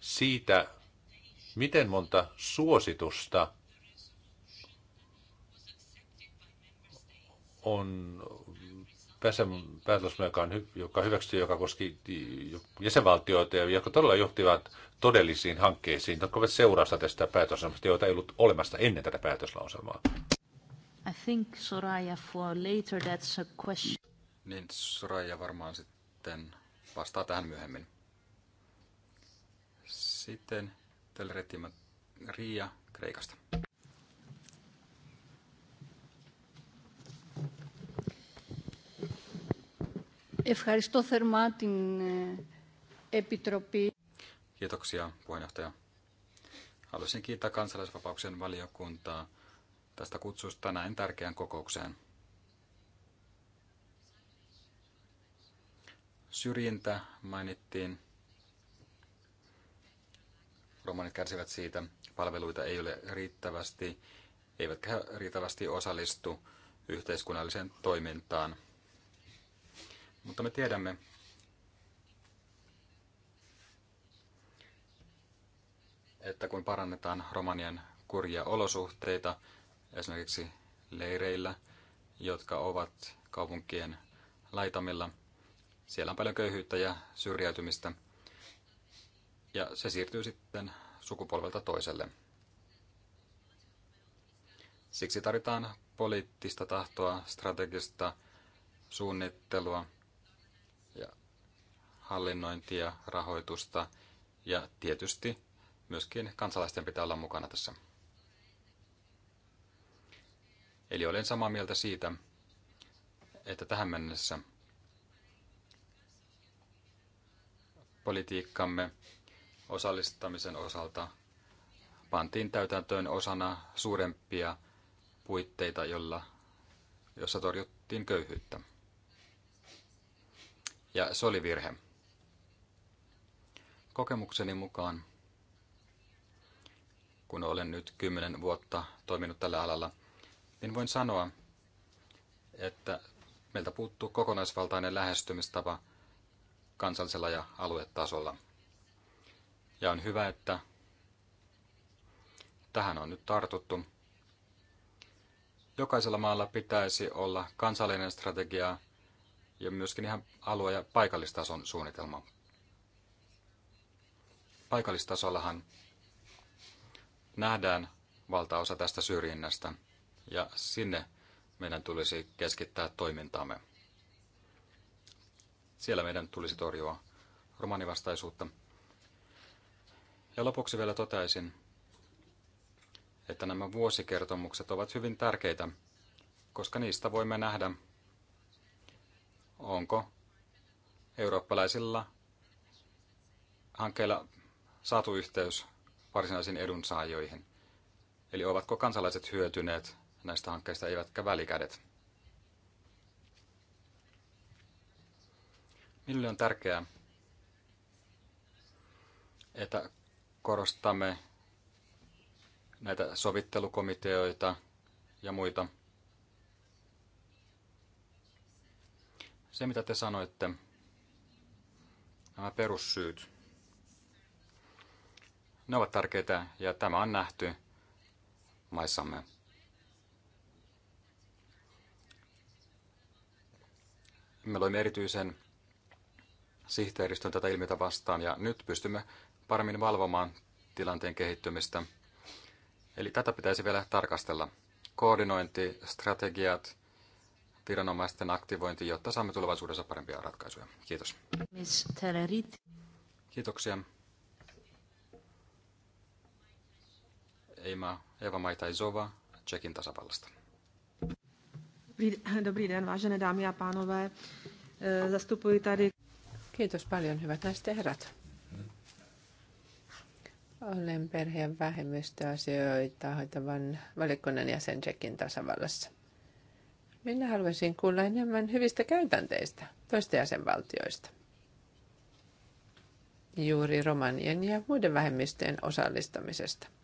siitä, miten monta suositusta on päätösmä, joka, on, joka hyväksyi, joka koski jäsenvaltioita, jotka todella johtivat todellisiin hankkeisiin, jotka ovat seurausta tästä päätöslauselmasta, joita ei ollut olemassa ennen tätä päätöslauselmaa. I think Soraya for later that's a question. Niin Soraya varmaan sitten vastaa tähän myöhemmin. Sitten Telretima ria Kreikasta. Ευχαριστώ θερμά την Επιτροπή. Kiitoksia, puheenjohtaja. Haluaisin kiittää kansalaisvapauksien valiokuntaa tästä kutsusta näin tärkeään kokoukseen. Syrjintä mainittiin. Romanit kärsivät siitä, palveluita ei ole riittävästi, eivätkä riittävästi osallistu yhteiskunnalliseen toimintaan mutta me tiedämme, että kun parannetaan romanien kurjia olosuhteita, esimerkiksi leireillä, jotka ovat kaupunkien laitamilla, siellä on paljon köyhyyttä ja syrjäytymistä, ja se siirtyy sitten sukupolvelta toiselle. Siksi tarvitaan poliittista tahtoa, strategista suunnittelua – hallinnointia, rahoitusta ja tietysti myöskin kansalaisten pitää olla mukana tässä. Eli olen samaa mieltä siitä, että tähän mennessä politiikkamme osallistamisen osalta pantiin täytäntöön osana suurempia puitteita, jolla, jossa torjuttiin köyhyyttä. Ja se oli virhe. Kokemukseni mukaan, kun olen nyt kymmenen vuotta toiminut tällä alalla, niin voin sanoa, että meiltä puuttuu kokonaisvaltainen lähestymistapa kansallisella ja aluetasolla. Ja on hyvä, että tähän on nyt tartuttu. Jokaisella maalla pitäisi olla kansallinen strategia ja myöskin ihan alue- ja paikallistason suunnitelma paikallistasollahan nähdään valtaosa tästä syrjinnästä ja sinne meidän tulisi keskittää toimintaamme. Siellä meidän tulisi torjua romanivastaisuutta. Ja lopuksi vielä toteaisin, että nämä vuosikertomukset ovat hyvin tärkeitä, koska niistä voimme nähdä, onko eurooppalaisilla hankkeilla saatu yhteys varsinaisiin edunsaajoihin? Eli ovatko kansalaiset hyötyneet näistä hankkeista eivätkä välikädet? Minulle on tärkeää, että korostamme näitä sovittelukomiteoita ja muita. Se, mitä te sanoitte, nämä perussyyt. Ne ovat tärkeitä ja tämä on nähty maissamme. Me loimme erityisen sihteeristön tätä ilmiötä vastaan ja nyt pystymme paremmin valvomaan tilanteen kehittymistä. Eli tätä pitäisi vielä tarkastella. Koordinointi, strategiat, viranomaisten aktivointi, jotta saamme tulevaisuudessa parempia ratkaisuja. Kiitos. Kiitoksia. Eima, Eva Majtajzova Čekin tasavallasta. Dobrý den, vážené dámy a pánové. E, zastupuji tady. Kiitos paljon, hyvät naiset ja herrat. Olen perheen vähemmistöasioita hoitavan valikunnan jäsen Tsekin tasavallassa. Minä haluaisin kuulla enemmän hyvistä käytänteistä toista jäsenvaltioista. Juuri romanien ja muiden vähemmistöjen osallistamisesta –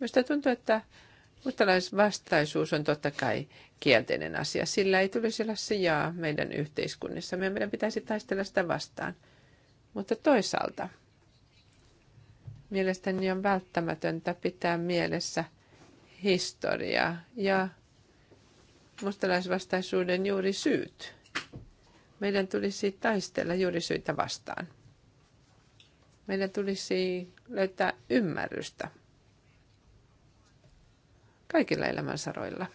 Minusta tuntuu, että Uutalaisvastaisuus on totta kai kielteinen asia. Sillä ei tulisi olla sijaa meidän yhteiskunnissa. Meidän pitäisi taistella sitä vastaan. Mutta toisaalta mielestäni on välttämätöntä pitää mielessä historiaa ja mustalaisvastaisuuden juuri syyt. Meidän tulisi taistella juuri syitä vastaan. Meidän tulisi löytää ymmärrystä kaikilla elämänsaroilla.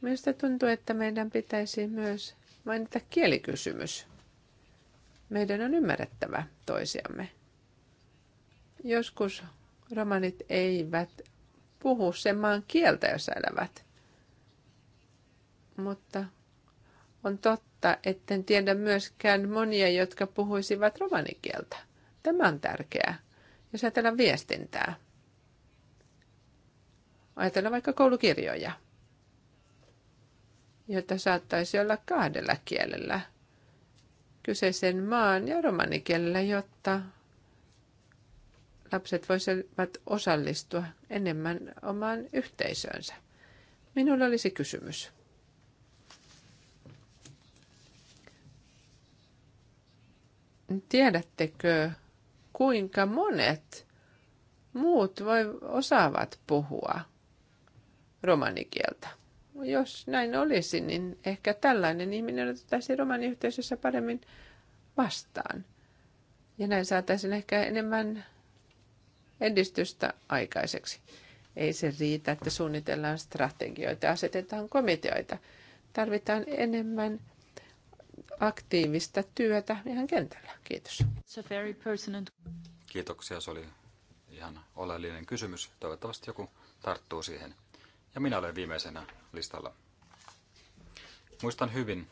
Minusta tuntuu, että meidän pitäisi myös mainita kielikysymys. Meidän on ymmärrettävä toisiamme. Joskus romanit eivät puhu sen maan kieltä, jos elävät. Mutta on totta, etten tiedä myöskään monia, jotka puhuisivat romanikieltä. Tämä on tärkeää, jos ajatellaan viestintää. Ajatellaan vaikka koulukirjoja, joita saattaisi olla kahdella kielellä, kyseisen maan ja romanikielellä, jotta lapset voisivat osallistua enemmän omaan yhteisöönsä. Minulla olisi kysymys. Tiedättekö, kuinka monet muut voi, osaavat puhua romanikieltä. Jos näin olisi, niin ehkä tällainen ihminen otettaisiin romaniyhteisössä paremmin vastaan. Ja näin saataisiin ehkä enemmän edistystä aikaiseksi. Ei se riitä, että suunnitellaan strategioita ja asetetaan komiteoita. Tarvitaan enemmän aktiivista työtä ihan kentällä. Kiitos. Kiitoksia, se oli ihan oleellinen kysymys. Toivottavasti joku tarttuu siihen. Ja minä olen viimeisenä listalla. Muistan hyvin,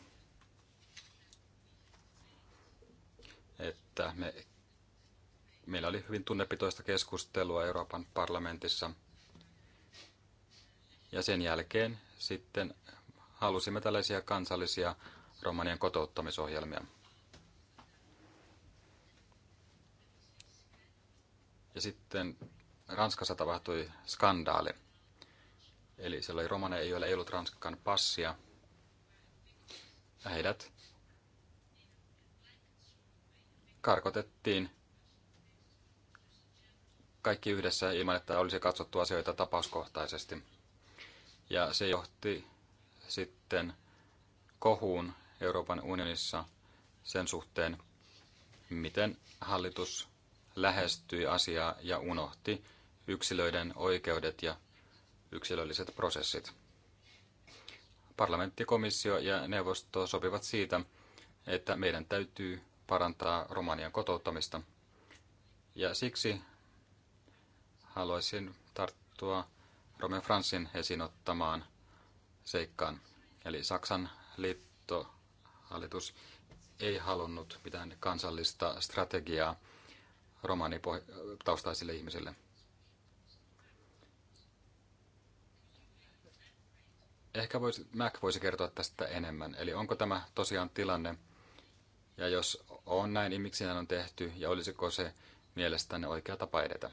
että me, meillä oli hyvin tunnepitoista keskustelua Euroopan parlamentissa. Ja sen jälkeen sitten halusimme tällaisia kansallisia romanien kotouttamisohjelmia. Ja sitten Ranskassa tapahtui skandaali. Eli siellä oli romaneja, joilla ei ollut Ranskan passia. Ja heidät karkotettiin kaikki yhdessä ilman, että olisi katsottu asioita tapauskohtaisesti. Ja se johti sitten kohuun Euroopan unionissa sen suhteen, miten hallitus lähestyi asiaa ja unohti yksilöiden oikeudet ja yksilölliset prosessit. Parlamentti, komissio ja neuvosto sopivat siitä, että meidän täytyy parantaa Romanian kotouttamista. Ja siksi haluaisin tarttua Romen Fransin esiin ottamaan seikkaan. Eli Saksan liittohallitus ei halunnut mitään kansallista strategiaa romanitaustaisille ihmisille – Ehkä voisi, Mac voisi kertoa tästä enemmän. Eli onko tämä tosiaan tilanne? Ja jos on näin, niin miksi näin on tehty? Ja olisiko se mielestäni oikea tapa edetä?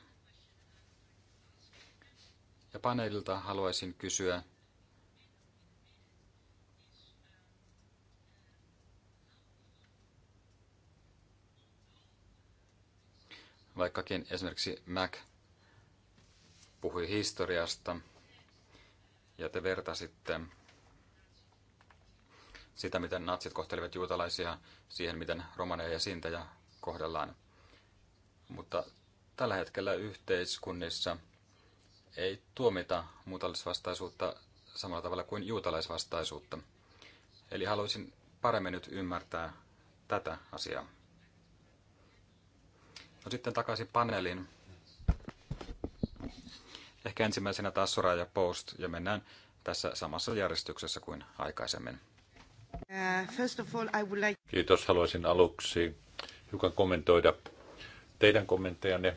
Ja paneelilta haluaisin kysyä, vaikkakin esimerkiksi Mac puhui historiasta – ja te vertasitte sitä, miten natsit kohtelivat juutalaisia, siihen, miten romaneja ja sintejä kohdellaan. Mutta tällä hetkellä yhteiskunnissa ei tuomita muutalaisvastaisuutta samalla tavalla kuin juutalaisvastaisuutta. Eli haluaisin paremmin nyt ymmärtää tätä asiaa. No sitten takaisin paneeliin. Ehkä ensimmäisenä taas Soraya ja Post, ja mennään tässä samassa järjestyksessä kuin aikaisemmin. Uh, Kiitos. Haluaisin aluksi hiukan kommentoida teidän kommenttejanne.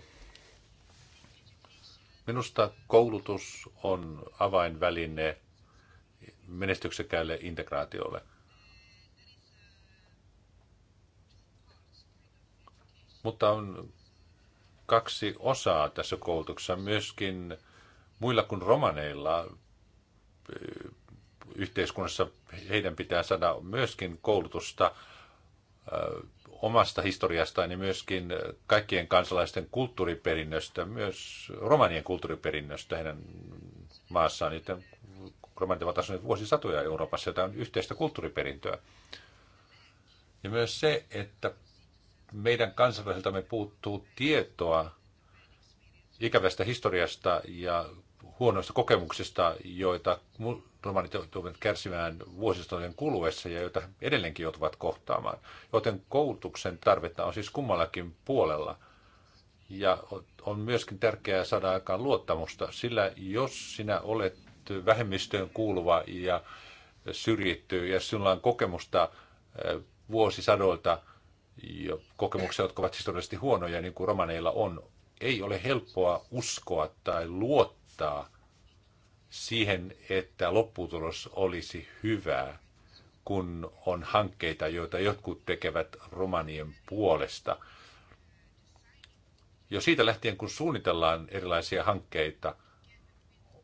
Minusta koulutus on avainväline menestyksekäälle integraatiolle. Mutta on kaksi osaa tässä koulutuksessa, myöskin muilla kuin romaneilla yhteiskunnassa heidän pitää saada myöskin koulutusta omasta historiastaan ja myöskin kaikkien kansalaisten kulttuuriperinnöstä, myös romanien kulttuuriperinnöstä heidän maassaan. Joten romanit ovat asuneet vuosisatoja Euroopassa, jota on yhteistä kulttuuriperintöä. Ja myös se, että meidän kansalaisiltamme puuttuu tietoa ikävästä historiasta ja huonoista kokemuksista, joita romanit joutuvat kärsimään vuosistojen kuluessa ja joita edelleenkin joutuvat kohtaamaan. Joten koulutuksen tarvetta on siis kummallakin puolella. Ja on myöskin tärkeää saada aikaan luottamusta, sillä jos sinä olet vähemmistöön kuuluva ja syrjitty ja sinulla on kokemusta vuosisadoilta, kokemuksia, jotka ovat historiallisesti huonoja, niin kuin romaneilla on, ei ole helppoa uskoa tai luottaa johtaa siihen, että lopputulos olisi hyvää, kun on hankkeita, joita jotkut tekevät romanien puolesta. Jo siitä lähtien, kun suunnitellaan erilaisia hankkeita,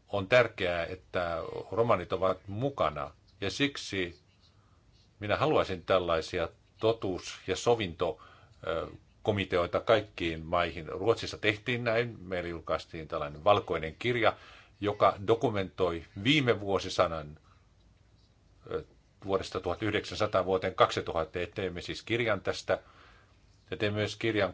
on tärkeää, että romanit ovat mukana. Ja siksi minä haluaisin tällaisia totuus- ja sovinto komiteoita kaikkiin maihin. Ruotsissa tehtiin näin. Meillä julkaistiin tällainen valkoinen kirja, joka dokumentoi viime vuosisadan vuodesta 1900 vuoteen 2000. Ja teemme siis kirjan tästä ja teemme myös kirjan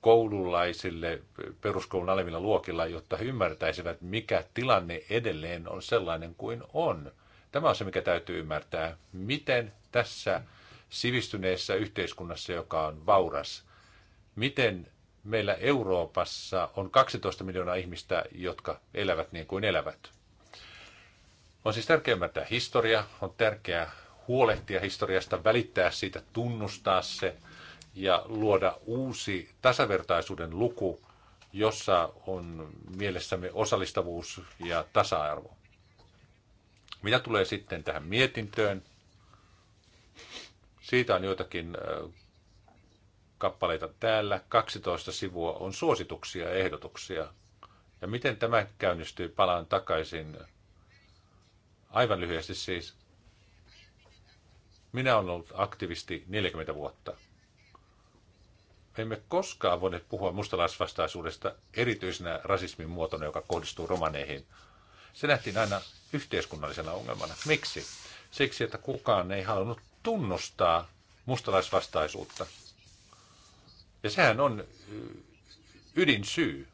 koululaisille peruskoulun alemmilla luokilla, jotta he ymmärtäisivät, mikä tilanne edelleen on sellainen kuin on. Tämä on se, mikä täytyy ymmärtää, miten tässä mm sivistyneessä yhteiskunnassa, joka on vauras. Miten meillä Euroopassa on 12 miljoonaa ihmistä, jotka elävät niin kuin elävät? On siis tärkeää ymmärtää historia, on tärkeää huolehtia historiasta, välittää siitä, tunnustaa se ja luoda uusi tasavertaisuuden luku, jossa on mielessämme osallistavuus ja tasa-arvo. Mitä tulee sitten tähän mietintöön, siitä on joitakin kappaleita täällä. 12 sivua on suosituksia ja ehdotuksia. Ja miten tämä käynnistyy? Palaan takaisin aivan lyhyesti siis. Minä olen ollut aktivisti 40 vuotta. emme koskaan voineet puhua mustalaisvastaisuudesta erityisenä rasismin muotona, joka kohdistuu romaneihin. Se nähtiin aina yhteiskunnallisena ongelmana. Miksi? Siksi, että kukaan ei halunnut tunnustaa mustalaisvastaisuutta. Ja sehän on ydinsyy.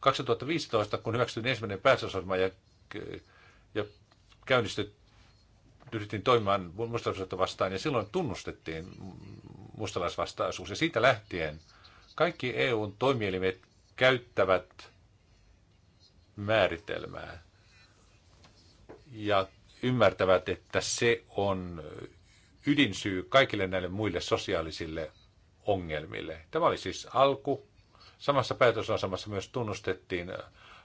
2015, kun hyväksyttiin ensimmäinen päätösosma ja, ja käynnistettiin toimimaan mustalaisuutta vastaan, ja silloin tunnustettiin mustalaisvastaisuus. Ja siitä lähtien kaikki EUn toimielimet käyttävät määritelmää ja ymmärtävät, että se on ydinsyy kaikille näille muille sosiaalisille ongelmille. Tämä oli siis alku. Samassa päätösasemassa myös tunnustettiin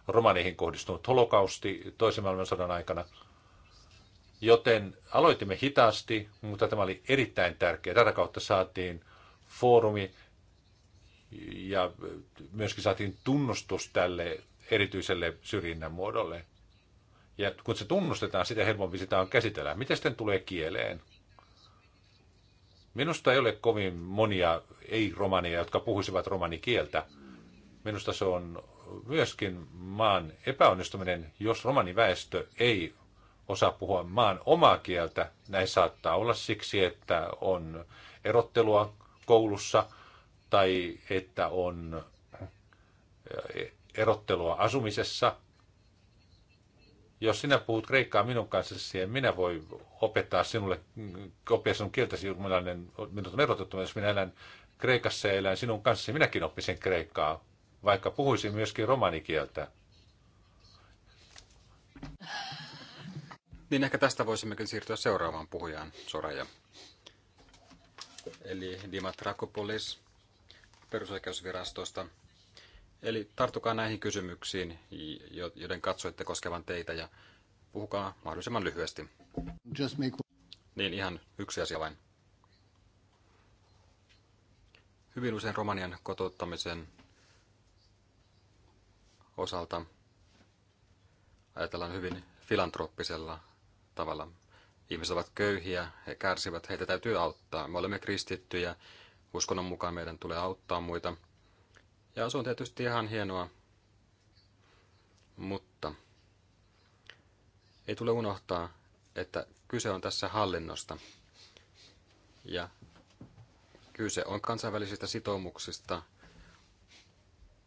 romaneihin kohdistunut holokausti toisen maailmansodan aikana. Joten aloitimme hitaasti, mutta tämä oli erittäin tärkeä. Tätä kautta saatiin foorumi ja myöskin saatiin tunnustus tälle erityiselle syrjinnän muodolle. Ja kun se tunnustetaan, sitä helpompi sitä on käsitellä. Miten sitten tulee kieleen? Minusta ei ole kovin monia ei-romaneja, jotka puhuisivat romanikieltä. Minusta se on myöskin maan epäonnistuminen, jos romaniväestö ei osaa puhua maan omaa kieltä. Näin saattaa olla siksi, että on erottelua koulussa tai että on erottelua asumisessa – jos sinä puhut kreikkaa minun kanssa, en minä voi opettaa sinulle, oppia sinun kieltäsi, millainen minut on erotettu. Jos minä elän Kreikassa ja elän sinun kanssa, minäkin oppisin kreikkaa, vaikka puhuisin myöskin romanikieltä. Niin ehkä tästä voisimmekin siirtyä seuraavaan puhujaan, Soraja. Eli Dima Trakopolis perusoikeusvirastosta Eli tarttukaa näihin kysymyksiin, joiden katsoitte koskevan teitä ja puhukaa mahdollisimman lyhyesti. Just make... Niin ihan yksi asia vain. Hyvin usein Romanian kotouttamisen osalta ajatellaan hyvin filantrooppisella tavalla. Ihmiset ovat köyhiä, he kärsivät, heitä täytyy auttaa. Me olemme kristittyjä, uskonnon mukaan meidän tulee auttaa muita – ja se on tietysti ihan hienoa, mutta ei tule unohtaa, että kyse on tässä hallinnosta. Ja kyse on kansainvälisistä sitoumuksista.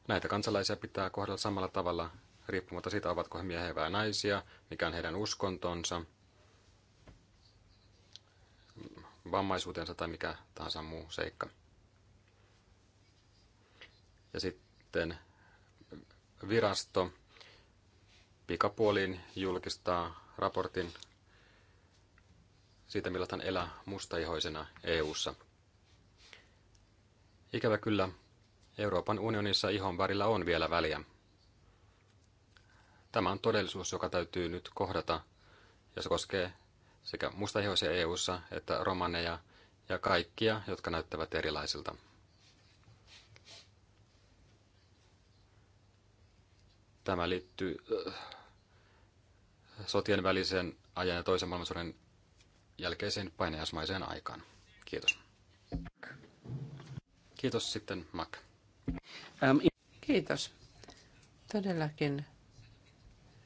Näitä kansalaisia pitää kohdella samalla tavalla riippumatta siitä, ovatko he miehiä vai naisia, mikä on heidän uskontonsa, vammaisuutensa tai mikä tahansa muu seikka. Ja sitten virasto pikapuoliin julkistaa raportin siitä, millä hän elää mustaihoisena EU-ssa. Ikävä kyllä, Euroopan unionissa ihon värillä on vielä väliä. Tämä on todellisuus, joka täytyy nyt kohdata, ja se koskee sekä mustaihoisia EU-ssa että romaneja ja kaikkia, jotka näyttävät erilaisilta. Tämä liittyy äh, sotien välisen ajan ja toisen maailmansodan jälkeiseen painajasmaiseen aikaan. Kiitos. Kiitos sitten, Mac. Ähm, Kiitos. Todellakin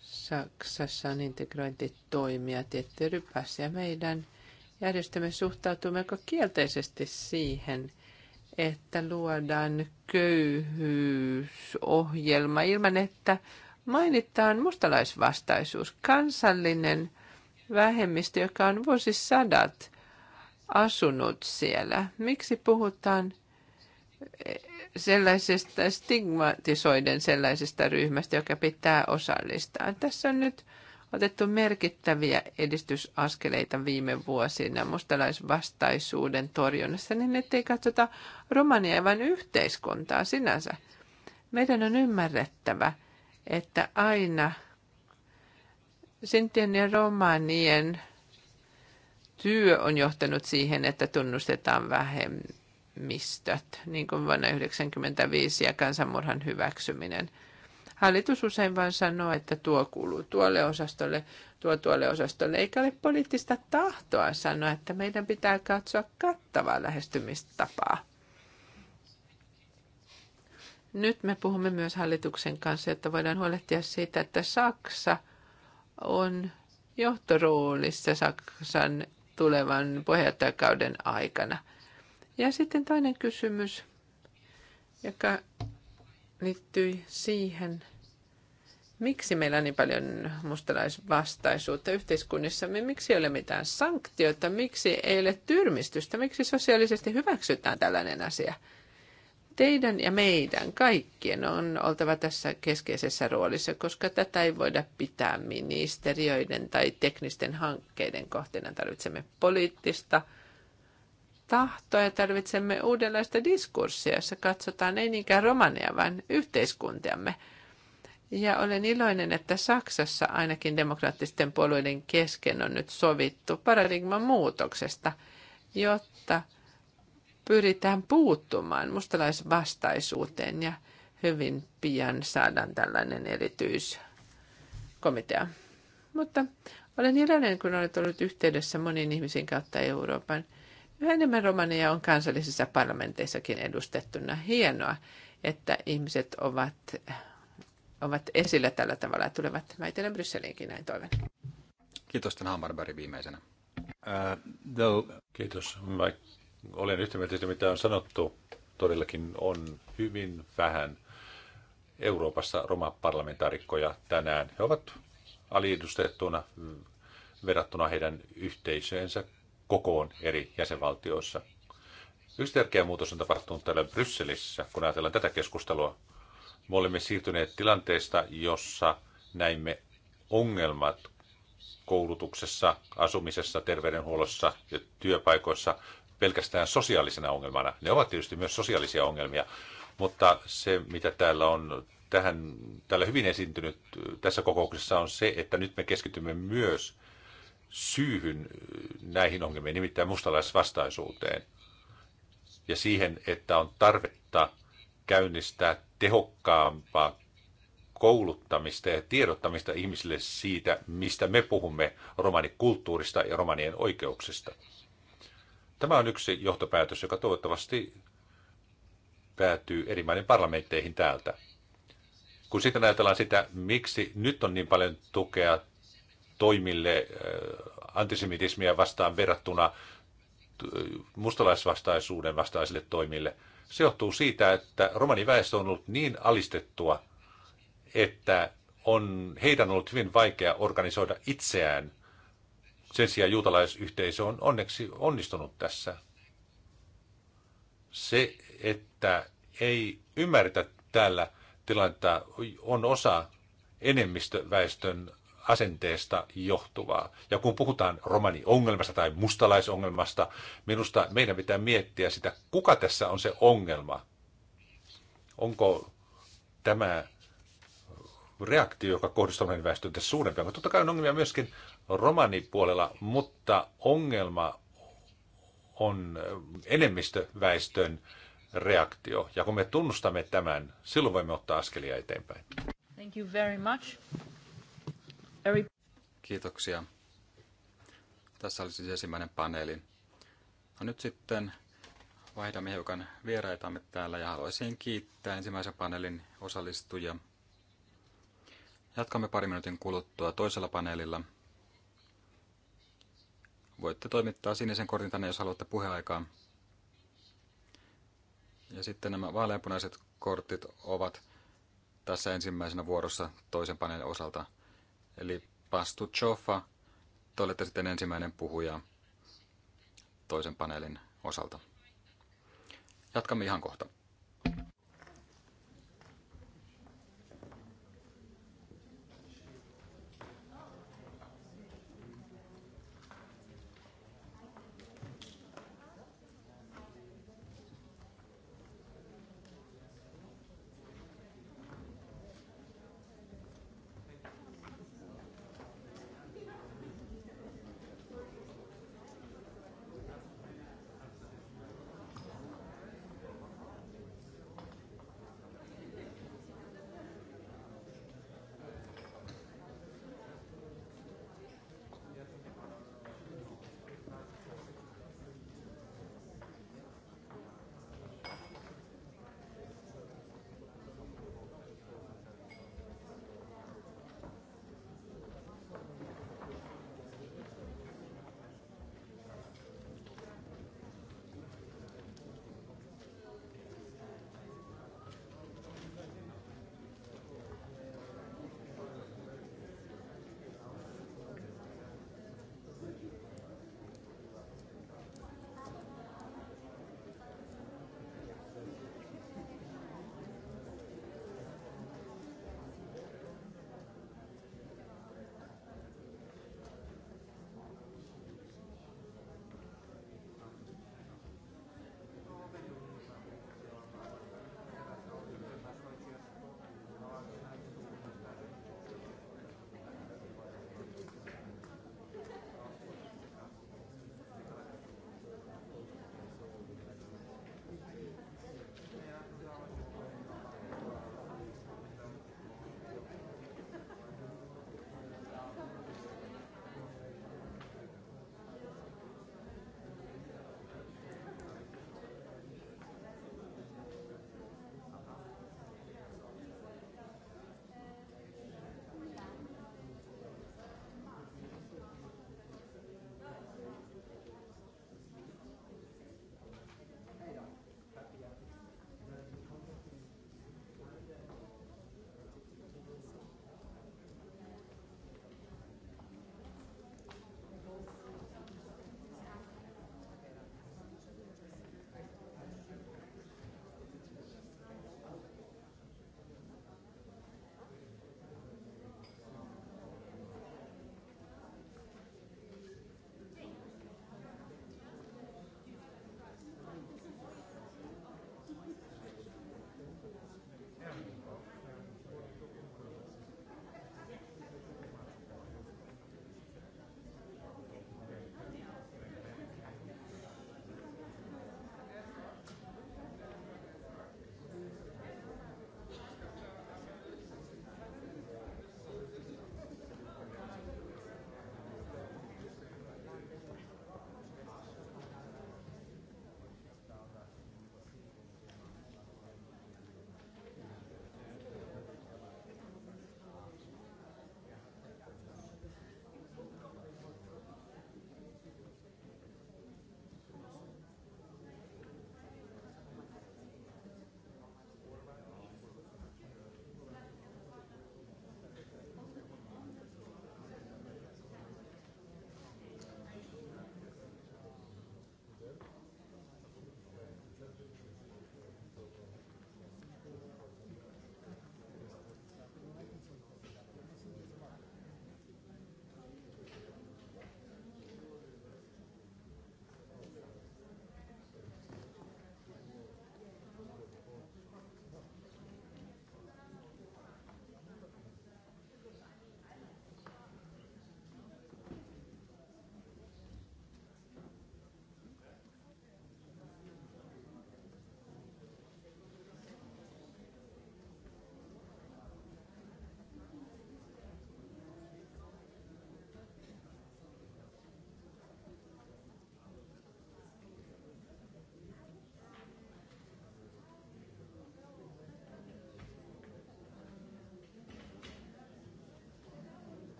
Saksassa on integrointitoimia tietty rypäs ja meidän järjestämme suhtautuu melko kielteisesti siihen, että luodaan köyhyysohjelma ilman, että mainitaan mustalaisvastaisuus. Kansallinen vähemmistö, joka on vuosisadat asunut siellä. Miksi puhutaan sellaisesta stigmatisoiden sellaisesta ryhmästä, joka pitää osallistaa? Tässä on nyt otettu merkittäviä edistysaskeleita viime vuosina mustalaisvastaisuuden torjunnassa, niin ettei katsota Romania vain yhteiskuntaa sinänsä. Meidän on ymmärrettävä, että aina sintien ja romanien työ on johtanut siihen, että tunnustetaan vähemmistöt, niin kuin vuonna 1995 ja kansanmurhan hyväksyminen – Hallitus usein vain sanoo, että tuo kuuluu tuolle osastolle, tuo tuolle osastolle, eikä ole poliittista tahtoa sanoa, että meidän pitää katsoa kattavaa lähestymistapaa. Nyt me puhumme myös hallituksen kanssa, että voidaan huolehtia siitä, että Saksa on johtoroolissa Saksan tulevan puheenjohtajakauden aikana. Ja sitten toinen kysymys, joka liittyi siihen, miksi meillä on niin paljon mustalaisvastaisuutta yhteiskunnissa? miksi ei ole mitään sanktiota, miksi ei ole tyrmistystä, miksi sosiaalisesti hyväksytään tällainen asia. Teidän ja meidän kaikkien on oltava tässä keskeisessä roolissa, koska tätä ei voida pitää ministeriöiden tai teknisten hankkeiden kohteena. Tarvitsemme poliittista tahtoa ja tarvitsemme uudenlaista diskurssia, jossa katsotaan ei niinkään Romania, vaan yhteiskuntiamme. Ja olen iloinen, että Saksassa ainakin demokraattisten puolueiden kesken on nyt sovittu paradigman muutoksesta, jotta pyritään puuttumaan mustalaisvastaisuuteen ja hyvin pian saadaan tällainen erityiskomitea. Mutta olen iloinen, kun olet ollut yhteydessä moniin ihmisiin kautta Euroopan – Yhä enemmän romaneja on kansallisissa parlamenteissakin edustettuna. Hienoa, että ihmiset ovat, ovat esillä tällä tavalla ja tulevat väitellen Brysseliinkin, näin toivon. Kiitos, Tän Hammarberg viimeisenä. Uh, though... Kiitos. Mä olen yhtä mieltä mitä on sanottu. Todellakin on hyvin vähän Euroopassa romaparlamentaarikkoja tänään. He ovat aliedustettuna, mm, verrattuna heidän yhteisöönsä kokoon eri jäsenvaltioissa. Yksi tärkeä muutos on tapahtunut täällä Brysselissä, kun ajatellaan tätä keskustelua. Me olemme siirtyneet tilanteesta, jossa näimme ongelmat koulutuksessa, asumisessa, terveydenhuollossa ja työpaikoissa pelkästään sosiaalisena ongelmana. Ne ovat tietysti myös sosiaalisia ongelmia, mutta se, mitä täällä on tähän, täällä hyvin esiintynyt tässä kokouksessa on se, että nyt me keskitymme myös syyhyn näihin ongelmiin, nimittäin mustalaisvastaisuuteen ja siihen, että on tarvetta käynnistää tehokkaampaa kouluttamista ja tiedottamista ihmisille siitä, mistä me puhumme romanikulttuurista ja romanien oikeuksista. Tämä on yksi johtopäätös, joka toivottavasti päätyy eri maiden parlamentteihin täältä. Kun sitten ajatellaan sitä, miksi nyt on niin paljon tukea toimille äh, antisemitismiä vastaan verrattuna äh, mustalaisvastaisuuden vastaisille toimille. Se johtuu siitä, että romaniväestö on ollut niin alistettua, että on, heidän on ollut hyvin vaikea organisoida itseään. Sen sijaan juutalaisyhteisö on onneksi onnistunut tässä. Se, että ei ymmärretä täällä tilannetta, on osa enemmistöväestön asenteesta johtuvaa. Ja kun puhutaan Romani ongelmasta tai mustalaisongelmasta, minusta meidän pitää miettiä sitä, kuka tässä on se ongelma. Onko tämä reaktio, joka kohdistuu romaniin väestöön, tässä suurempi ongelma. Totta kai on ongelmia myöskin romanipuolella, mutta ongelma on enemmistöväestön reaktio. Ja kun me tunnustamme tämän, silloin voimme ottaa askelia eteenpäin. Thank you very much. Kiitoksia. Tässä oli siis ensimmäinen paneeli. No nyt sitten vaihdamme hiukan vieraitamme täällä ja haluaisin kiittää ensimmäisen paneelin osallistujia. Jatkamme pari minuutin kuluttua toisella paneelilla. Voitte toimittaa sinisen kortin tänne, jos haluatte puheaikaa. Ja sitten nämä vaaleanpunaiset kortit ovat tässä ensimmäisenä vuorossa toisen paneelin osalta – Eli Pastu Chofa, te olette sitten ensimmäinen puhuja toisen paneelin osalta. Jatkamme ihan kohta.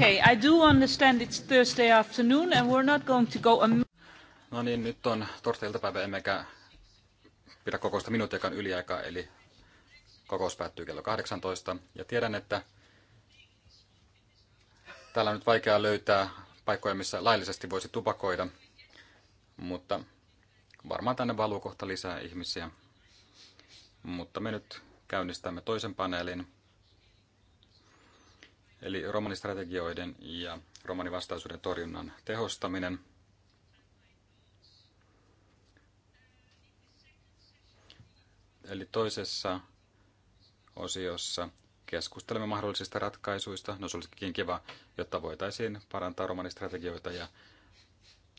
Okay, I do understand it's Thursday afternoon and we're not going to go... No niin, nyt on torstai-iltapäivä, emmekä pidä kokousta minuuttiakaan yliaikaa, eli kokous päättyy kello 18. Ja tiedän, että täällä on nyt vaikeaa löytää paikkoja, missä laillisesti voisi tupakoida, mutta varmaan tänne valuu kohta lisää ihmisiä. Mutta me nyt käynnistämme toisen paneelin. Eli romanistrategioiden ja romanivastaisuuden torjunnan tehostaminen. Eli toisessa osiossa keskustelemme mahdollisista ratkaisuista. No se olisikin kiva, jotta voitaisiin parantaa romanistrategioita ja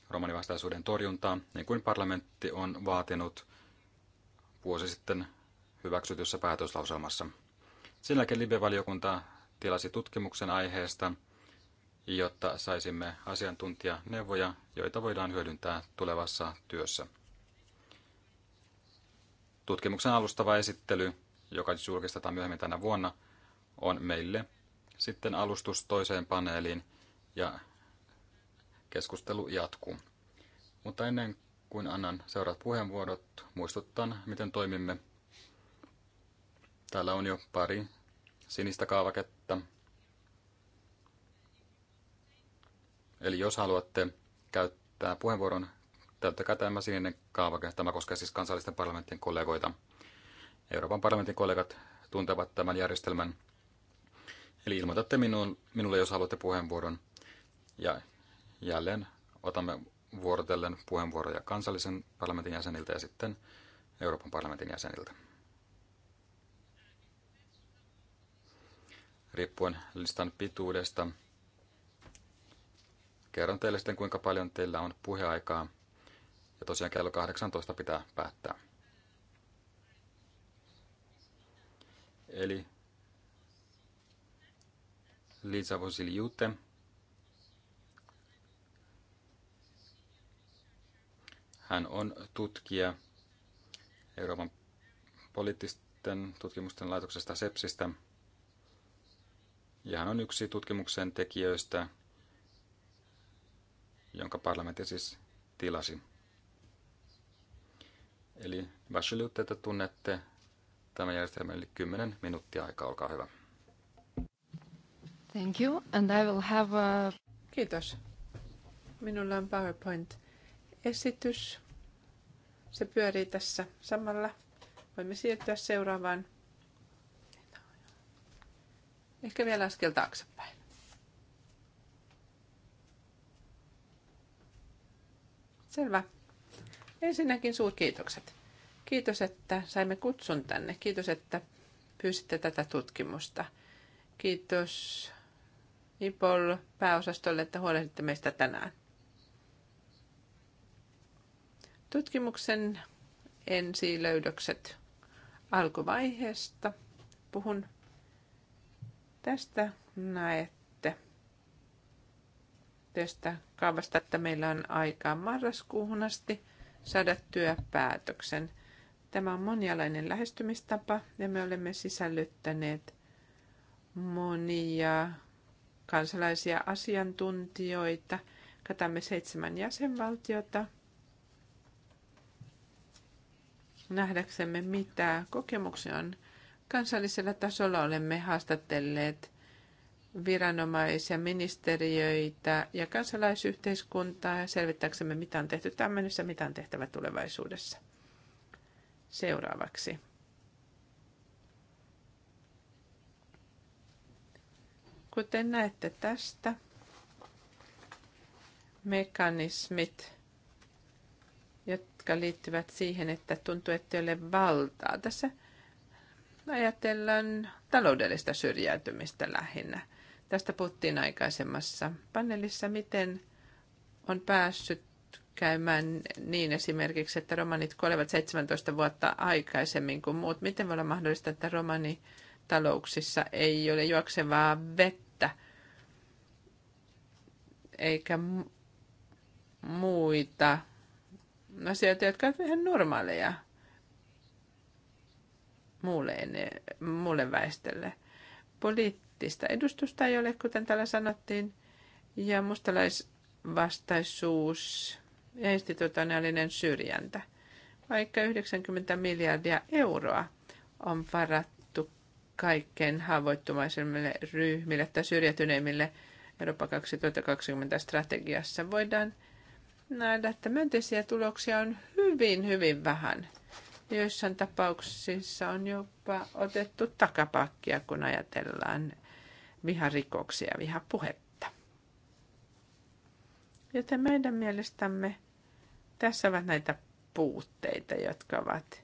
romanivastaisuuden torjuntaa, niin kuin parlamentti on vaatinut vuosi sitten hyväksytyssä päätöslauselmassa. Sen jälkeen Libe-valiokunta tilasi tutkimuksen aiheesta, jotta saisimme asiantuntijaneuvoja, joita voidaan hyödyntää tulevassa työssä. Tutkimuksen alustava esittely, joka siis julkistetaan myöhemmin tänä vuonna, on meille sitten alustus toiseen paneeliin ja keskustelu jatkuu. Mutta ennen kuin annan seuraavat puheenvuorot, muistuttan, miten toimimme. Täällä on jo pari sinistä kaavaketta. Eli jos haluatte käyttää puheenvuoron, täyttäkää tämä sininen kaavake. Tämä koskee siis kansallisten parlamenttien kollegoita. Euroopan parlamentin kollegat tuntevat tämän järjestelmän. Eli ilmoitatte minulle, jos haluatte puheenvuoron. Ja jälleen otamme vuorotellen puheenvuoroja kansallisen parlamentin jäseniltä ja sitten Euroopan parlamentin jäseniltä. riippuen listan pituudesta. Kerron teille sitten, kuinka paljon teillä on puheaikaa. Ja tosiaan kello 18 pitää päättää. Eli Liisa Vosiliute. Hän on tutkija Euroopan poliittisten tutkimusten laitoksesta SEPSistä – ja hän on yksi tutkimuksen tekijöistä, jonka parlamentti siis tilasi. Eli Bachelut, että tunnette tämän järjestelmän, eli 10 minuuttia aikaa, olkaa hyvä. Thank you, and I will have a... Kiitos. Minulla on PowerPoint-esitys. Se pyörii tässä samalla. Voimme siirtyä seuraavaan Ehkä vielä askel taaksepäin. Selvä. Ensinnäkin kiitokset. Kiitos, että saimme kutsun tänne. Kiitos, että pyysitte tätä tutkimusta. Kiitos IPOL pääosastolle, että huolehditte meistä tänään. Tutkimuksen ensi löydökset alkuvaiheesta. Puhun Tästä näette tästä kaavasta, että meillä on aikaa marraskuuhun asti saada työpäätöksen. Tämä on monialainen lähestymistapa ja me olemme sisällyttäneet monia kansalaisia asiantuntijoita. Katamme seitsemän jäsenvaltiota nähdäksemme, mitä kokemuksia on Kansallisella tasolla olemme haastatelleet viranomaisia, ministeriöitä ja kansalaisyhteiskuntaa selvittääksemme, mitä on tehty tämmöisessä, mitä on tehtävä tulevaisuudessa. Seuraavaksi. Kuten näette tästä, mekanismit, jotka liittyvät siihen, että tuntuu, että ei ole valtaa. Tässä ajatellaan taloudellista syrjäytymistä lähinnä. Tästä puhuttiin aikaisemmassa paneelissa, miten on päässyt käymään niin esimerkiksi, että romanit kuolevat 17 vuotta aikaisemmin kuin muut. Miten voi olla mahdollista, että romanitalouksissa ei ole juoksevaa vettä eikä muita asioita, jotka ovat ihan normaaleja muulle, muulle väestölle. Poliittista edustusta ei ole, kuten täällä sanottiin, ja mustalaisvastaisuus ja institutionaalinen syrjäntä. Vaikka 90 miljardia euroa on varattu kaikkein haavoittumaisemmille ryhmille tai syrjäytyneimmille Eurooppa 2020 strategiassa, voidaan nähdä, että myönteisiä tuloksia on hyvin, hyvin vähän – Joissain tapauksissa on jopa otettu takapakkia, kun ajatellaan viharikoksia ja vihapuhetta. Joten meidän mielestämme tässä ovat näitä puutteita, jotka ovat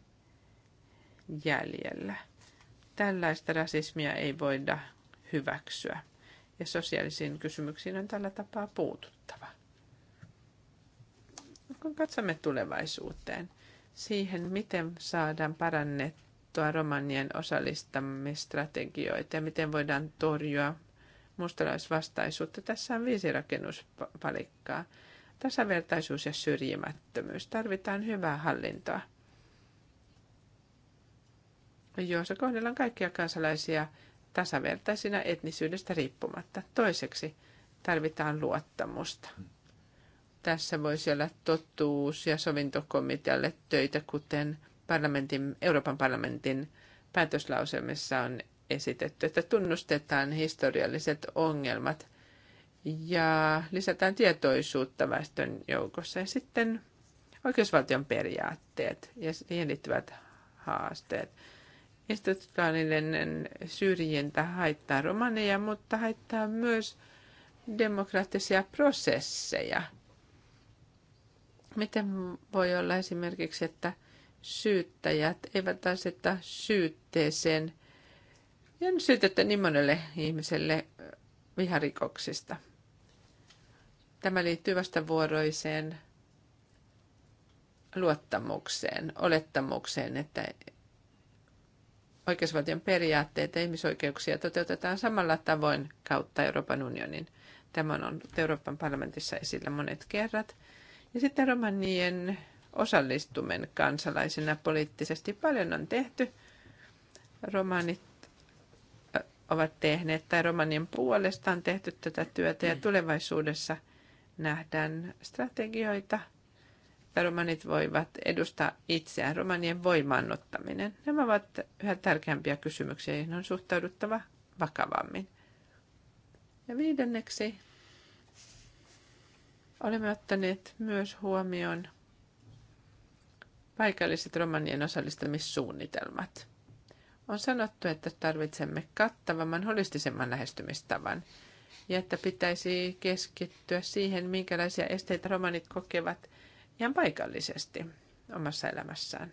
jäljellä. Tällaista rasismia ei voida hyväksyä ja sosiaalisiin kysymyksiin on tällä tapaa puututtava. Kun katsomme tulevaisuuteen, siihen, miten saadaan parannettua romanien osallistamistrategioita ja miten voidaan torjua mustalaisvastaisuutta. Tässä on viisi rakennuspalikkaa. Tasavertaisuus ja syrjimättömyys. Tarvitaan hyvää hallintoa, jossa kohdellaan kaikkia kansalaisia tasavertaisina etnisyydestä riippumatta. Toiseksi tarvitaan luottamusta. Tässä voisi olla totuus ja sovintokomitealle töitä, kuten parlamentin, Euroopan parlamentin päätöslauselmissa on esitetty, että tunnustetaan historialliset ongelmat ja lisätään tietoisuutta väestön joukossa ja sitten oikeusvaltion periaatteet ja siihen liittyvät haasteet. Institutionaalinen syrjintä haittaa romaneja, mutta haittaa myös demokraattisia prosesseja – Miten voi olla esimerkiksi, että syyttäjät eivät aseta syytteeseen ja syytettä niin monelle ihmiselle viharikoksista? Tämä liittyy vastavuoroiseen luottamukseen, olettamukseen, että oikeusvaltion periaatteet ja ihmisoikeuksia toteutetaan samalla tavoin kautta Euroopan unionin. Tämä on ollut Euroopan parlamentissa esillä monet kerrat. Ja sitten romanien osallistuminen kansalaisena poliittisesti paljon on tehty. Romanit äh, ovat tehneet tai romanien puolesta on tehty tätä työtä ja tulevaisuudessa nähdään strategioita – että romanit voivat edustaa itseään, romanien voimaannuttaminen. Nämä ovat yhä tärkeämpiä kysymyksiä, joihin on suhtauduttava vakavammin. Ja viidenneksi Olemme ottaneet myös huomioon paikalliset romanien osallistumissuunnitelmat. On sanottu, että tarvitsemme kattavamman holistisemman lähestymistavan ja että pitäisi keskittyä siihen, minkälaisia esteitä romanit kokevat ihan paikallisesti omassa elämässään.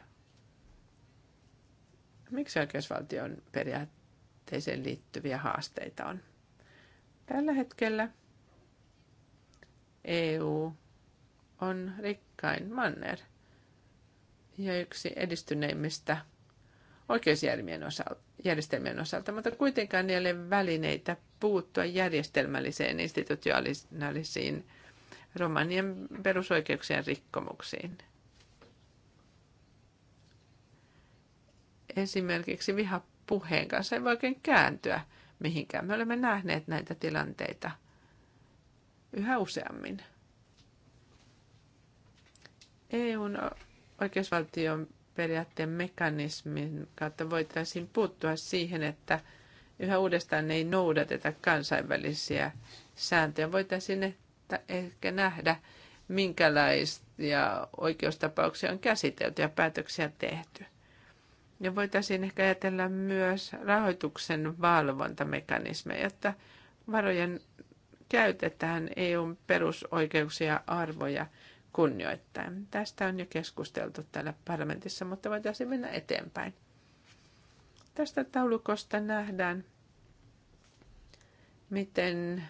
Miksi oikeusvaltion periaatteeseen liittyviä haasteita on? Tällä hetkellä – EU on rikkain manner ja yksi edistyneimmistä oikeusjärjestelmien osalta, järjestelmien osalta, mutta kuitenkaan ei ole välineitä puuttua järjestelmälliseen institutionaalisiin romanien perusoikeuksien rikkomuksiin. Esimerkiksi vihapuheen kanssa ei voi oikein kääntyä mihinkään. Me olemme nähneet näitä tilanteita – yhä useammin. EUn oikeusvaltion periaatteen mekanismin kautta voitaisiin puuttua siihen, että yhä uudestaan ei noudateta kansainvälisiä sääntöjä. Voitaisiin että ehkä nähdä, minkälaisia oikeustapauksia on käsitelty ja päätöksiä tehty. Ja voitaisiin ehkä ajatella myös rahoituksen valvontamekanismeja, jotta varojen käytetään EUn perusoikeuksia ja arvoja kunnioittaen. Tästä on jo keskusteltu täällä parlamentissa, mutta voitaisiin mennä eteenpäin. Tästä taulukosta nähdään, miten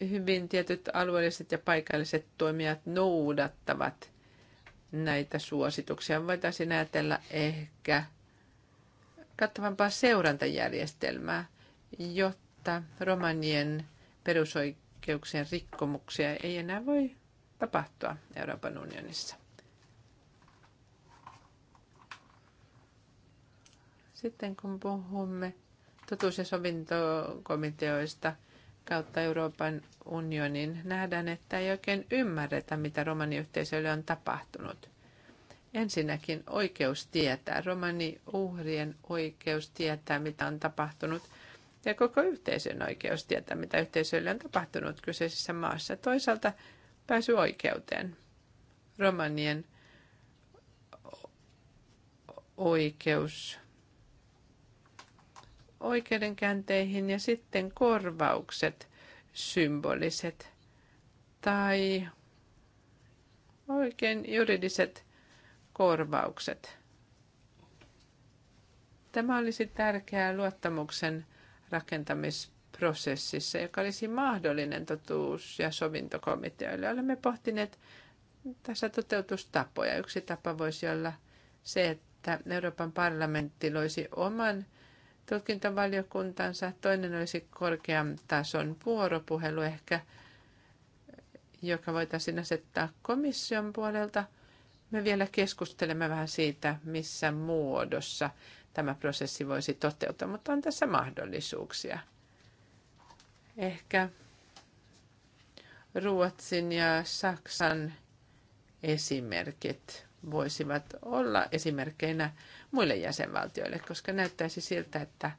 hyvin tietyt alueelliset ja paikalliset toimijat noudattavat näitä suosituksia. Voitaisiin ajatella ehkä kattavampaa seurantajärjestelmää, jotta että romanien perusoikeuksien rikkomuksia ei enää voi tapahtua Euroopan unionissa. Sitten kun puhumme totuus- ja sovintokomiteoista kautta Euroopan unionin, nähdään, että ei oikein ymmärretä, mitä romaniyhteisöille on tapahtunut. Ensinnäkin oikeus tietää, uhrien oikeus tietää, mitä on tapahtunut – ja koko yhteisön oikeus tietää, mitä yhteisölle on tapahtunut kyseisessä maassa. Toisaalta pääsy oikeuteen. Romanien oikeus oikeudenkäänteihin ja sitten korvaukset, symboliset tai oikein juridiset korvaukset. Tämä olisi tärkeää luottamuksen rakentamisprosessissa, joka olisi mahdollinen totuus- ja sovintokomiteoille. Olemme pohtineet tässä toteutustapoja. Yksi tapa voisi olla se, että Euroopan parlamentti loisi oman tutkintavaliokuntansa, toinen olisi korkean tason vuoropuhelu ehkä, joka voitaisiin asettaa komission puolelta. Me vielä keskustelemme vähän siitä, missä muodossa tämä prosessi voisi toteutua, mutta on tässä mahdollisuuksia. Ehkä Ruotsin ja Saksan esimerkit voisivat olla esimerkkeinä muille jäsenvaltioille, koska näyttäisi siltä, että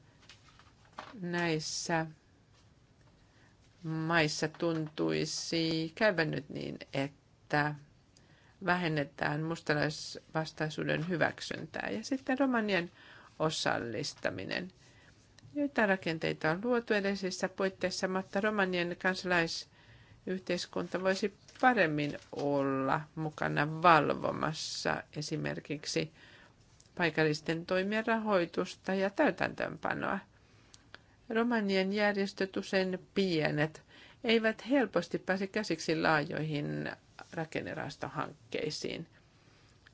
näissä maissa tuntuisi käyvän nyt niin, että vähennetään mustalaisvastaisuuden hyväksyntää. Ja sitten Romanian osallistaminen. Joita rakenteita on luotu edellisissä puitteissa, mutta romanien kansalaisyhteiskunta voisi paremmin olla mukana valvomassa esimerkiksi paikallisten toimien rahoitusta ja täytäntöönpanoa. Romanien järjestöt, usein pienet, eivät helposti pääse käsiksi laajoihin rakennerahastohankkeisiin.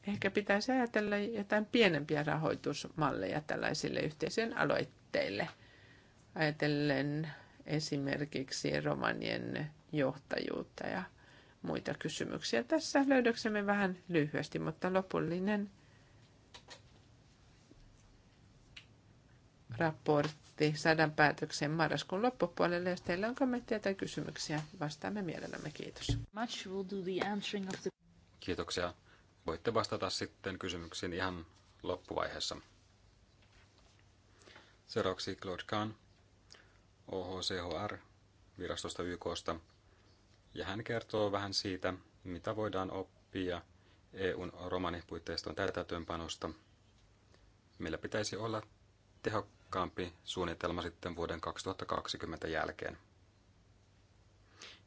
Ehkä pitäisi ajatella jotain pienempiä rahoitusmalleja tällaisille yhteisön aloitteille. Ajatellen esimerkiksi romanien johtajuutta ja muita kysymyksiä. Tässä löydöksemme vähän lyhyesti, mutta lopullinen raportti saadaan päätöksen marraskuun loppupuolelle. Jos teillä on kommentteja tai kysymyksiä, vastaamme mielellämme. Kiitos. Kiitoksia voitte vastata sitten kysymyksiin ihan loppuvaiheessa. Seuraavaksi Claude Kahn, OHCHR, virastosta YKsta, ja hän kertoo vähän siitä, mitä voidaan oppia EUn romanipuitteiston täytäntöönpanosta. Meillä pitäisi olla tehokkaampi suunnitelma sitten vuoden 2020 jälkeen.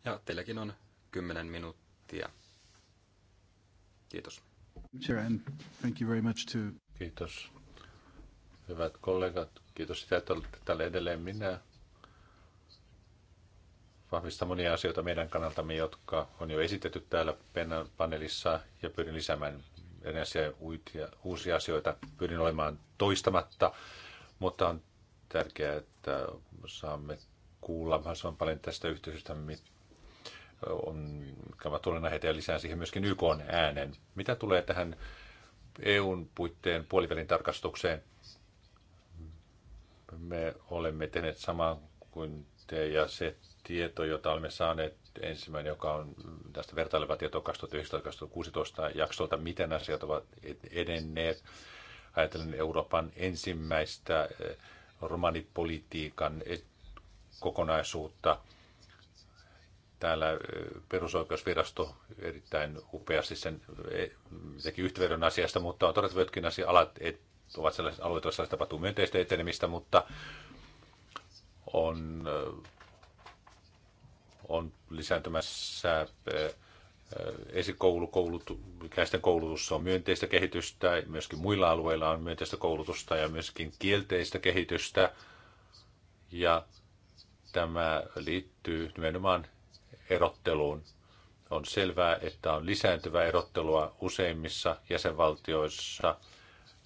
Ja teilläkin on 10 minuuttia Kiitos. Kiitos. Hyvät kollegat, kiitos sitä, että olette täällä edelleen minä. Vahvistan monia asioita meidän kannaltamme, jotka on jo esitetty täällä panelissa ja pyrin lisäämään erilaisia uusia asioita. Pyrin olemaan toistamatta, mutta on tärkeää, että saamme kuulla mahdollisimman paljon tästä yhteisöstä, mitä on, ovat tulleet ja lisää siihen myöskin YK äänen. Mitä tulee tähän EUn puitteen puolivälin tarkastukseen? Me olemme tehneet samaa kuin te ja se tieto, jota olemme saaneet ensimmäinen, joka on tästä vertaileva tieto 2019-2016 jaksolta, miten asiat ovat edenneet. Ajattelen Euroopan ensimmäistä eh, romanipolitiikan eh, kokonaisuutta – täällä perusoikeusvirasto erittäin upeasti sen e, teki yhteyden asiasta, mutta on todettu, jotkin asia, alat et, ovat sellaiset alueet, joissa tapahtuu myönteistä etenemistä, mutta on, on lisääntymässä esikoulukäisten koulutus on myönteistä kehitystä, myöskin muilla alueilla on myönteistä koulutusta ja myöskin kielteistä kehitystä. Ja tämä liittyy nimenomaan erotteluun. On selvää, että on lisääntyvää erottelua useimmissa jäsenvaltioissa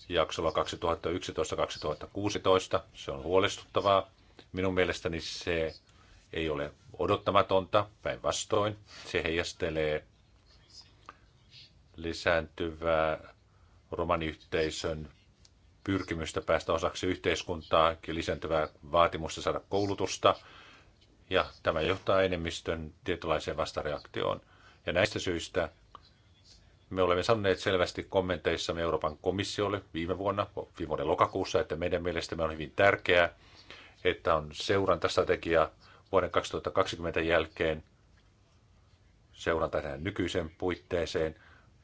jaksolla 2011-2016. Se on huolestuttavaa. Minun mielestäni se ei ole odottamatonta, päinvastoin. Se heijastelee lisääntyvää romaniyhteisön pyrkimystä päästä osaksi yhteiskuntaa, lisääntyvää vaatimusta saada koulutusta, ja tämä johtaa enemmistön tietynlaiseen vastareaktioon. Ja näistä syistä me olemme sanoneet selvästi kommenteissamme Euroopan komissiolle viime vuonna, viime vuoden lokakuussa, että meidän mielestämme on hyvin tärkeää, että on seurantastrategia vuoden 2020 jälkeen seuranta tähän nykyiseen puitteeseen.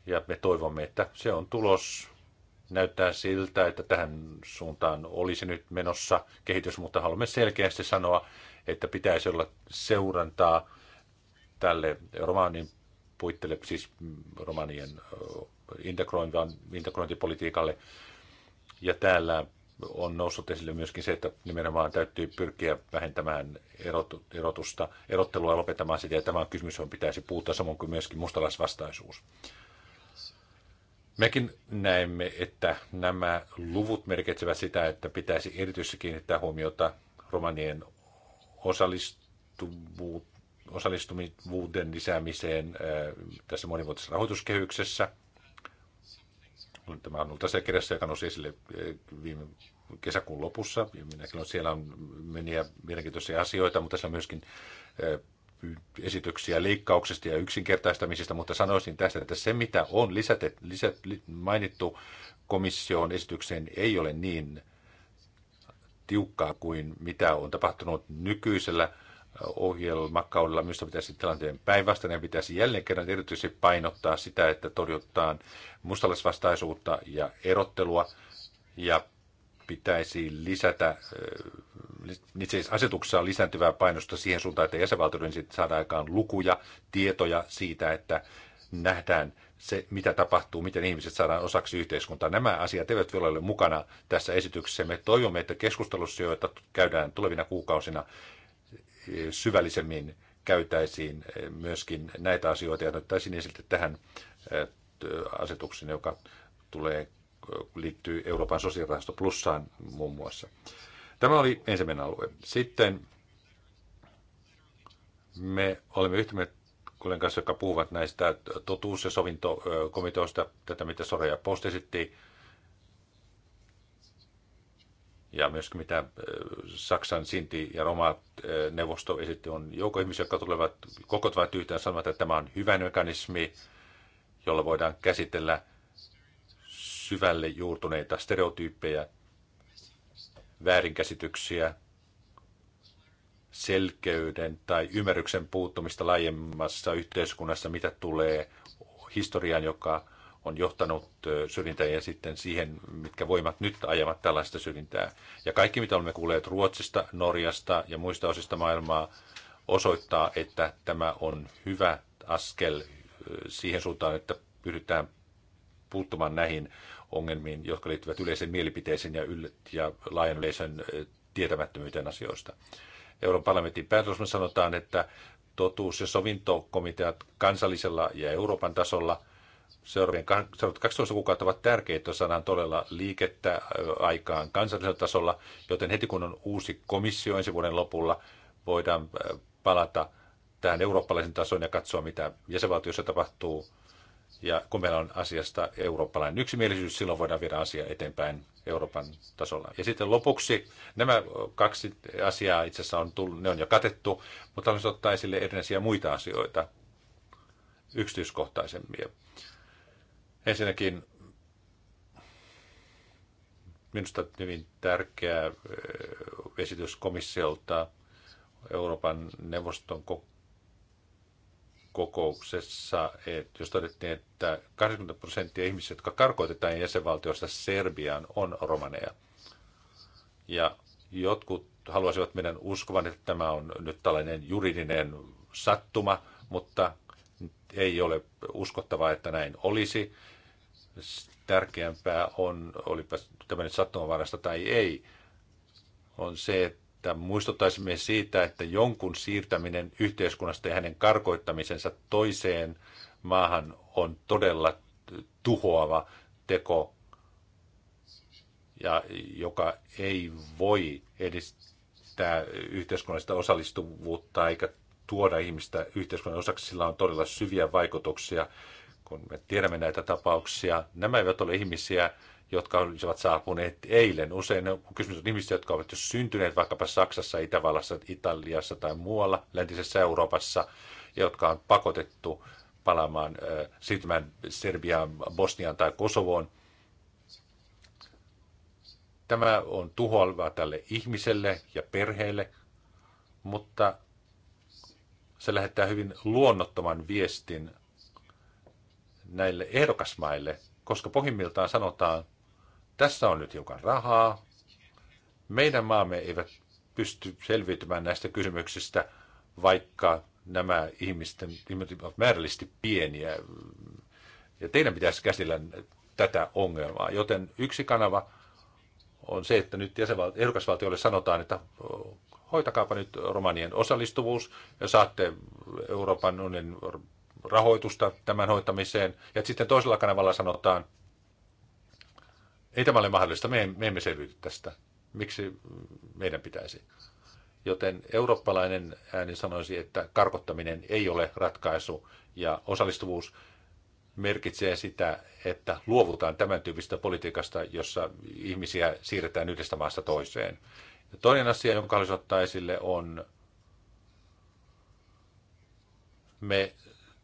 Ja me toivomme, että se on tulos. Näyttää siltä, että tähän suuntaan olisi nyt menossa kehitys, mutta haluamme selkeästi sanoa, että pitäisi olla seurantaa tälle romaanin puitteille, siis romanien integrointipolitiikalle. Ja täällä on noussut esille myöskin se, että nimenomaan täytyy pyrkiä vähentämään erotusta, erottelua lopettamaan sitä, ja tämä kysymys, on pitäisi puuttua, samoin kuin myöskin mustalaisvastaisuus. Mekin näemme, että nämä luvut merkitsevät sitä, että pitäisi erityisesti kiinnittää huomiota romanien osallistumisvuuden lisäämiseen tässä monivuotisessa rahoituskehyksessä. Tämä on ollut tässä kirjassa, joka nousi esille viime kesäkuun lopussa. Minäkin olen, siellä on meniä mielenkiintoisia asioita, mutta tässä on myöskin esityksiä leikkauksesta ja yksinkertaistamisesta, mutta sanoisin tästä, että se mitä on lisät, lisät, mainittu komission esitykseen ei ole niin tiukkaa kuin mitä on tapahtunut nykyisellä ohjelmakaudella. Minusta pitäisi tilanteen päinvastainen pitäisi jälleen kerran erityisesti painottaa sitä, että torjuttaan mustalaisvastaisuutta ja erottelua ja pitäisi lisätä, itse asiassa asetuksessa on lisääntyvää painosta siihen suuntaan, että jäsenvaltioiden saadaan aikaan lukuja, tietoja siitä, että nähdään se, mitä tapahtuu, miten ihmiset saadaan osaksi yhteiskuntaa. Nämä asiat eivät vielä ole mukana tässä esityksessä. Me toivomme, että keskustelussa, joita käydään tulevina kuukausina syvällisemmin, käytäisiin eh, myöskin näitä asioita ja otettaisiin esille tähän eh, asetuksen, joka tulee, eh, liittyy Euroopan sosiaalirahasto plussaan muun muassa. Tämä oli ensimmäinen alue. Sitten me olemme mieltä Kulen kanssa, jotka puhuvat näistä totuus- ja sovintokomiteoista, tätä mitä Soraya Post esitti, ja myöskin mitä äh, Saksan Sinti ja Roma äh, neuvosto esitti, on joukko ihmisiä, jotka tulevat, kokotuvat yhteen sanomaan, että tämä on hyvä mekanismi, jolla voidaan käsitellä syvälle juurtuneita stereotyyppejä, väärinkäsityksiä, selkeyden tai ymmärryksen puuttumista laajemmassa yhteiskunnassa, mitä tulee historiaan, joka on johtanut syrjintään ja sitten siihen, mitkä voimat nyt ajavat tällaista syrjintää. Ja kaikki, mitä olemme kuulleet Ruotsista, Norjasta ja muista osista maailmaa, osoittaa, että tämä on hyvä askel siihen suuntaan, että pyritään puuttumaan näihin ongelmiin, jotka liittyvät yleisen mielipiteisiin ja, yl- ja laajan yleisön tietämättömyyteen asioista. Euroopan parlamentin päätösmä sanotaan, että totuus- ja sovintokomiteat kansallisella ja Euroopan tasolla seuraavien 12 kuukautta ovat tärkeitä, jos saadaan todella liikettä aikaan kansallisella tasolla, joten heti kun on uusi komissio ensi vuoden lopulla, voidaan palata tähän eurooppalaisen tasoon ja katsoa, mitä jäsenvaltiossa tapahtuu – ja kun meillä on asiasta eurooppalainen yksimielisyys, silloin voidaan viedä asia eteenpäin Euroopan tasolla. Ja sitten lopuksi nämä kaksi asiaa itse asiassa on tullut, ne on jo katettu, mutta haluaisin ottaa esille erinäisiä muita asioita yksityiskohtaisemmin. Ensinnäkin minusta hyvin tärkeä eh, esitys komissiolta Euroopan neuvoston kokouksessa, että jos todettiin, että 80 prosenttia ihmisistä, jotka karkoitetaan jäsenvaltiosta Serbiaan, on romaneja. Ja jotkut haluaisivat meidän uskovan, että tämä on nyt tällainen juridinen sattuma, mutta ei ole uskottavaa, että näin olisi. Tärkeämpää on, olipa tämä nyt tai ei, on se, että että muistuttaisimme siitä, että jonkun siirtäminen yhteiskunnasta ja hänen karkoittamisensa toiseen maahan on todella tuhoava teko, ja joka ei voi edistää yhteiskunnallista osallistuvuutta eikä tuoda ihmistä yhteiskunnan osaksi, sillä on todella syviä vaikutuksia, kun me tiedämme näitä tapauksia. Nämä eivät ole ihmisiä, jotka olisivat saapuneet eilen. Usein on kysymys on ihmisistä, jotka ovat jo syntyneet vaikkapa Saksassa, Itävallassa, Italiassa tai muualla läntisessä Euroopassa, jotka on pakotettu palaamaan, äh, siirtymään Serbiaan, Bosniaan tai Kosovoon. Tämä on tuhoavaa tälle ihmiselle ja perheelle, mutta se lähettää hyvin luonnottoman viestin näille ehdokasmaille, koska pohjimmiltaan sanotaan, tässä on nyt hiukan rahaa. Meidän maamme eivät pysty selviytymään näistä kysymyksistä, vaikka nämä ihmisten, ihmiset ovat määrällisesti pieniä. Ja teidän pitäisi käsitellä tätä ongelmaa. Joten yksi kanava on se, että nyt jäsenval- sanotaan, että hoitakaapa nyt romanien osallistuvuus ja saatte Euroopan unionin rahoitusta tämän hoitamiseen. Ja sitten toisella kanavalla sanotaan, ei tämä ole mahdollista, me, me emme selviydy tästä. Miksi meidän pitäisi? Joten eurooppalainen ääni sanoisi, että karkottaminen ei ole ratkaisu ja osallistuvuus merkitsee sitä, että luovutaan tämän tyyppistä politiikasta, jossa ihmisiä siirretään yhdestä maasta toiseen. Ja toinen asia, jonka haluaisin ottaa esille, on me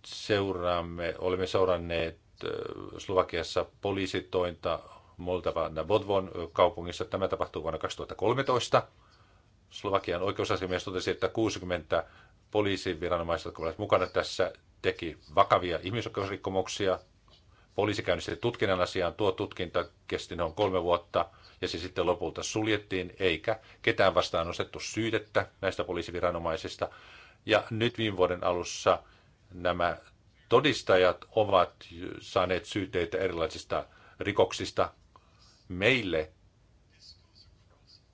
seuraamme, olemme seuranneet äh, Slovakiassa poliisitointa, Moldovan Bodvon kaupungissa. Tämä tapahtuu vuonna 2013. Slovakian oikeusasiamies totesi, että 60 poliisin viranomaiset, jotka olivat mukana tässä, teki vakavia ihmisoikeusrikkomuksia. Poliisi käynnisti tutkinnan asiaan. Tuo tutkinta kesti noin kolme vuotta ja se sitten lopulta suljettiin, eikä ketään vastaan nostettu syytettä näistä poliisiviranomaisista. Ja nyt viime vuoden alussa nämä todistajat ovat saaneet syytteitä erilaisista rikoksista, meille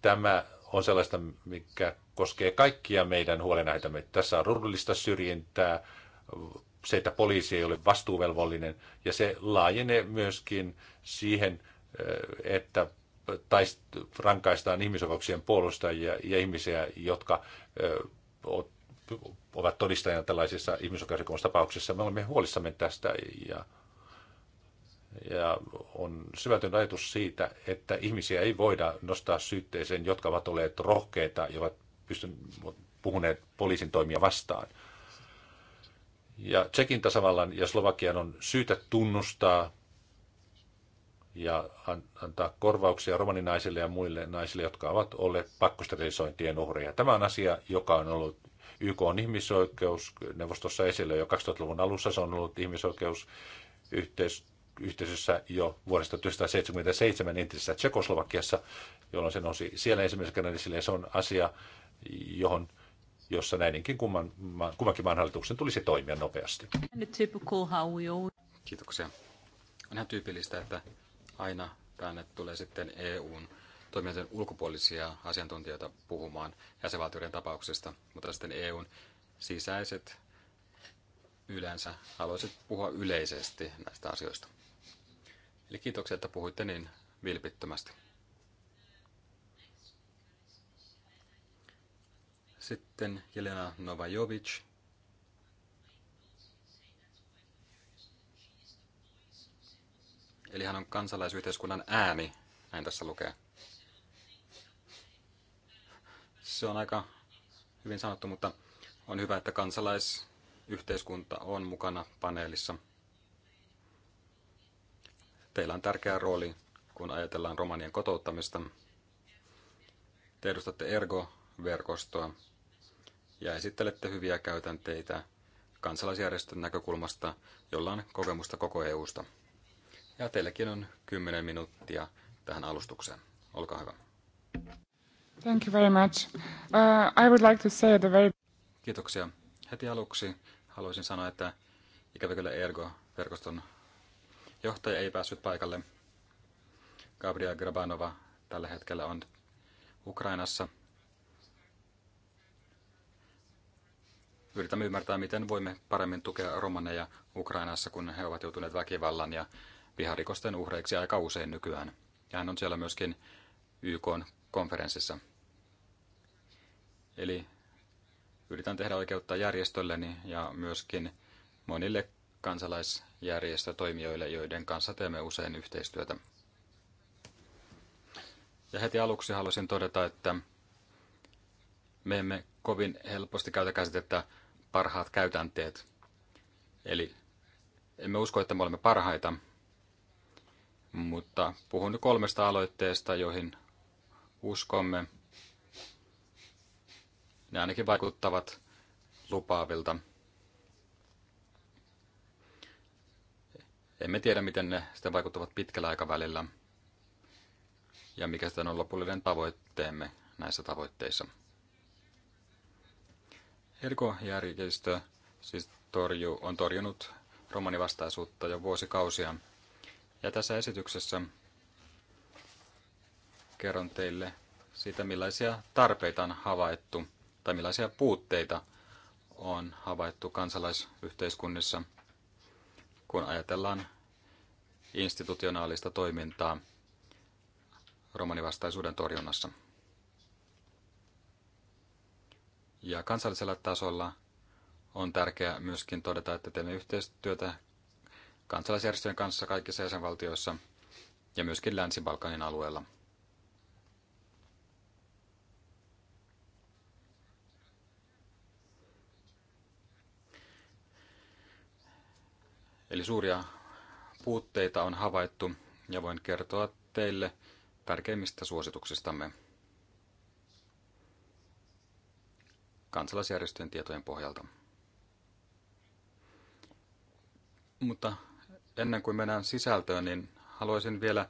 tämä on sellaista, mikä koskee kaikkia meidän huolenaihtamme Tässä on ruudullista syrjintää, se, että poliisi ei ole vastuuvelvollinen, ja se laajenee myöskin siihen, eh, että taist, rankaistaan ihmisoikeuksien puolustajia ja ihmisiä, jotka eh, ovat todistajana tällaisissa ihmisoikeusrikkomustapauksissa. Me olemme huolissamme tästä ja ja on syvätön ajatus siitä, että ihmisiä ei voida nostaa syytteeseen, jotka ovat olleet rohkeita ja ovat pystyneet puhuneet poliisin toimia vastaan. Ja Tsekin tasavallan ja Slovakian on syytä tunnustaa ja antaa korvauksia romaninaisille ja muille naisille, jotka ovat olleet pakkosterilisointien uhreja. Tämä on asia, joka on ollut YK on ihmisoikeusneuvostossa esillä jo 2000-luvun alussa. Se on ollut ihmisoikeusyhteis yhteisössä jo vuodesta 1977 entisessä Tsekoslovakiassa, jolloin se nousi siellä ensimmäisen kerran esille. Se on asia, johon jossa näidenkin kumman, kummankin maan hallituksen tulisi toimia nopeasti. Kiitoksia. On ihan tyypillistä, että aina tänne tulee sitten EUn toimijoiden ulkopuolisia asiantuntijoita puhumaan jäsenvaltioiden tapauksista, mutta sitten EUn sisäiset yleensä haluaisit puhua yleisesti näistä asioista. Eli kiitoksia, että puhuitte niin vilpittömästi. Sitten Jelena Novajovic. Eli hän on kansalaisyhteiskunnan ääni, näin tässä lukee. Se on aika hyvin sanottu, mutta on hyvä, että kansalaisyhteiskunta on mukana paneelissa – Teillä on tärkeä rooli, kun ajatellaan romanien kotouttamista. Te edustatte Ergo-verkostoa ja esittelette hyviä käytänteitä kansalaisjärjestön näkökulmasta, jolla on kokemusta koko EUsta. Ja teilläkin on 10 minuuttia tähän alustukseen. Olkaa hyvä. Thank you very much. Uh, I would like to say the very... Kiitoksia. Heti aluksi haluaisin sanoa, että ikävä kyllä Ergo-verkoston Johtaja ei päässyt paikalle. Gabriel Grabanova tällä hetkellä on Ukrainassa. Yritämme ymmärtää, miten voimme paremmin tukea romaneja Ukrainassa, kun he ovat joutuneet väkivallan ja viharikosten uhreiksi aika usein nykyään. Ja hän on siellä myöskin YK-konferenssissa. Eli yritän tehdä oikeutta järjestölleni ja myöskin monille kansalaisjärjestötoimijoille, joiden kanssa teemme usein yhteistyötä. Ja heti aluksi haluaisin todeta, että me emme kovin helposti käytä käsitettä parhaat käytänteet. Eli emme usko, että me olemme parhaita, mutta puhun nyt kolmesta aloitteesta, joihin uskomme. Ne ainakin vaikuttavat lupaavilta. Emme tiedä, miten ne sitten vaikuttavat pitkällä aikavälillä ja mikä sitten on lopullinen tavoitteemme näissä tavoitteissa. Erko-järjestö siis torju, on torjunut romanivastaisuutta jo vuosikausia. Ja tässä esityksessä kerron teille siitä, millaisia tarpeita on havaittu tai millaisia puutteita on havaittu kansalaisyhteiskunnissa – kun ajatellaan institutionaalista toimintaa romanivastaisuuden torjunnassa. Ja kansallisella tasolla on tärkeää myöskin todeta, että teemme yhteistyötä kansalaisjärjestöjen kanssa kaikissa jäsenvaltioissa ja myöskin Länsi-Balkanin alueella – Eli suuria puutteita on havaittu ja voin kertoa teille tärkeimmistä suosituksistamme kansalaisjärjestöjen tietojen pohjalta. Mutta ennen kuin mennään sisältöön, niin haluaisin vielä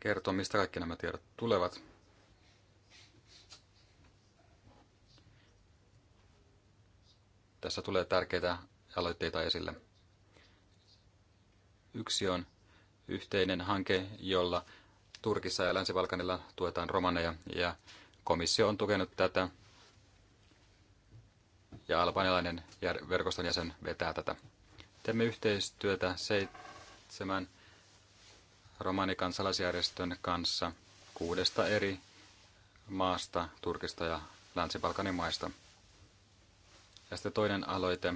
kertoa, mistä kaikki nämä tiedot tulevat. Tässä tulee tärkeitä aloitteita esille. Yksi on yhteinen hanke, jolla Turkissa ja Länsi-Balkanilla tuetaan romaneja ja komissio on tukenut tätä ja albanialainen verkoston jäsen vetää tätä. Teemme yhteistyötä seitsemän romanikansalaisjärjestön kanssa kuudesta eri maasta, Turkista ja Länsi-Balkanin maista. Ja sitten toinen aloite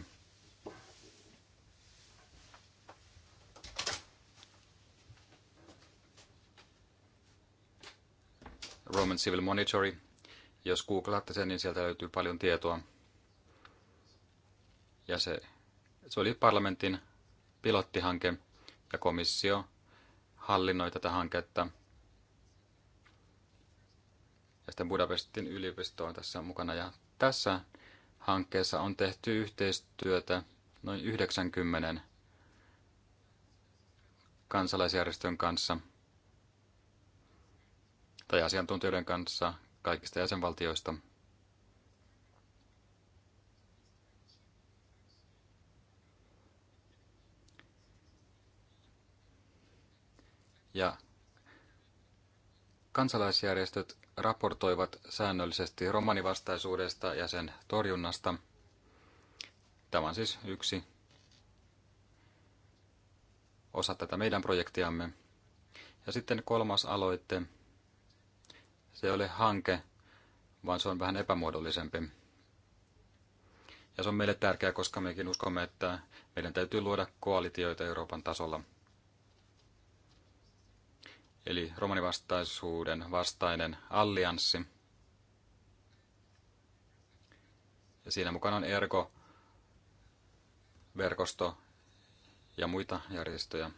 Roman Civil Monitori. Jos googlaatte sen, niin sieltä löytyy paljon tietoa. Ja se, se oli parlamentin pilottihanke ja komissio hallinnoi tätä hanketta. Ja sitten Budapestin yliopisto on tässä mukana. Ja tässä hankkeessa on tehty yhteistyötä noin 90 kansalaisjärjestön kanssa – tai asiantuntijoiden kanssa kaikista jäsenvaltioista. Ja kansalaisjärjestöt raportoivat säännöllisesti romanivastaisuudesta ja sen torjunnasta. Tämä on siis yksi osa tätä meidän projektiamme. Ja sitten kolmas aloitte se ei ole hanke, vaan se on vähän epämuodollisempi. Ja se on meille tärkeää, koska mekin uskomme, että meidän täytyy luoda koalitioita Euroopan tasolla. Eli romanivastaisuuden vastainen allianssi. Ja siinä mukana on ERGO, verkosto ja muita järjestöjä.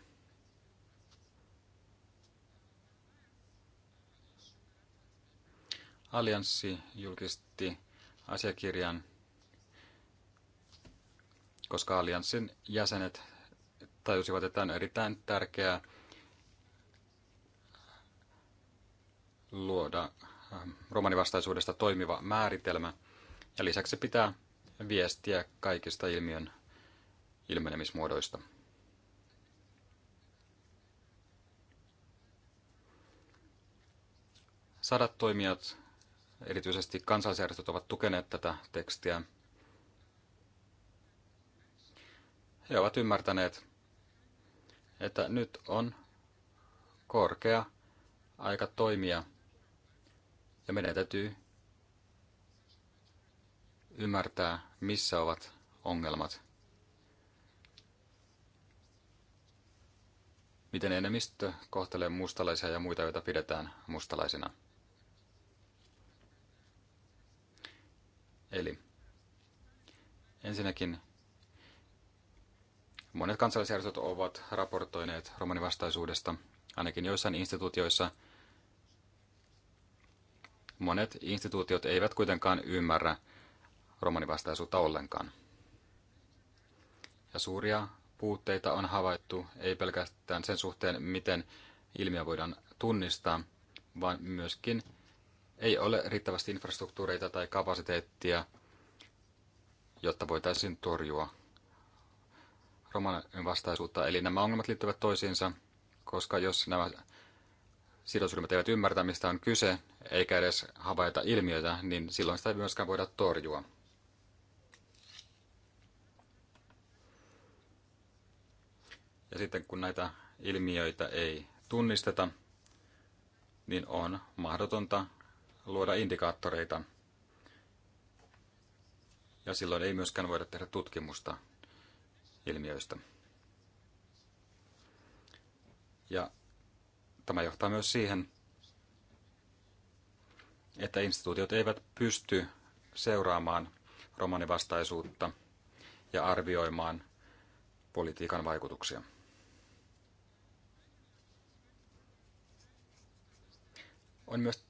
Allianssi julkisti asiakirjan, koska Allianssin jäsenet tajusivat, että on erittäin tärkeää luoda äh, romanivastaisuudesta toimiva määritelmä ja lisäksi pitää viestiä kaikista ilmiön ilmenemismuodoista. Sadat toimijat Erityisesti kansalaisjärjestöt ovat tukeneet tätä tekstiä. He ovat ymmärtäneet, että nyt on korkea aika toimia ja meidän täytyy ymmärtää, missä ovat ongelmat. Miten enemmistö kohtelee mustalaisia ja muita, joita pidetään mustalaisina. Eli ensinnäkin monet kansalaisjärjestöt ovat raportoineet romanivastaisuudesta, ainakin joissain instituutioissa. Monet instituutiot eivät kuitenkaan ymmärrä romanivastaisuutta ollenkaan. Ja suuria puutteita on havaittu ei pelkästään sen suhteen, miten ilmiö voidaan tunnistaa, vaan myöskin ei ole riittävästi infrastruktuureita tai kapasiteettia, jotta voitaisiin torjua romanin vastaisuutta. Eli nämä ongelmat liittyvät toisiinsa, koska jos nämä sidosryhmät eivät ymmärtä, mistä on kyse, eikä edes havaita ilmiötä, niin silloin sitä ei myöskään voida torjua. Ja sitten kun näitä ilmiöitä ei tunnisteta, niin on mahdotonta luoda indikaattoreita. Ja silloin ei myöskään voida tehdä tutkimusta ilmiöistä. Ja tämä johtaa myös siihen, että instituutiot eivät pysty seuraamaan romanivastaisuutta ja arvioimaan politiikan vaikutuksia. On myös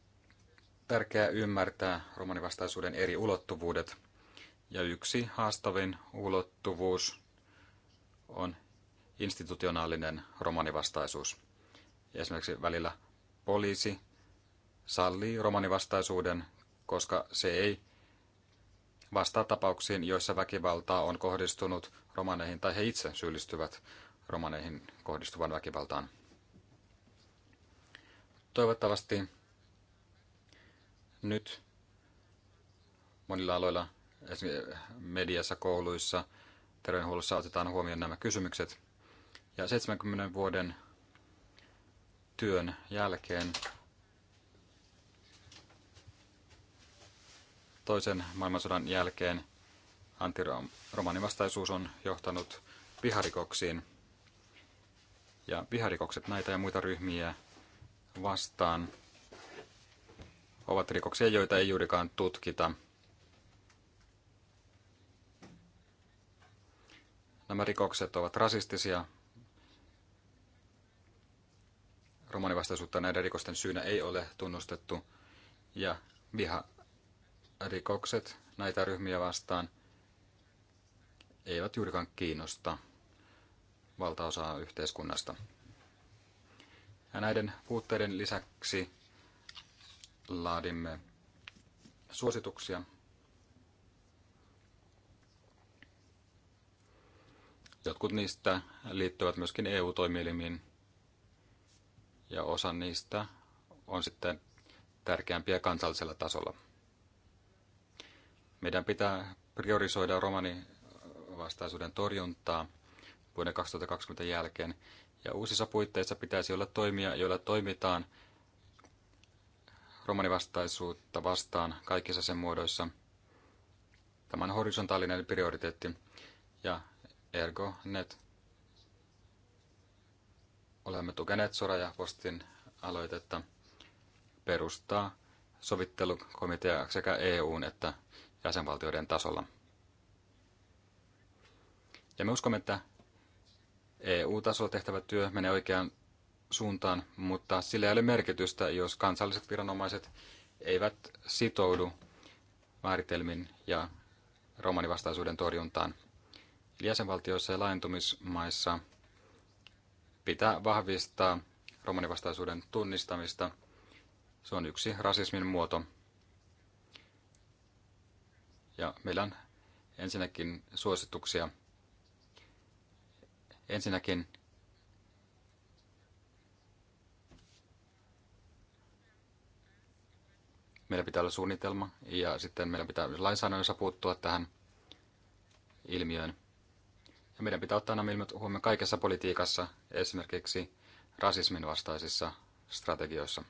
tärkeää ymmärtää romanivastaisuuden eri ulottuvuudet. Ja yksi haastavin ulottuvuus on institutionaalinen romanivastaisuus. Esimerkiksi välillä poliisi sallii romanivastaisuuden, koska se ei vastaa tapauksiin, joissa väkivaltaa on kohdistunut romaneihin tai he itse syyllistyvät romaneihin kohdistuvan väkivaltaan. Toivottavasti nyt monilla aloilla, esimerkiksi mediassa, kouluissa, terveydenhuollossa otetaan huomioon nämä kysymykset. Ja 70 vuoden työn jälkeen toisen maailmansodan jälkeen antiromanivastaisuus on johtanut viharikoksiin. Ja viharikokset näitä ja muita ryhmiä vastaan – ovat rikoksia, joita ei juurikaan tutkita. Nämä rikokset ovat rasistisia. Romanivastaisuutta näiden rikosten syynä ei ole tunnustettu. Ja viharikokset näitä ryhmiä vastaan eivät juurikaan kiinnosta valtaosaa yhteiskunnasta. Ja näiden puutteiden lisäksi laadimme suosituksia, Jotkut niistä liittyvät myöskin EU-toimielimiin ja osa niistä on sitten tärkeämpiä kansallisella tasolla. Meidän pitää priorisoida romanivastaisuuden torjuntaa vuoden 2020 jälkeen ja uusissa puitteissa pitäisi olla toimia, joilla toimitaan romanivastaisuutta vastaan kaikissa sen muodoissa. Tämä on horisontaalinen prioriteetti ja ergo net. Olemme tukeneet Sora ja Postin aloitetta perustaa sovittelukomitea sekä EUn että jäsenvaltioiden tasolla. Ja me uskomme, että EU-tasolla tehtävä työ menee oikeaan suuntaan, mutta sillä ei ole merkitystä, jos kansalliset viranomaiset eivät sitoudu määritelmin ja romanivastaisuuden torjuntaan. Jäsenvaltioissa ja laajentumismaissa pitää vahvistaa romanivastaisuuden tunnistamista. Se on yksi rasismin muoto. Ja meillä on ensinnäkin suosituksia. Ensinnäkin Meillä pitää olla suunnitelma ja sitten meillä pitää lainsäädännössä puuttua tähän ilmiöön. Ja meidän pitää ottaa nämä ilmiöt huomioon kaikessa politiikassa, esimerkiksi rasismin vastaisissa strategioissa.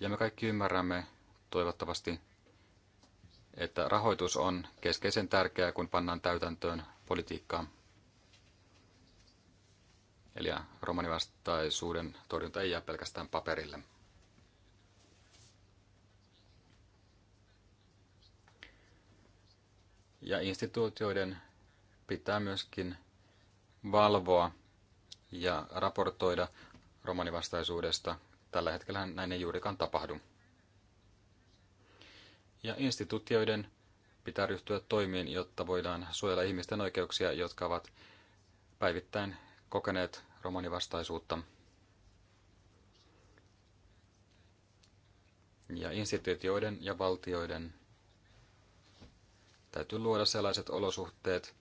Ja me kaikki ymmärrämme toivottavasti, että rahoitus on keskeisen tärkeää, kun pannaan täytäntöön politiikkaa. Eli romanivastaisuuden torjunta ei jää pelkästään paperille. Ja instituutioiden pitää myöskin valvoa ja raportoida romanivastaisuudesta. Tällä hetkellä näin ei juurikaan tapahdu. Ja instituutioiden pitää ryhtyä toimiin, jotta voidaan suojella ihmisten oikeuksia, jotka ovat päivittäin kokeneet romanivastaisuutta. Ja instituutioiden ja valtioiden Täytyy luoda sellaiset olosuhteet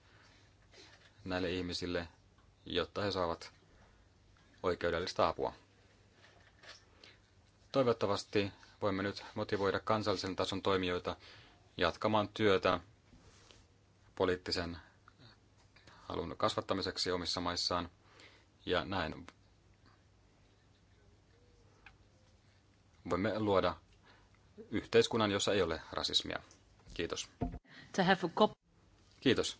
näille ihmisille, jotta he saavat oikeudellista apua. Toivottavasti voimme nyt motivoida kansallisen tason toimijoita jatkamaan työtä poliittisen halun kasvattamiseksi omissa maissaan. Ja näin voimme luoda yhteiskunnan, jossa ei ole rasismia. Kiitos to have a cop- Kiitos.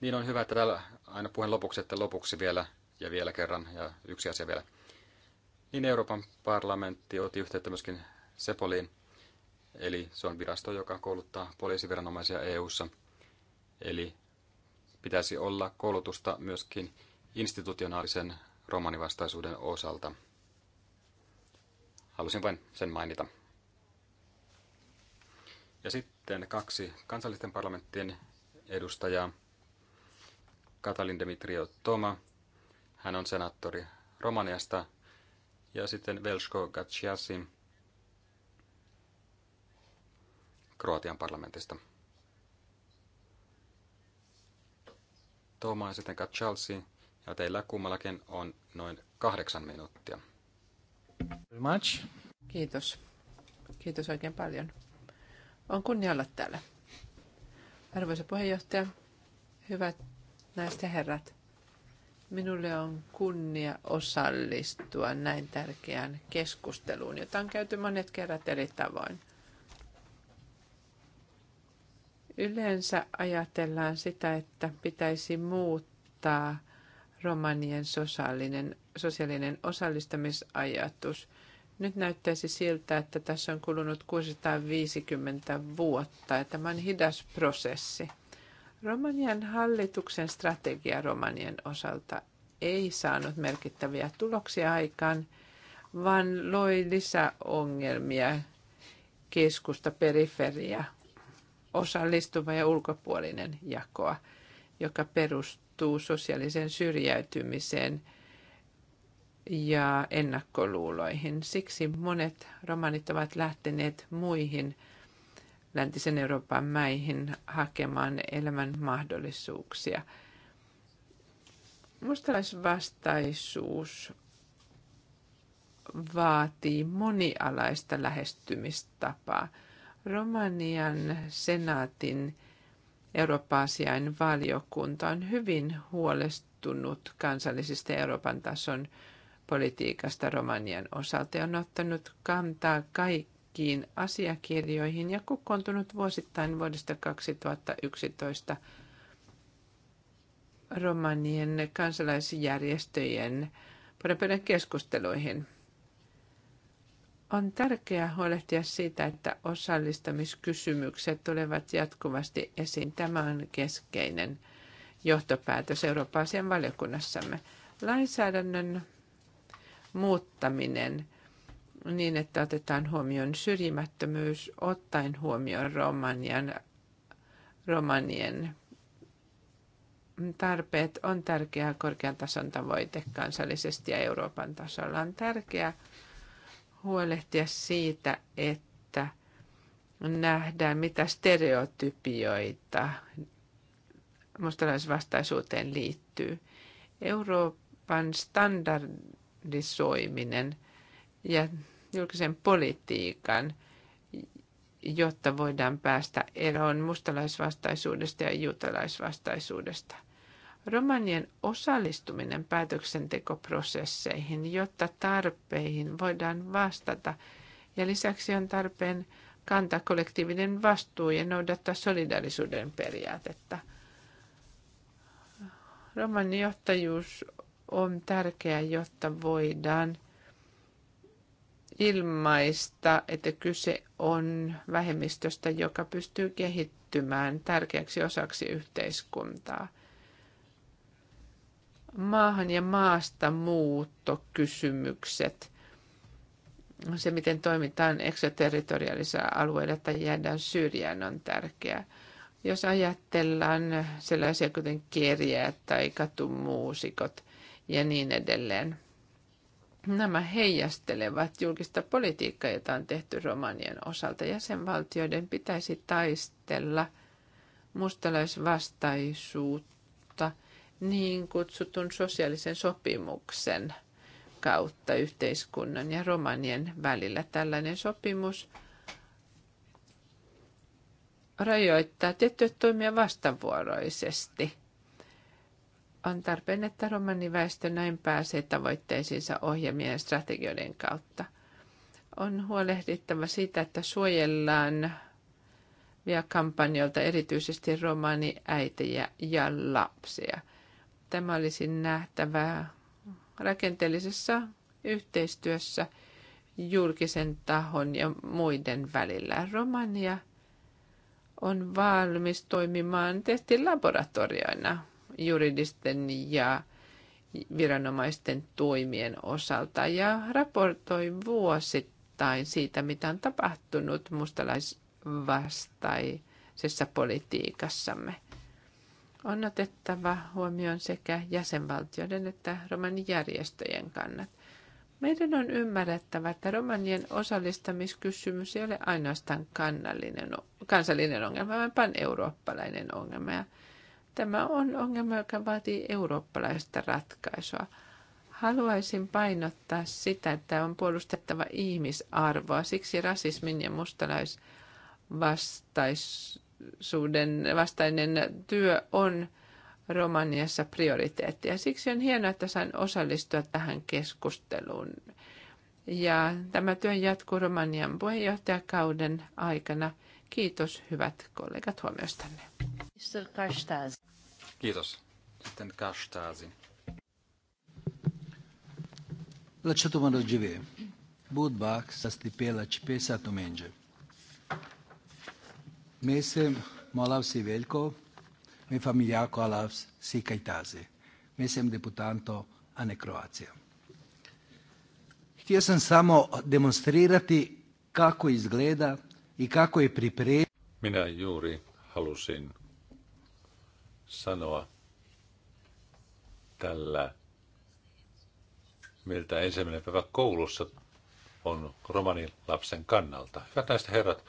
Niin on hyvä, että täällä aina puheen lopuksi, että lopuksi vielä ja vielä kerran ja yksi asia vielä. Niin Euroopan parlamentti otti yhteyttä myöskin Sepoliin, eli se on virasto, joka kouluttaa poliisiviranomaisia EU-ssa. Eli pitäisi olla koulutusta myöskin institutionaalisen romanivastaisuuden osalta. Halusin vain sen mainita. Ja sitten sitten kaksi kansallisten parlamenttien edustajaa. Katalin Demitrio Toma, hän on senaattori Romaniasta, ja sitten Velsko Gacciasi, Kroatian parlamentista. Toma ja sitten Gacciasi, ja teillä kummallakin on noin kahdeksan minuuttia. Much. Kiitos. Kiitos oikein paljon. On kunnia olla täällä. Arvoisa puheenjohtaja, hyvät naiset ja herrat, minulle on kunnia osallistua näin tärkeään keskusteluun, jota on käyty monet kerrat eri tavoin. Yleensä ajatellaan sitä, että pitäisi muuttaa romanien sosiaalinen, sosiaalinen osallistamisajatus – nyt näyttäisi siltä, että tässä on kulunut 650 vuotta ja tämä on hidas prosessi. Romanian hallituksen strategia Romanien osalta ei saanut merkittäviä tuloksia aikaan, vaan loi lisäongelmia keskusta, periferia, osallistuva ja ulkopuolinen jakoa, joka perustuu sosiaaliseen syrjäytymiseen – ja ennakkoluuloihin. Siksi monet romanit ovat lähteneet muihin läntisen Euroopan mäihin hakemaan elämän mahdollisuuksia. Mustalaisvastaisuus vaatii monialaista lähestymistapaa. Romanian senaatin Eurooppa-asiain valiokunta on hyvin huolestunut kansallisista Euroopan tason politiikasta Romanian osalta ja on ottanut kantaa kaikkiin asiakirjoihin ja kokoontunut vuosittain vuodesta 2011 romanien kansalaisjärjestöjen parempien keskusteluihin. On tärkeää huolehtia siitä, että osallistamiskysymykset tulevat jatkuvasti esiin. Tämä on keskeinen johtopäätös Euroopan valiokunnassamme. Lainsäädännön muuttaminen niin, että otetaan huomioon syrjimättömyys, ottaen huomioon romanian, romanien tarpeet on tärkeää korkean tason tavoite kansallisesti ja Euroopan tasolla. On tärkeää huolehtia siitä, että nähdään mitä stereotypioita mustalaisvastaisuuteen liittyy. Euroopan standard priorisoiminen ja julkisen politiikan, jotta voidaan päästä eroon mustalaisvastaisuudesta ja juutalaisvastaisuudesta. Romanien osallistuminen päätöksentekoprosesseihin, jotta tarpeihin voidaan vastata, ja lisäksi on tarpeen kantaa kollektiivinen vastuu ja noudattaa solidaarisuuden periaatetta. Romanin johtajuus on tärkeää, jotta voidaan ilmaista, että kyse on vähemmistöstä, joka pystyy kehittymään tärkeäksi osaksi yhteiskuntaa. Maahan ja maasta muuttokysymykset, se miten toimitaan ekstraterritoriaalisilla alueilla tai jäädään syrjään on tärkeää. Jos ajatellaan sellaisia kuten kirjeet tai katumuusikot, ja niin edelleen. Nämä heijastelevat julkista politiikkaa, jota on tehty romanien osalta. Jäsenvaltioiden pitäisi taistella mustalaisvastaisuutta niin kutsutun sosiaalisen sopimuksen kautta yhteiskunnan ja romanien välillä. Tällainen sopimus rajoittaa tiettyjä toimia vastavuoroisesti – on tarpeen, että romaniväestö näin pääsee tavoitteisiinsa ohjelmien ja strategioiden kautta. On huolehdittava siitä, että suojellaan ja kampanjoilta erityisesti romaniäitejä ja lapsia. Tämä olisi nähtävää rakenteellisessa yhteistyössä julkisen tahon ja muiden välillä. Romania on valmis toimimaan testilaboratorioina juridisten ja viranomaisten toimien osalta ja raportoi vuosittain siitä, mitä on tapahtunut mustalaisvastaisessa politiikassamme. On otettava huomioon sekä jäsenvaltioiden että romanijärjestöjen kannat. Meidän on ymmärrettävä, että romanien osallistamiskysymys ei ole ainoastaan kansallinen ongelma, vaan pan-eurooppalainen ongelma. Ja Tämä on ongelma, joka vaatii eurooppalaista ratkaisua. Haluaisin painottaa sitä, että on puolustettava ihmisarvoa. Siksi rasismin ja mustalaisvastaisuuden vastainen työ on Romaniassa prioriteetti. Ja siksi on hienoa, että sain osallistua tähän keskusteluun. Ja tämä työ jatkuu Romanian puheenjohtajakauden aikana. Kiitos hyvät kollegat huomiostanne. Mr. Kastasi. Kiitos. Sitten Kastasi. Lasciato mano GV. Budbach sa stipela čpesa to menže. Mesem malav me familjako alav si kajtazi. deputanto, a ne Kroacija. Htio sam samo demonstrirati kako izgleda i kako je pripremljeno. Minä juuri halusin sanoa tällä, miltä ensimmäinen päivä koulussa on lapsen kannalta. Hyvät näistä herrat,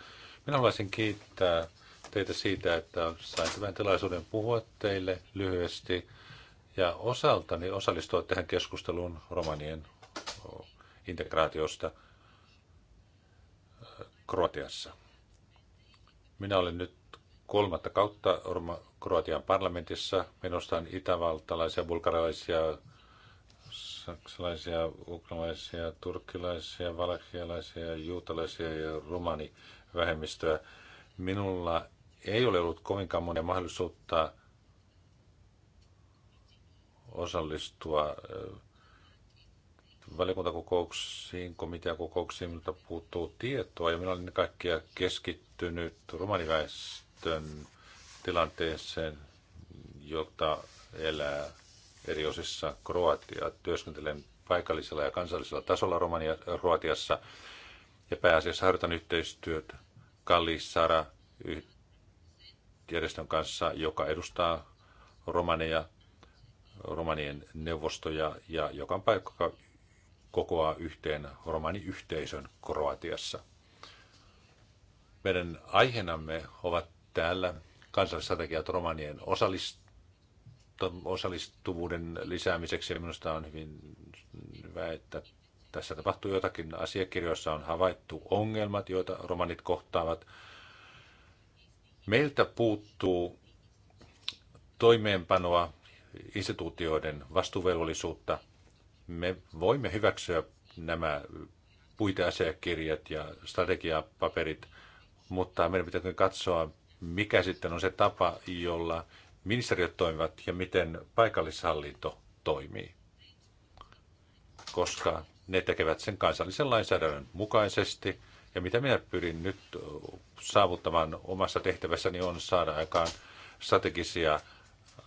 minä haluaisin kiittää teitä siitä, että sain tämän tilaisuuden puhua teille lyhyesti ja osaltani osallistua tähän keskusteluun romanien integraatiosta Kroatiassa. Minä olen nyt kolmatta kautta Kroatian parlamentissa. Minusta on itävaltalaisia, bulgarialaisia, saksalaisia, ukrainalaisia, turkkilaisia, valkialaisia, juutalaisia ja vähemmistöä. Minulla ei ole ollut kovinkaan monia mahdollisuutta osallistua äh, valiokuntakokouksiin, komiteakokouksiin, mutta puuttuu tietoa ja minä olin kaikkia keskittynyt romaniväestöön välttämätön tilanteeseen, jota elää eri osissa Kroatia. Työskentelen paikallisella ja kansallisella tasolla Romania, Kroatiassa ja pääasiassa harjoitan yhteistyötä Kalli Sara järjestön kanssa, joka edustaa Romania, romanien neuvostoja ja joka on paikka kokoaa yhteen romaniyhteisön Kroatiassa. Meidän aiheenamme ovat täällä kansallistrategiat romanien osallistuvuuden lisäämiseksi. minusta on hyvin hyvä, että tässä tapahtuu jotakin. Asiakirjoissa on havaittu ongelmat, joita romanit kohtaavat. Meiltä puuttuu toimeenpanoa, instituutioiden vastuuvelvollisuutta. Me voimme hyväksyä nämä puiteasiakirjat ja strategiapaperit, mutta meidän pitää katsoa, mikä sitten on se tapa, jolla ministeriöt toimivat ja miten paikallishallinto toimii. Koska ne tekevät sen kansallisen lainsäädännön mukaisesti. Ja mitä minä pyrin nyt saavuttamaan omassa tehtävässäni on saada aikaan strategisia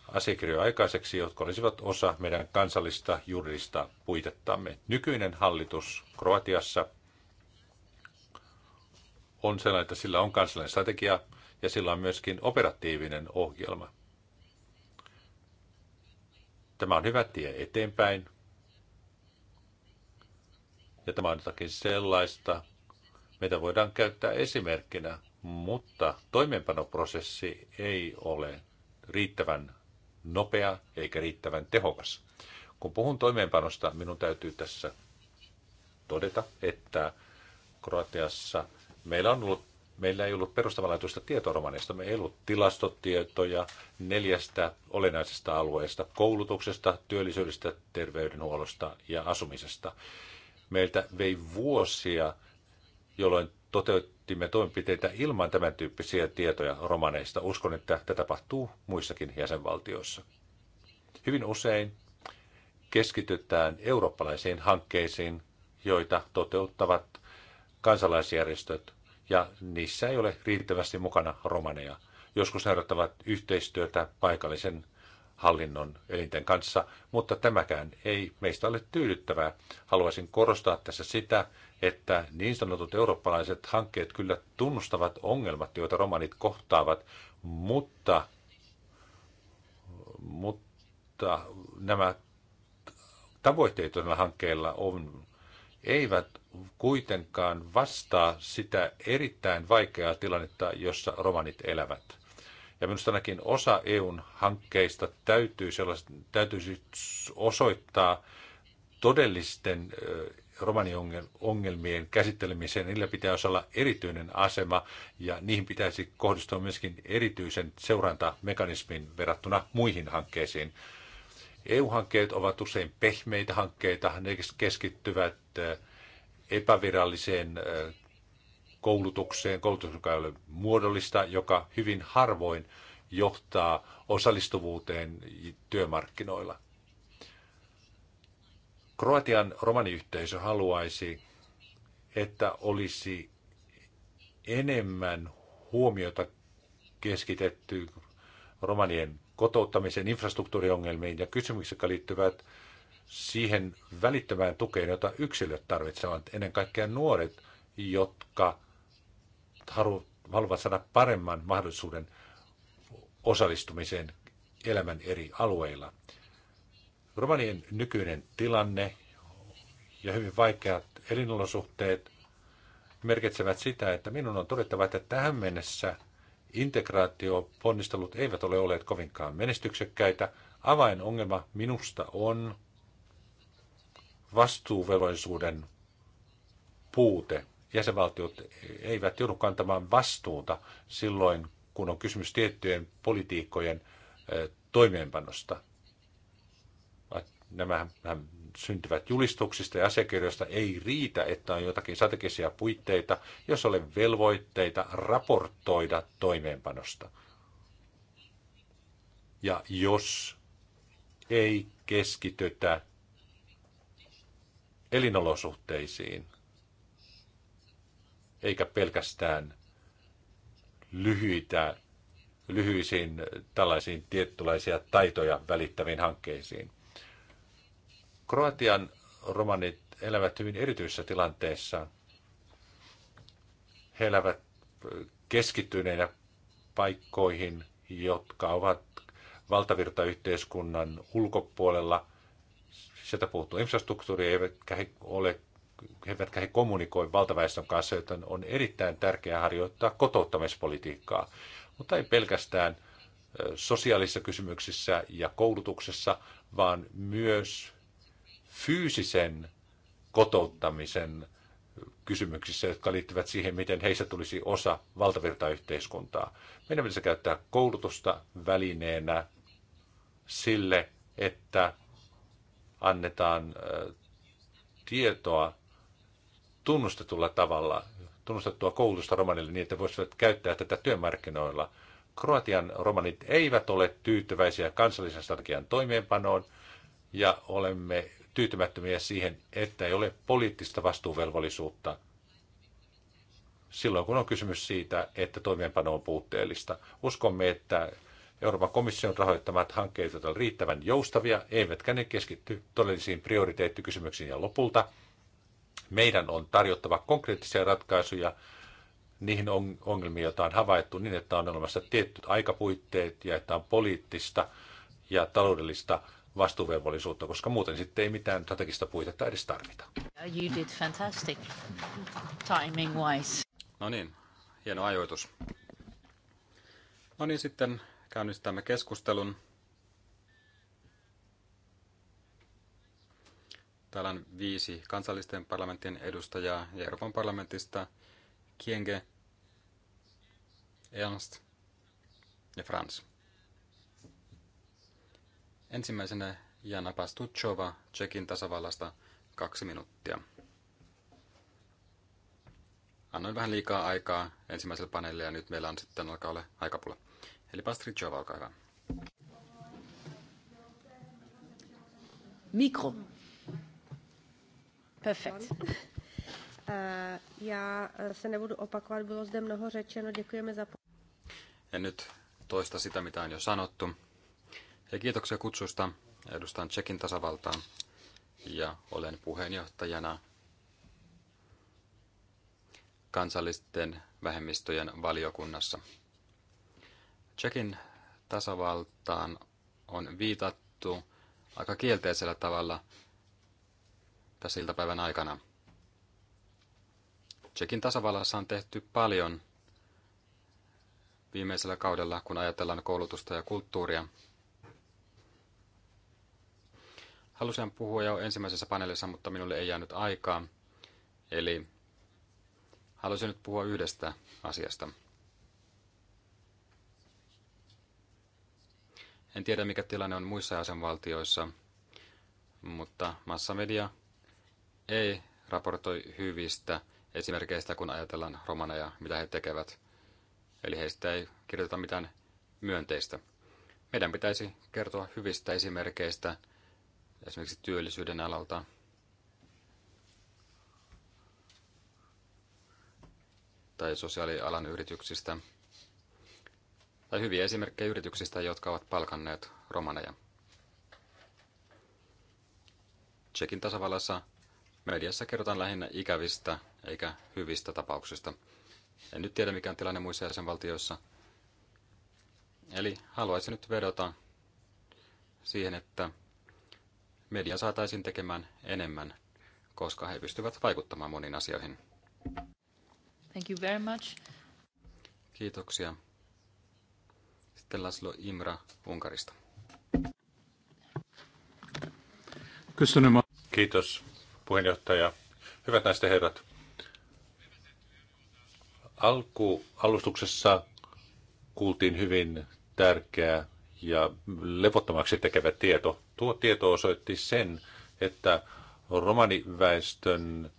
asiakirjoja aikaiseksi, jotka olisivat osa meidän kansallista juridista puitettamme. Nykyinen hallitus Kroatiassa on sellainen, että sillä on kansallinen strategia, ja sillä on myöskin operatiivinen ohjelma. Tämä on hyvä tie eteenpäin. Ja tämä on jotakin sellaista, mitä voidaan käyttää esimerkkinä, mutta toimeenpanoprosessi ei ole riittävän nopea eikä riittävän tehokas. Kun puhun toimeenpanosta, minun täytyy tässä todeta, että Kroatiassa meillä on ollut Meillä ei ollut perustavanlaatuista tietoa Me ei ollut tilastotietoja neljästä olennaisesta alueesta, koulutuksesta, työllisyydestä, terveydenhuollosta ja asumisesta. Meiltä vei vuosia, jolloin toteutimme toimenpiteitä ilman tämän tyyppisiä tietoja romaneista. Uskon, että tätä tapahtuu muissakin jäsenvaltioissa. Hyvin usein keskitytään eurooppalaisiin hankkeisiin, joita toteuttavat kansalaisjärjestöt, ja niissä ei ole riittävästi mukana romaneja. Joskus ne yhteistyötä paikallisen hallinnon elinten kanssa, mutta tämäkään ei meistä ole tyydyttävää. Haluaisin korostaa tässä sitä, että niin sanotut eurooppalaiset hankkeet kyllä tunnustavat ongelmat, joita romanit kohtaavat, mutta, mutta nämä tavoitteet näillä hankkeilla on eivät kuitenkaan vastaa sitä erittäin vaikeaa tilannetta, jossa romanit elävät. Ja minusta ainakin osa EUn hankkeista täytyy, täytyy siis osoittaa todellisten romaniongelmien käsittelemiseen, niillä pitäisi olla erityinen asema ja niihin pitäisi kohdistua myöskin erityisen seurantamekanismin verrattuna muihin hankkeisiin. EU-hankkeet ovat usein pehmeitä hankkeita, ne keskittyvät eh, epäviralliseen eh, koulutukseen, koulutus, joka ei ole muodollista, joka hyvin harvoin johtaa osallistuvuuteen työmarkkinoilla. Kroatian romaniyhteisö haluaisi, että olisi enemmän huomiota keskitetty romanien kotouttamisen infrastruktuuriongelmiin ja kysymyksiin, jotka liittyvät siihen välittömään tukeen, jota yksilöt tarvitsevat, ennen kaikkea nuoret, jotka haluavat saada paremman mahdollisuuden osallistumiseen elämän eri alueilla. Romanien nykyinen tilanne ja hyvin vaikeat elinolosuhteet merkitsevät sitä, että minun on todettava, että tähän mennessä – integraatioponnistelut eivät ole olleet kovinkaan menestyksekkäitä. Avainongelma minusta on vastuuveloisuuden puute. Jäsenvaltiot eivät joudu kantamaan vastuuta silloin, kun on kysymys tiettyjen politiikkojen eh, toimeenpanosta. Nämähän syntyvät julistuksista ja asiakirjoista ei riitä, että on jotakin strategisia puitteita, jos ole velvoitteita raportoida toimeenpanosta. Ja jos ei keskitytä elinolosuhteisiin, eikä pelkästään lyhyitä, lyhyisiin tällaisiin tiettylaisia taitoja välittäviin hankkeisiin. Kroatian romanit elävät hyvin erityisessä tilanteessa. He elävät keskittyneinä paikkoihin, jotka ovat valtavirtayhteiskunnan ulkopuolella. Sieltä puuttuu infrastruktuuri, eivätkä he ole eivätkä he kommunikoi valtaväestön kanssa, joten on erittäin tärkeää harjoittaa kotouttamispolitiikkaa. Mutta ei pelkästään sosiaalisissa kysymyksissä ja koulutuksessa, vaan myös fyysisen kotouttamisen kysymyksissä, jotka liittyvät siihen, miten heistä tulisi osa valtavirtayhteiskuntaa. Meidän pitäisi käyttää koulutusta välineenä sille, että annetaan tietoa tunnustetulla tavalla, tunnustettua koulutusta romanille niin, että voisivat käyttää tätä työmarkkinoilla. Kroatian romanit eivät ole tyytyväisiä kansallisen strategian toimeenpanoon ja olemme tyytymättömiä siihen, että ei ole poliittista vastuuvelvollisuutta silloin, kun on kysymys siitä, että toimeenpano on puutteellista. Uskomme, että Euroopan komission rahoittamat hankkeet ovat riittävän joustavia, eivätkä ne keskitty todellisiin prioriteettikysymyksiin ja lopulta meidän on tarjottava konkreettisia ratkaisuja niihin ongelmiin, joita on havaittu niin, että on olemassa tietyt aikapuitteet ja että on poliittista ja taloudellista vastuuvelvollisuutta, koska muuten sitten ei mitään strategista puitetta edes tarvita. You did fantastic, timing wise. No niin, hieno ajoitus. No niin, sitten käynnistämme keskustelun. Täällä on viisi kansallisten parlamenttien edustajaa ja Euroopan parlamentista Kienge, Ernst ja Franz. Ensimmäisenä Jana Pastuchova Tsekin tasavallasta kaksi minuuttia. Annoin vähän liikaa aikaa ensimmäiselle paneelille ja nyt meillä on sitten alkaa olla aikapula, Eli Pastuchova, olkaa hyvä. Mikro. perfect. Eh, ja se nebudu opakovat, bylo zde mnoho řečeno, děkujeme za... En nyt toista sitä, mitä on jo sanottu. Ja kiitoksia kutsusta. Edustan Tsekin tasavaltaa ja olen puheenjohtajana kansallisten vähemmistöjen valiokunnassa. Tsekin tasavaltaan on viitattu aika kielteisellä tavalla tässä iltapäivän aikana. Tsekin tasavallassa on tehty paljon viimeisellä kaudella, kun ajatellaan koulutusta ja kulttuuria, Halusin puhua jo ensimmäisessä paneelissa, mutta minulle ei jäänyt aikaa. Eli halusin nyt puhua yhdestä asiasta. En tiedä, mikä tilanne on muissa jäsenvaltioissa, mutta massamedia ei raportoi hyvistä esimerkkeistä, kun ajatellaan romaneja, mitä he tekevät. Eli heistä ei kirjoiteta mitään myönteistä. Meidän pitäisi kertoa hyvistä esimerkkeistä – esimerkiksi työllisyyden alalta. tai sosiaalialan yrityksistä, tai hyviä esimerkkejä yrityksistä, jotka ovat palkanneet romaneja. Tsekin tasavallassa mediassa kerrotaan lähinnä ikävistä eikä hyvistä tapauksista. En nyt tiedä, mikä on tilanne muissa jäsenvaltioissa. Eli haluaisin nyt vedota siihen, että media saataisiin tekemään enemmän, koska he pystyvät vaikuttamaan moniin asioihin. Thank you very much. Kiitoksia. Sitten Laszlo Imra Unkarista. Kiitos puheenjohtaja. Hyvät naiset ja herrat. Alku alustuksessa kuultiin hyvin tärkeää ja levottomaksi tekevä tieto. Tuo tieto osoitti sen, että romaniväestön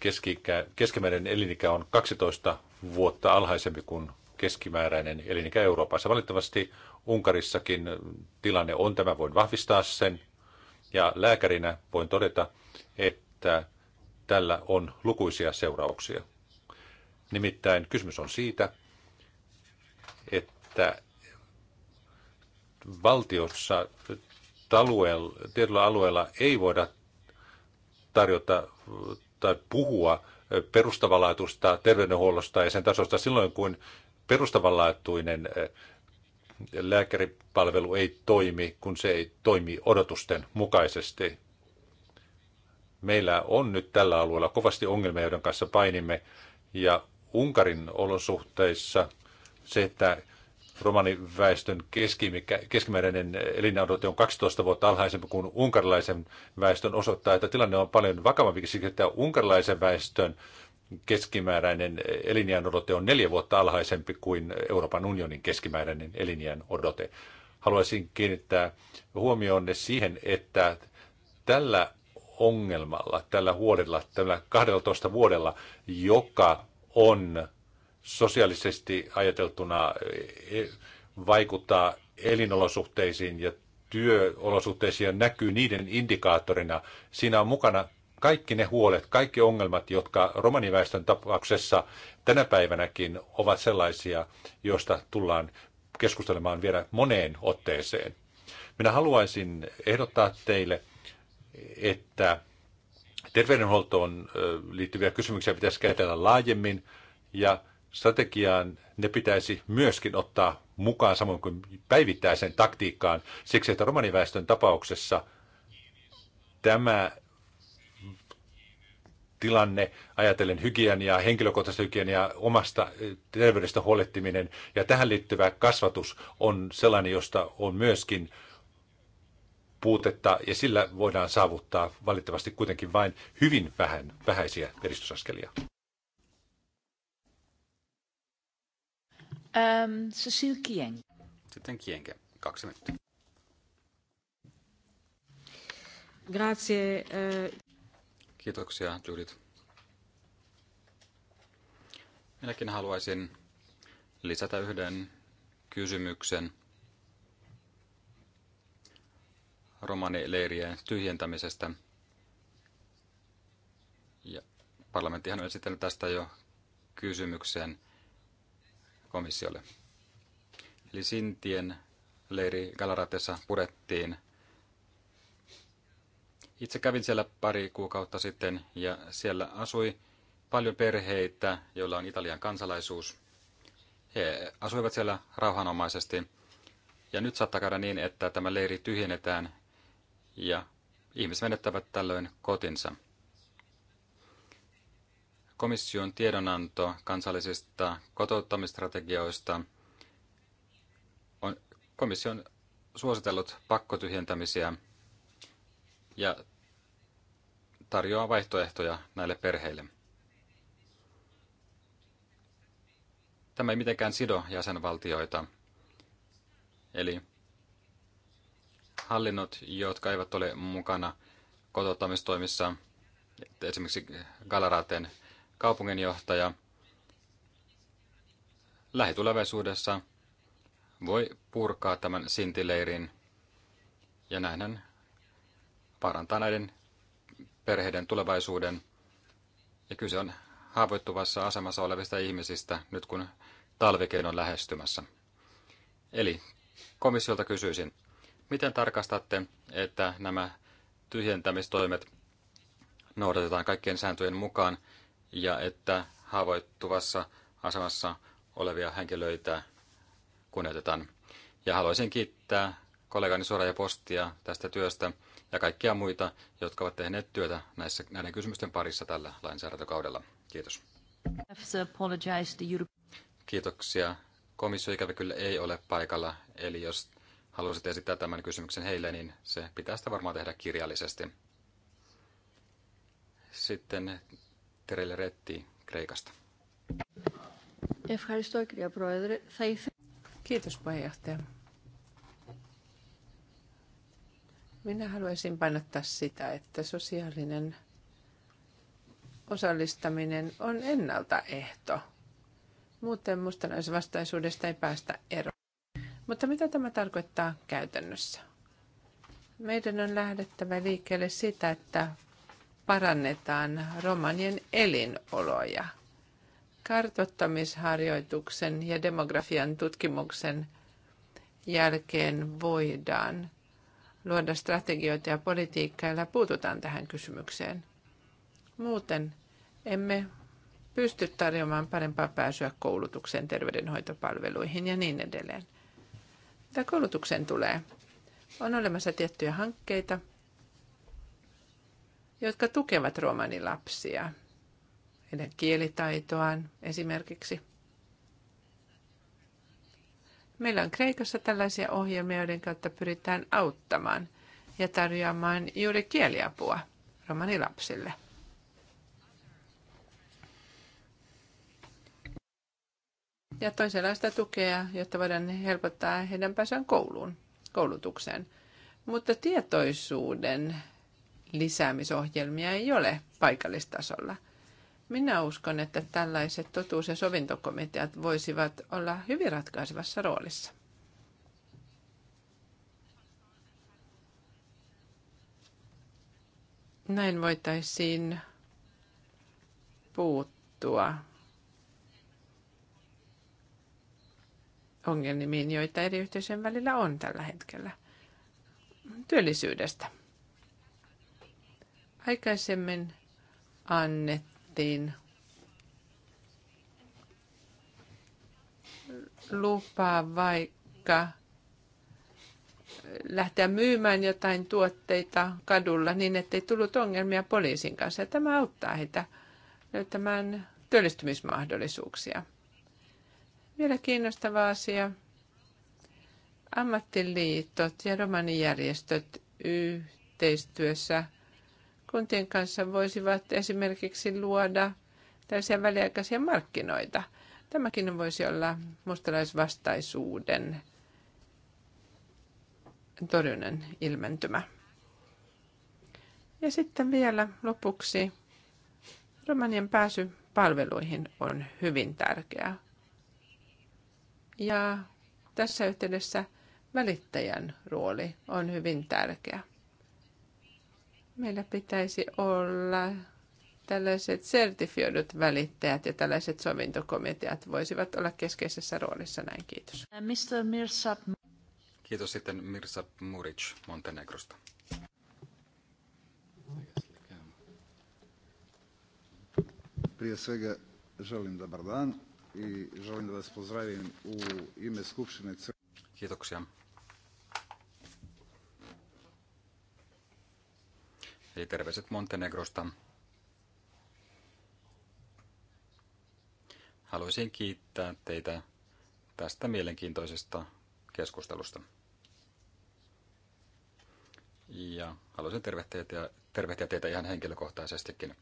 keskikä, keskimääräinen elinikä on 12 vuotta alhaisempi kuin keskimääräinen elinikä Euroopassa. Valitettavasti Unkarissakin tilanne on tämä, voin vahvistaa sen. Ja lääkärinä voin todeta, että tällä on lukuisia seurauksia. Nimittäin kysymys on siitä, että valtiossa tietyllä alueella ei voida tarjota tai puhua perustavanlaatuista terveydenhuollosta ja sen tasosta silloin, kun perustavanlaatuinen eh, lääkäripalvelu ei toimi, kun se ei toimi odotusten mukaisesti. Meillä on nyt tällä alueella kovasti ongelmia, joiden kanssa painimme, ja Unkarin olosuhteissa se, että romaniväestön keskimääräinen elinodote on 12 vuotta alhaisempi kuin unkarilaisen väestön osoittaa, että tilanne on paljon vakavampi, siksi että unkarilaisen väestön keskimääräinen elinjään odote on neljä vuotta alhaisempi kuin Euroopan unionin keskimääräinen elinjään odote. Haluaisin kiinnittää huomioon siihen, että tällä ongelmalla, tällä huolella, tällä 12 vuodella, joka on sosiaalisesti ajateltuna e, vaikuttaa elinolosuhteisiin ja työolosuhteisiin ja näkyy niiden indikaattorina. Siinä on mukana kaikki ne huolet, kaikki ongelmat, jotka romaniväestön tapauksessa tänä päivänäkin ovat sellaisia, joista tullaan keskustelemaan vielä moneen otteeseen. Minä haluaisin ehdottaa teille, että terveydenhuoltoon liittyviä kysymyksiä pitäisi käsitellä laajemmin ja strategiaan ne pitäisi myöskin ottaa mukaan samoin kuin päivittäiseen taktiikkaan, siksi että romaniväestön tapauksessa tämä tilanne, ajatellen hygieniaa, henkilökohtaista hygieniaa, omasta eh, terveydestä huolehtiminen ja tähän liittyvä kasvatus on sellainen, josta on myöskin puutetta ja sillä voidaan saavuttaa valitettavasti kuitenkin vain hyvin vähän vähäisiä edistysaskelia. Um, Cecile Kieng. Sitten Kienke, kaksi minuuttia. Grazie. Eh. Kiitoksia, Judith. Minäkin haluaisin lisätä yhden kysymyksen romanileirien tyhjentämisestä. Ja parlamenttihan on esittänyt tästä jo kysymyksen komissiolle. Eli Sintien leiri Galaratessa purettiin. Itse kävin siellä pari kuukautta sitten ja siellä asui paljon perheitä, joilla on Italian kansalaisuus. He asuivat siellä rauhanomaisesti. Ja nyt saattaa käydä niin, että tämä leiri tyhjennetään ja ihmiset menettävät tällöin kotinsa komission tiedonanto kansallisista kotouttamistrategioista on komission suositellut pakkotyhjentämisiä ja tarjoaa vaihtoehtoja näille perheille. Tämä ei mitenkään sido jäsenvaltioita. Eli hallinnot, jotka eivät ole mukana kotouttamistoimissa, esimerkiksi Galaraten kaupunginjohtaja lähitulevaisuudessa voi purkaa tämän sintileirin ja näinhän parantaa näiden perheiden tulevaisuuden. Ja kyse on haavoittuvassa asemassa olevista ihmisistä nyt kun talvikeino on lähestymässä. Eli komissiolta kysyisin, miten tarkastatte, että nämä tyhjentämistoimet noudatetaan kaikkien sääntöjen mukaan ja että haavoittuvassa asemassa olevia henkilöitä kunnioitetaan. Ja haluaisin kiittää kollegani Sora ja Postia tästä työstä ja kaikkia muita, jotka ovat tehneet työtä näissä, näiden kysymysten parissa tällä lainsäädäntökaudella. Kiitos. Kiitoksia. Komissio ikävä kyllä ei ole paikalla, eli jos haluaisit esittää tämän kysymyksen heille, niin se pitää sitä varmaan tehdä kirjallisesti. Sitten Terelle Retti Kreikasta. Kiitos puheenjohtaja. Minä haluaisin painottaa sitä, että sosiaalinen osallistaminen on ennaltaehto. Muuten vastaisuudesta ei päästä eroon. Mutta mitä tämä tarkoittaa käytännössä? Meidän on lähdettävä liikkeelle sitä, että parannetaan romanien elinoloja. Kartottamisharjoituksen ja demografian tutkimuksen jälkeen voidaan luoda strategioita ja politiikkaa, joilla puututaan tähän kysymykseen. Muuten emme pysty tarjoamaan parempaa pääsyä koulutukseen, terveydenhoitopalveluihin ja niin edelleen. Mitä koulutukseen tulee? On olemassa tiettyjä hankkeita, jotka tukevat romanilapsia, heidän kielitaitoaan esimerkiksi. Meillä on Kreikassa tällaisia ohjelmia, joiden kautta pyritään auttamaan ja tarjoamaan juuri kieliapua romanilapsille. Ja toisenlaista tukea, jotta voidaan helpottaa heidän pääsyään kouluun, koulutukseen. Mutta tietoisuuden lisäämisohjelmia ei ole paikallistasolla. Minä uskon, että tällaiset totuus- ja sovintokomiteat voisivat olla hyvin ratkaisevassa roolissa. Näin voitaisiin puuttua ongelmiin, joita eri yhteisöjen välillä on tällä hetkellä. Työllisyydestä Aikaisemmin annettiin lupaa vaikka lähteä myymään jotain tuotteita kadulla niin, ettei tullut ongelmia poliisin kanssa. Tämä auttaa heitä löytämään työllistymismahdollisuuksia. Vielä kiinnostava asia. Ammattiliitot ja romanijärjestöt yhteistyössä – kuntien kanssa voisivat esimerkiksi luoda tällaisia väliaikaisia markkinoita. Tämäkin voisi olla mustalaisvastaisuuden torjunnan ilmentymä. Ja sitten vielä lopuksi romanien pääsy palveluihin on hyvin tärkeää. Ja tässä yhteydessä välittäjän rooli on hyvin tärkeä. Meillä pitäisi olla tällaiset sertifioidut välittäjät ja tällaiset sovintokomiteat voisivat olla keskeisessä roolissa näin. Kiitos. Äh, Mr. Mirsab. Kiitos sitten Mirsa Muric Montenegrosta. Prije svega želim dobar dan i želim da vas pozdravim u ime Skupštine Kiitoksia. Eli terveiset Montenegrosta. Haluaisin kiittää teitä tästä mielenkiintoisesta keskustelusta. Ja haluaisin tervehtiä teitä, tervehtiä teitä ihan henkilökohtaisestikin.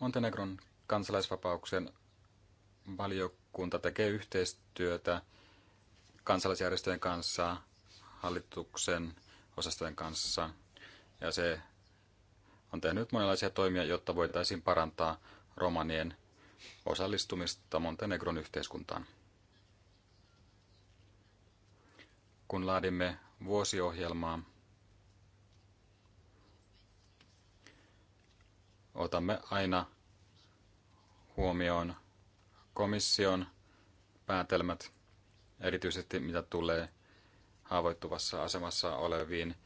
Montenegron kansalaisvapauksen valiokunta tekee yhteistyötä kansalaisjärjestöjen kanssa, hallituksen osastojen kanssa ja se on tehnyt monenlaisia toimia, jotta voitaisiin parantaa romanien osallistumista Montenegron yhteiskuntaan. Kun laadimme vuosiohjelmaa, otamme aina huomioon komission päätelmät, erityisesti mitä tulee haavoittuvassa asemassa oleviin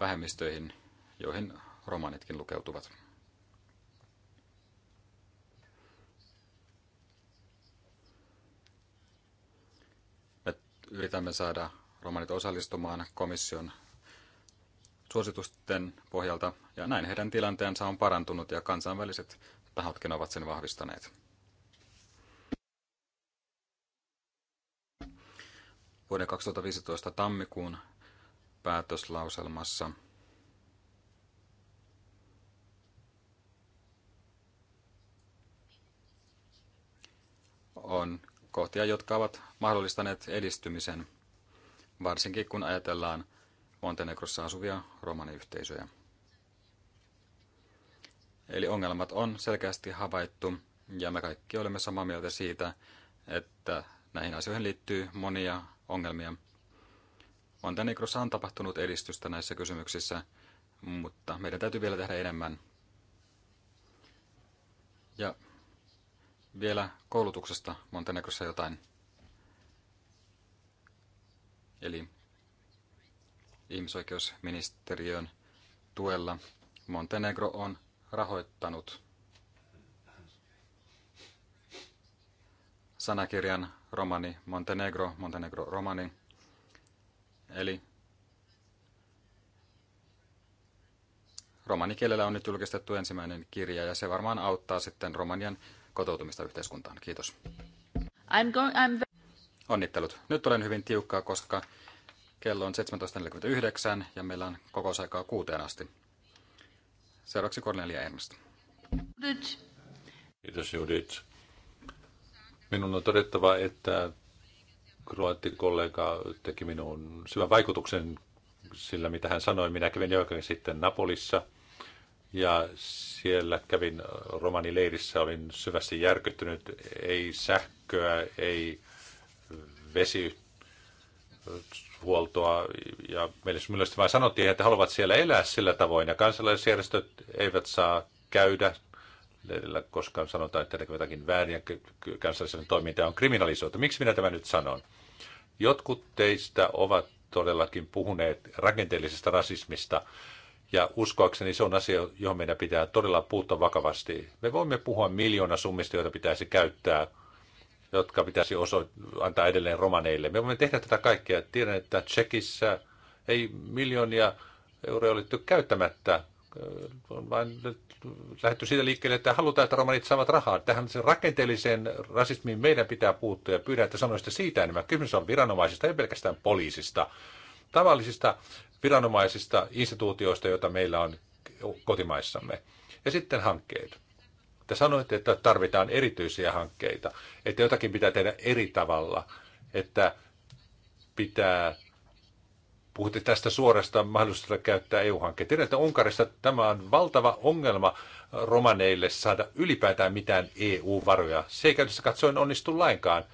vähemmistöihin – joihin romanitkin lukeutuvat. Me yritämme saada romanit osallistumaan komission suositusten pohjalta, ja näin heidän tilanteensa on parantunut ja kansainväliset tahotkin ovat sen vahvistaneet. Vuoden 2015 tammikuun päätöslauselmassa – on kohtia, jotka ovat mahdollistaneet edistymisen, varsinkin kun ajatellaan Montenegrossa asuvia romaniyhteisöjä. Eli ongelmat on selkeästi havaittu ja me kaikki olemme samaa mieltä siitä, että näihin asioihin liittyy monia ongelmia. Montenegrossa on tapahtunut edistystä näissä kysymyksissä, mutta meidän täytyy vielä tehdä enemmän. Ja vielä koulutuksesta Montenegrossa jotain. Eli ihmisoikeusministeriön tuella Montenegro on rahoittanut sanakirjan romani Montenegro, Montenegro romani. Eli romanikielellä on nyt julkistettu ensimmäinen kirja ja se varmaan auttaa sitten romanian kotoutumista yhteiskuntaan. Kiitos. I'm going, I'm... Onnittelut. Nyt olen hyvin tiukkaa, koska kello on 17.49 ja meillä on kokousaikaa kuuteen asti. Seuraavaksi Cornelia Ernst. Nyt. Kiitos Judith. Minun on todettava, että kollega teki minuun syvän vaikutuksen sillä, mitä hän sanoi. Minä kävin jo sitten Napolissa – ja siellä kävin romanileirissä, olin syvästi järkyttynyt, ei sähköä, ei vesihuoltoa, ja meille myös vain sanottiin, että he haluavat siellä elää sillä tavoin, ja kansalaisjärjestöt eivät saa käydä leirillä, koska sanotaan, että tekevät jotakin väärin, ja kansalaisen toiminta on kriminalisoitu. Miksi minä tämän nyt sanon? Jotkut teistä ovat todellakin puhuneet rakenteellisesta rasismista, ja uskoakseni se on asia, johon meidän pitää todella puuttua vakavasti. Me voimme puhua miljoona summista, joita pitäisi käyttää, jotka pitäisi oso- antaa edelleen romaneille. Me voimme tehdä tätä kaikkea. Tiedän, että Tsekissä ei miljoonia euroja ole käyttämättä. On vain lähdetty siitä liikkeelle, että halutaan, että romanit saavat rahaa. Tähän sen rakenteelliseen rasismiin meidän pitää puuttua ja pyydän, että sanoisitte siitä enemmän. Kysymys on viranomaisista, ei pelkästään poliisista. Tavallisista viranomaisista, instituutioista, joita meillä on kotimaissamme. Ja sitten hankkeet. Te sanoitte, että tarvitaan erityisiä hankkeita, että jotakin pitää tehdä eri tavalla, että pitää puhutte tästä suorasta mahdollisuudesta käyttää EU-hankkeita. Tiedän, että Unkarissa tämä on valtava ongelma romaneille saada ylipäätään mitään EU-varoja. Se ei käytössä katsoen onnistu lainkaan.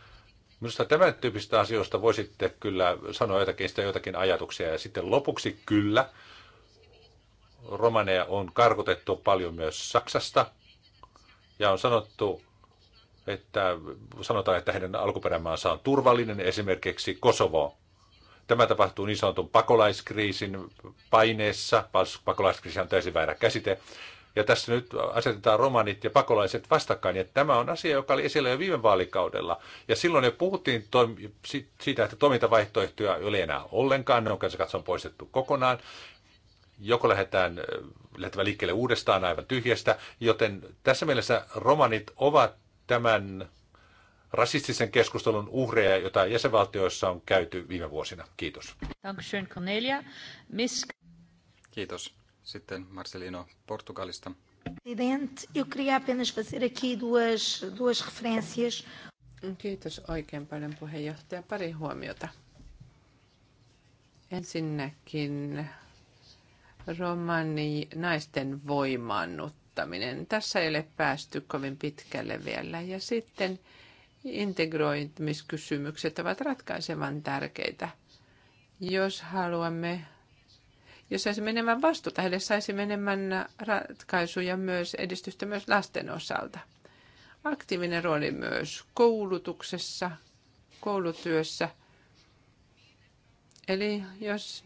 Minusta tämän tyyppistä asioista voisitte kyllä sanoa jotakin, sitä jotakin ajatuksia. Ja sitten lopuksi kyllä, romaneja on karkotettu paljon myös Saksasta. Ja on sanottu, että sanotaan, että heidän alkuperämaansa on turvallinen, esimerkiksi Kosovo. Tämä tapahtuu niin sanotun pakolaiskriisin paineessa. Pakolaiskriisi on täysin väärä käsite. Ja tässä nyt asetetaan romanit ja pakolaiset vastakkain. Ja tämä on asia, joka oli esillä jo viime vaalikaudella. Ja silloin jo puhuttiin siitä, että toimintavaihtoehtoja ei ole enää ollenkaan. Ne on katson poistettu kokonaan. Joko lähdetään lähtevä liikkeelle uudestaan aivan tyhjästä. Joten tässä mielessä romanit ovat tämän rasistisen keskustelun uhreja, jota jäsenvaltioissa on käyty viime vuosina. Kiitos. Miss... Kiitos. Sitten Marcelino Portugalista. Presidente, eu queria apenas fazer aqui duas, duas referências. Kiitos oikein paljon puheenjohtaja. Pari huomiota. Ensinnäkin romani naisten voimaannuttaminen. Tässä ei ole päästy kovin pitkälle vielä. Ja sitten integroitumiskysymykset ovat ratkaisevan tärkeitä. Jos haluamme jos saisimme enemmän vastuuta, heille saisimme enemmän ratkaisuja myös edistystä myös lasten osalta. Aktiivinen rooli myös koulutuksessa, koulutyössä. Eli jos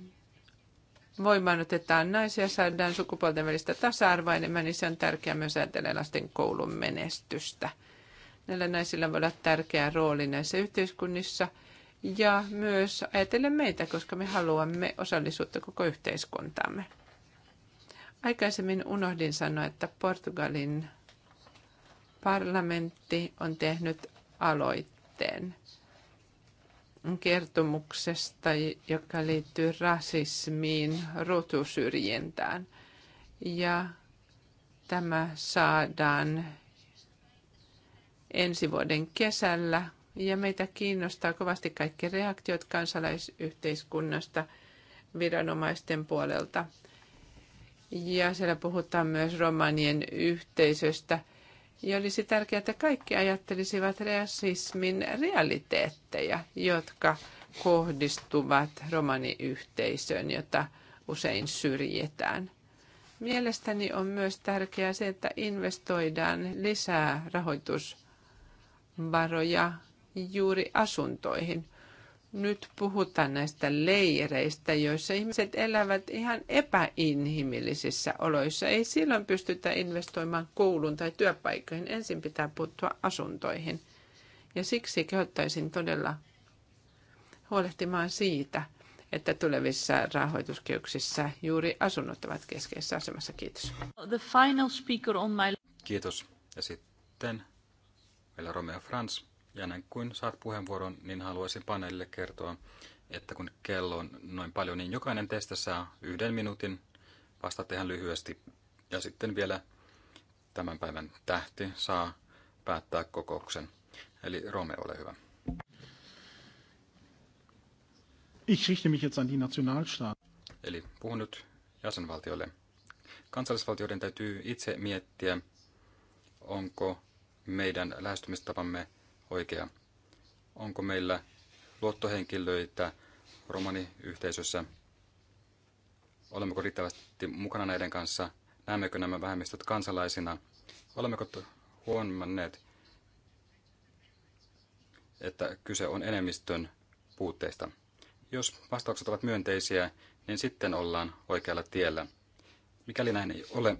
voimaanotetaan naisia, saadaan sukupuolten välistä tasa-arvoa enemmän, niin se on tärkeää myös ajatella lasten koulun menestystä. Näillä naisilla voi olla tärkeä rooli näissä yhteiskunnissa – ja myös ajatellen meitä, koska me haluamme osallisuutta koko yhteiskuntaamme. Aikaisemmin unohdin sanoa, että Portugalin parlamentti on tehnyt aloitteen kertomuksesta, joka liittyy rasismiin, rotusyrjintään. Ja tämä saadaan ensi vuoden kesällä ja meitä kiinnostaa kovasti kaikki reaktiot kansalaisyhteiskunnasta viranomaisten puolelta. Ja siellä puhutaan myös romanien yhteisöstä. Ja olisi tärkeää, että kaikki ajattelisivat rasismin realiteetteja, jotka kohdistuvat romaniyhteisöön, jota usein syrjitään. Mielestäni on myös tärkeää se, että investoidaan lisää rahoitusvaroja juuri asuntoihin. Nyt puhutaan näistä leireistä, joissa ihmiset elävät ihan epäinhimillisissä oloissa. Ei silloin pystytä investoimaan kouluun tai työpaikkoihin. Ensin pitää puuttua asuntoihin. Ja siksi kehottaisin todella huolehtimaan siitä, että tulevissa rahoituskeuksissa juuri asunnot ovat keskeisessä asemassa. Kiitos. The final speaker on my... Kiitos. Ja sitten meillä Romeo Franz. Ja ennen kuin saat puheenvuoron, niin haluaisin paneelille kertoa, että kun kello on noin paljon, niin jokainen teistä saa yhden minuutin. Vasta tähän lyhyesti. Ja sitten vielä tämän päivän tähti saa päättää kokouksen. Eli Rome, ole hyvä. Ich richte mich jetzt an die Nationalstaaten. Eli puhun nyt jäsenvaltioille. Kansallisvaltioiden täytyy itse miettiä, onko meidän lähestymistapamme oikea. Onko meillä luottohenkilöitä romaniyhteisössä? Olemmeko riittävästi mukana näiden kanssa? Näemmekö nämä vähemmistöt kansalaisina? Olemmeko huomanneet, että kyse on enemmistön puutteista? Jos vastaukset ovat myönteisiä, niin sitten ollaan oikealla tiellä. Mikäli näin ei ole,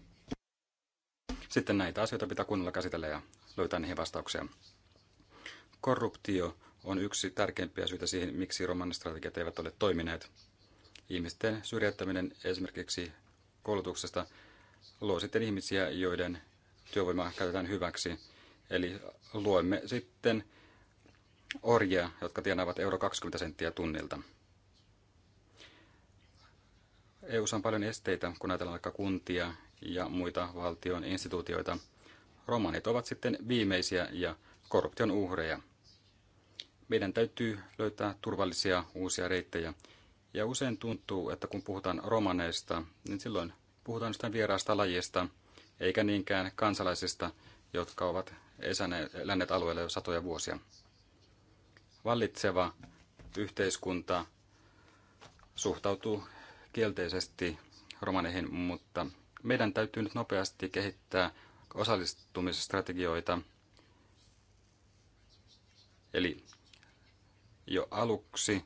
sitten näitä asioita pitää kunnolla käsitellä ja löytää niihin vastauksia. Korruptio on yksi tärkeimpiä syitä siihen, miksi romanistrategiat eivät ole toimineet. Ihmisten syrjäyttäminen esimerkiksi koulutuksesta luo sitten ihmisiä, joiden työvoimaa käytetään hyväksi. Eli luemme sitten orjia, jotka tienaavat euro 20 senttiä tunnilta. EU on paljon esteitä, kun ajatellaan vaikka kuntia ja muita valtion instituutioita. Romanit ovat sitten viimeisiä ja korruption uhreja. Meidän täytyy löytää turvallisia uusia reittejä. Ja usein tuntuu, että kun puhutaan romaneista, niin silloin puhutaan jostain vieraasta lajista, eikä niinkään kansalaisista, jotka ovat eläneet alueella jo satoja vuosia. Vallitseva yhteiskunta suhtautuu kielteisesti romaneihin, mutta meidän täytyy nyt nopeasti kehittää osallistumisstrategioita. Eli jo aluksi.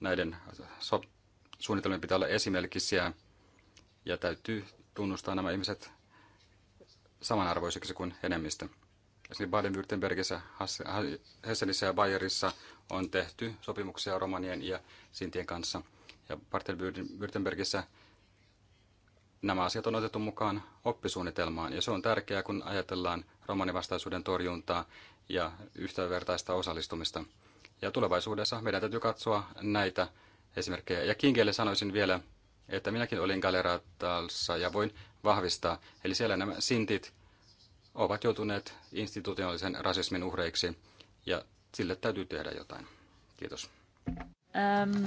Näiden so- suunnitelmien pitää olla esimerkisiä ja täytyy tunnustaa nämä ihmiset samanarvoisiksi kuin enemmistö. Esimerkiksi Baden-Württembergissä, Hesselissä ja Bayerissa on tehty sopimuksia romanien ja sintien kanssa. Ja Baden-Württembergissä nämä asiat on otettu mukaan oppisuunnitelmaan, ja se on tärkeää, kun ajatellaan romanivastaisuuden torjuntaa ja yhtävertaista osallistumista. Ja tulevaisuudessa meidän täytyy katsoa näitä esimerkkejä. Ja Kingelle sanoisin vielä, että minäkin olin Galeratalsa ja voin vahvistaa. Eli siellä nämä sintit ovat joutuneet institutionaalisen rasismin uhreiksi ja sille täytyy tehdä jotain. Kiitos. Äm...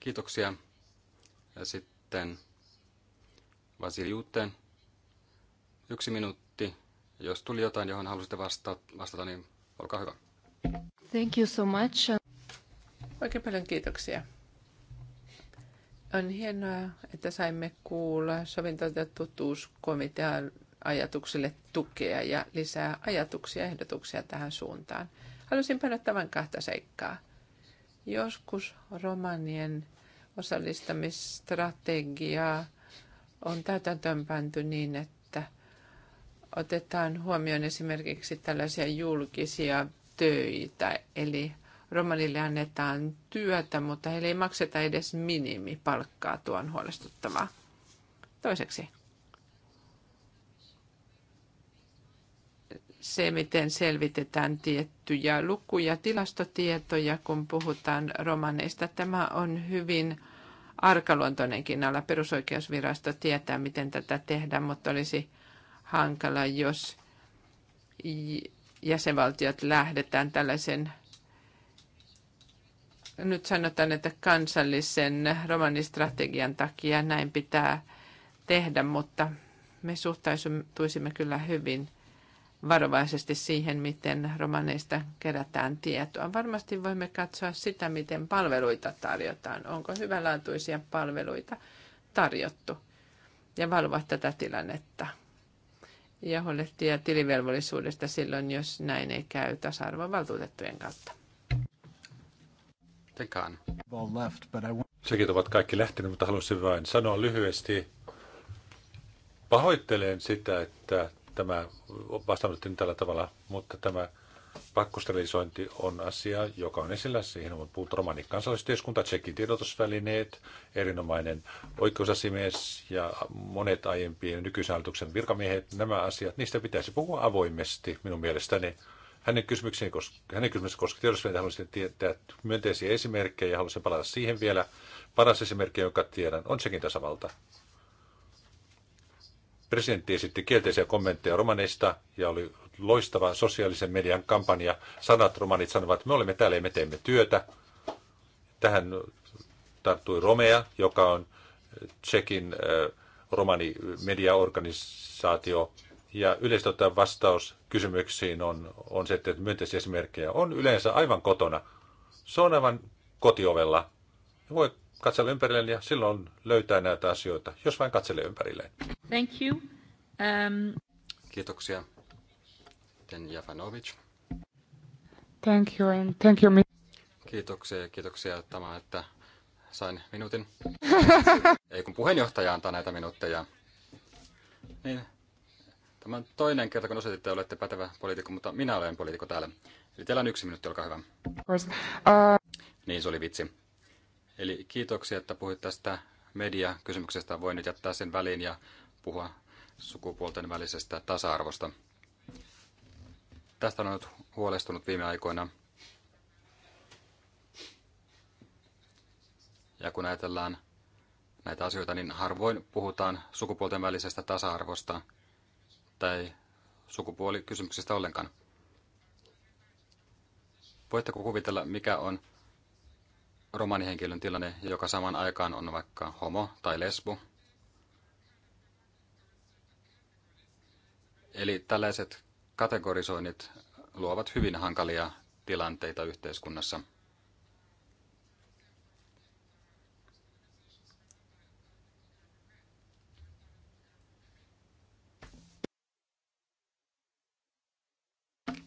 Kiitoksia. Ja sitten Vasiliuteen. Yksi minuutti. Jos tuli jotain, johon halusitte vastata, vastata niin olkaa hyvä. Thank you so much. Oikein paljon kiitoksia. On hienoa, että saimme kuulla sovintotutuuskomitean ajatuksille tukea ja lisää ajatuksia ja ehdotuksia tähän suuntaan. Halusin painottaa vain kahta seikkaa. Joskus romanien osallistamistrategia on täytäntöönpänty niin, että otetaan huomioon esimerkiksi tällaisia julkisia töitä, eli romanille annetaan työtä, mutta heille ei makseta edes minimipalkkaa, tuo on huolestuttavaa. Toiseksi, se, miten selvitetään tiettyjä lukuja, tilastotietoja, kun puhutaan romaneista. Tämä on hyvin arkaluontoinenkin ala. Perusoikeusvirasto tietää, miten tätä tehdään, mutta olisi hankala, jos jäsenvaltiot lähdetään tällaisen nyt sanotaan, että kansallisen romanistrategian takia näin pitää tehdä, mutta me suhtautuisimme kyllä hyvin varovaisesti siihen, miten romaneista kerätään tietoa. Varmasti voimme katsoa sitä, miten palveluita tarjotaan. Onko hyvänlaatuisia palveluita tarjottu ja valvoa tätä tilannetta ja huolehtia tilivelvollisuudesta silloin, jos näin ei käy tasa-arvon valtuutettujen kautta. Tekaan. Sekin ovat kaikki lähteneet, mutta halusin vain sanoa lyhyesti. Pahoittelen sitä, että tämä vastaanotettiin tällä tavalla, mutta tämä Pakkosterilisointi on asia, joka on esillä. Siihen on puhuttu romani kansalaisyhteiskunta, tsekin tiedotusvälineet, erinomainen oikeusasimies ja monet aiempien nykyisen virkamiehet. Nämä asiat, niistä pitäisi puhua avoimesti minun mielestäni. Hänen kysymykseni koski, hänen koska koski tiedotusvälineitä. Haluaisin tietää myönteisiä esimerkkejä ja haluaisin palata siihen vielä. Paras esimerkki, jonka tiedän, on tsekin tasavalta presidentti esitti kielteisiä kommentteja romaneista ja oli loistava sosiaalisen median kampanja. Sanat romanit sanovat, että me olemme täällä ja me teemme työtä. Tähän tarttui Romea, joka on Tsekin äh, romanimediaorganisaatio. Ja yleisesti ottaen vastaus kysymyksiin on, on se, että myönteisiä esimerkkejä on yleensä aivan kotona. Se on aivan kotiovella. Voi katsella ympärilleen ja silloin löytää näitä asioita, jos vain katselee ympärilleen. Thank you. Um... Kiitoksia sitten Jafanovic. Thank you and thank you. Kiitoksia ja kiitoksia tämä, että sain minuutin. Ei kun puheenjohtaja antaa näitä minuutteja. Niin. Tämä on toinen kerta, kun osoititte, että olette pätevä poliitikko, mutta minä olen poliitikko täällä. Eli teillä on yksi minuutti, olkaa hyvä. Uh, niin, se oli vitsi. Eli kiitoksia, että puhuit tästä mediakysymyksestä. Voin nyt jättää sen väliin ja puhua sukupuolten välisestä tasa-arvosta. Tästä on ollut huolestunut viime aikoina. Ja kun ajatellaan näitä asioita, niin harvoin puhutaan sukupuolten välisestä tasa-arvosta tai sukupuolikysymyksistä ollenkaan. Voitteko kuvitella, mikä on romanihenkilön tilanne, joka saman aikaan on vaikka homo tai lesbu? Eli tällaiset kategorisoinnit luovat hyvin hankalia tilanteita yhteiskunnassa.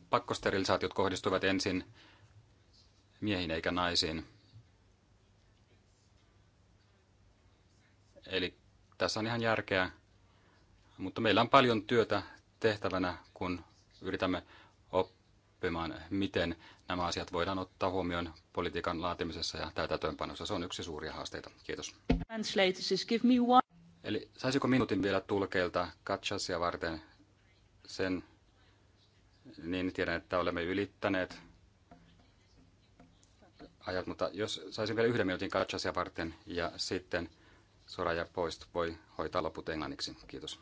Pakkosterilisaatiot kohdistuvat ensin miehiin eikä naisiin. Eli tässä on ihan järkeä, mutta meillä on paljon työtä tehtävänä, kun yritämme oppimaan, miten nämä asiat voidaan ottaa huomioon politiikan laatimisessa ja täytäntöönpanossa. Se on yksi suuria haasteita. Kiitos. Eli saisiko minuutin vielä tulkeilta Katsasia varten sen, niin tiedän, että olemme ylittäneet ajat, mutta jos saisin vielä yhden minuutin Katsasia varten ja sitten Soraya Poist voi hoitaa loput englanniksi. Kiitos.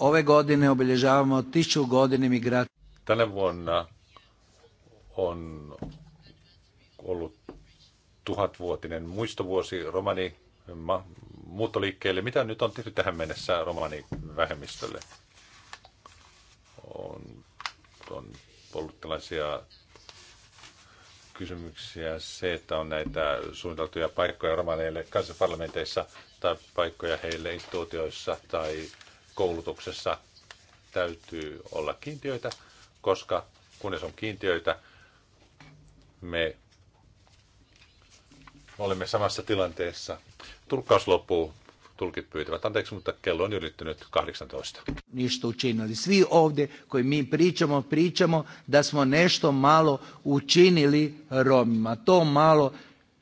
Ove godine obilježavamo tisuću godine migracije. Tänä vuonna on ollut tuhatvuotinen muistovuosi romani ma, muuttoliikkeelle. Mitä nyt on tehty tähän mennessä vähemmistölle? On, on ollut tällaisia kysymyksiä se, että on näitä suunniteltuja paikkoja romaneille kansanparlamenteissa tai paikkoja heille instituutioissa tai koulutuksessa täytyy olla kiintiöitä, koska kunnes on kiintiöitä, me olemme samassa tilanteessa. Tulkkaus loppuu. Tulkit pyytävät anteeksi, mutta kello on ylittynyt 18. Ništa učinili. Svi ovdje koji mi pričamo, pričamo da smo nešto malo učinili Romima. To malo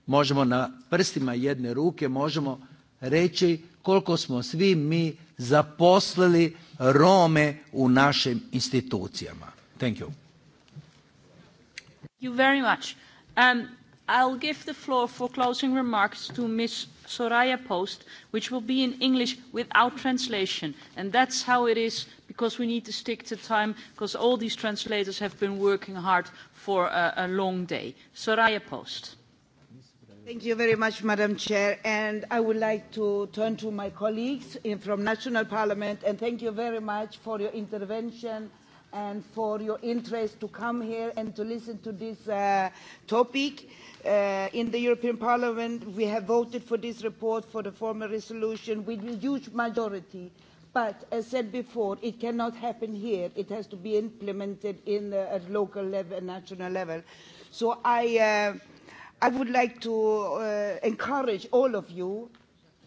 možemo na prstima jedne ruke možemo reći koliko smo svi mi zaposlili Rome u našim institucijama. Thank you. you very much. Um, I'll give the floor for closing remarks to Ms. Soraya Post, which will be in English without translation. And that's how it is because we need to stick to time because all these translators have been working hard for a, a long day. Soraya Post. Thank you very much, Madam Chair. And I would like to turn to my colleagues in, from National Parliament and thank you very much for your intervention and for your interest to come here and to listen to this uh, topic. Uh, in the European Parliament, we have voted for this report for the former resolution with a huge majority. But as said before, it cannot happen here. It has to be implemented in, the, at local level and national level. So I... Uh, I would like to uh, encourage all of you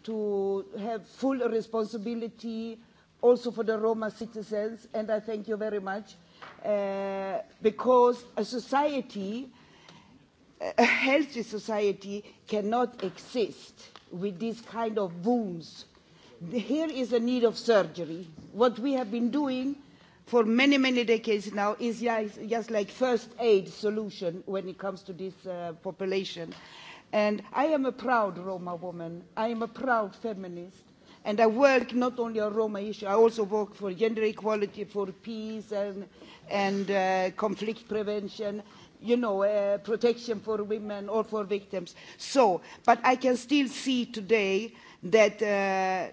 to have full responsibility also for the Roma citizens, and I thank you very much, uh, because a society, a healthy society, cannot exist with these kind of wounds. Here is a need of surgery. What we have been doing for many, many decades now is just like first aid solution when it comes to this uh, population. And I am a proud Roma woman. I am a proud feminist. And I work not only on Roma issue, I also work for gender equality, for peace and, and uh, conflict prevention, you know, uh, protection for women or for victims. So, but I can still see today that uh,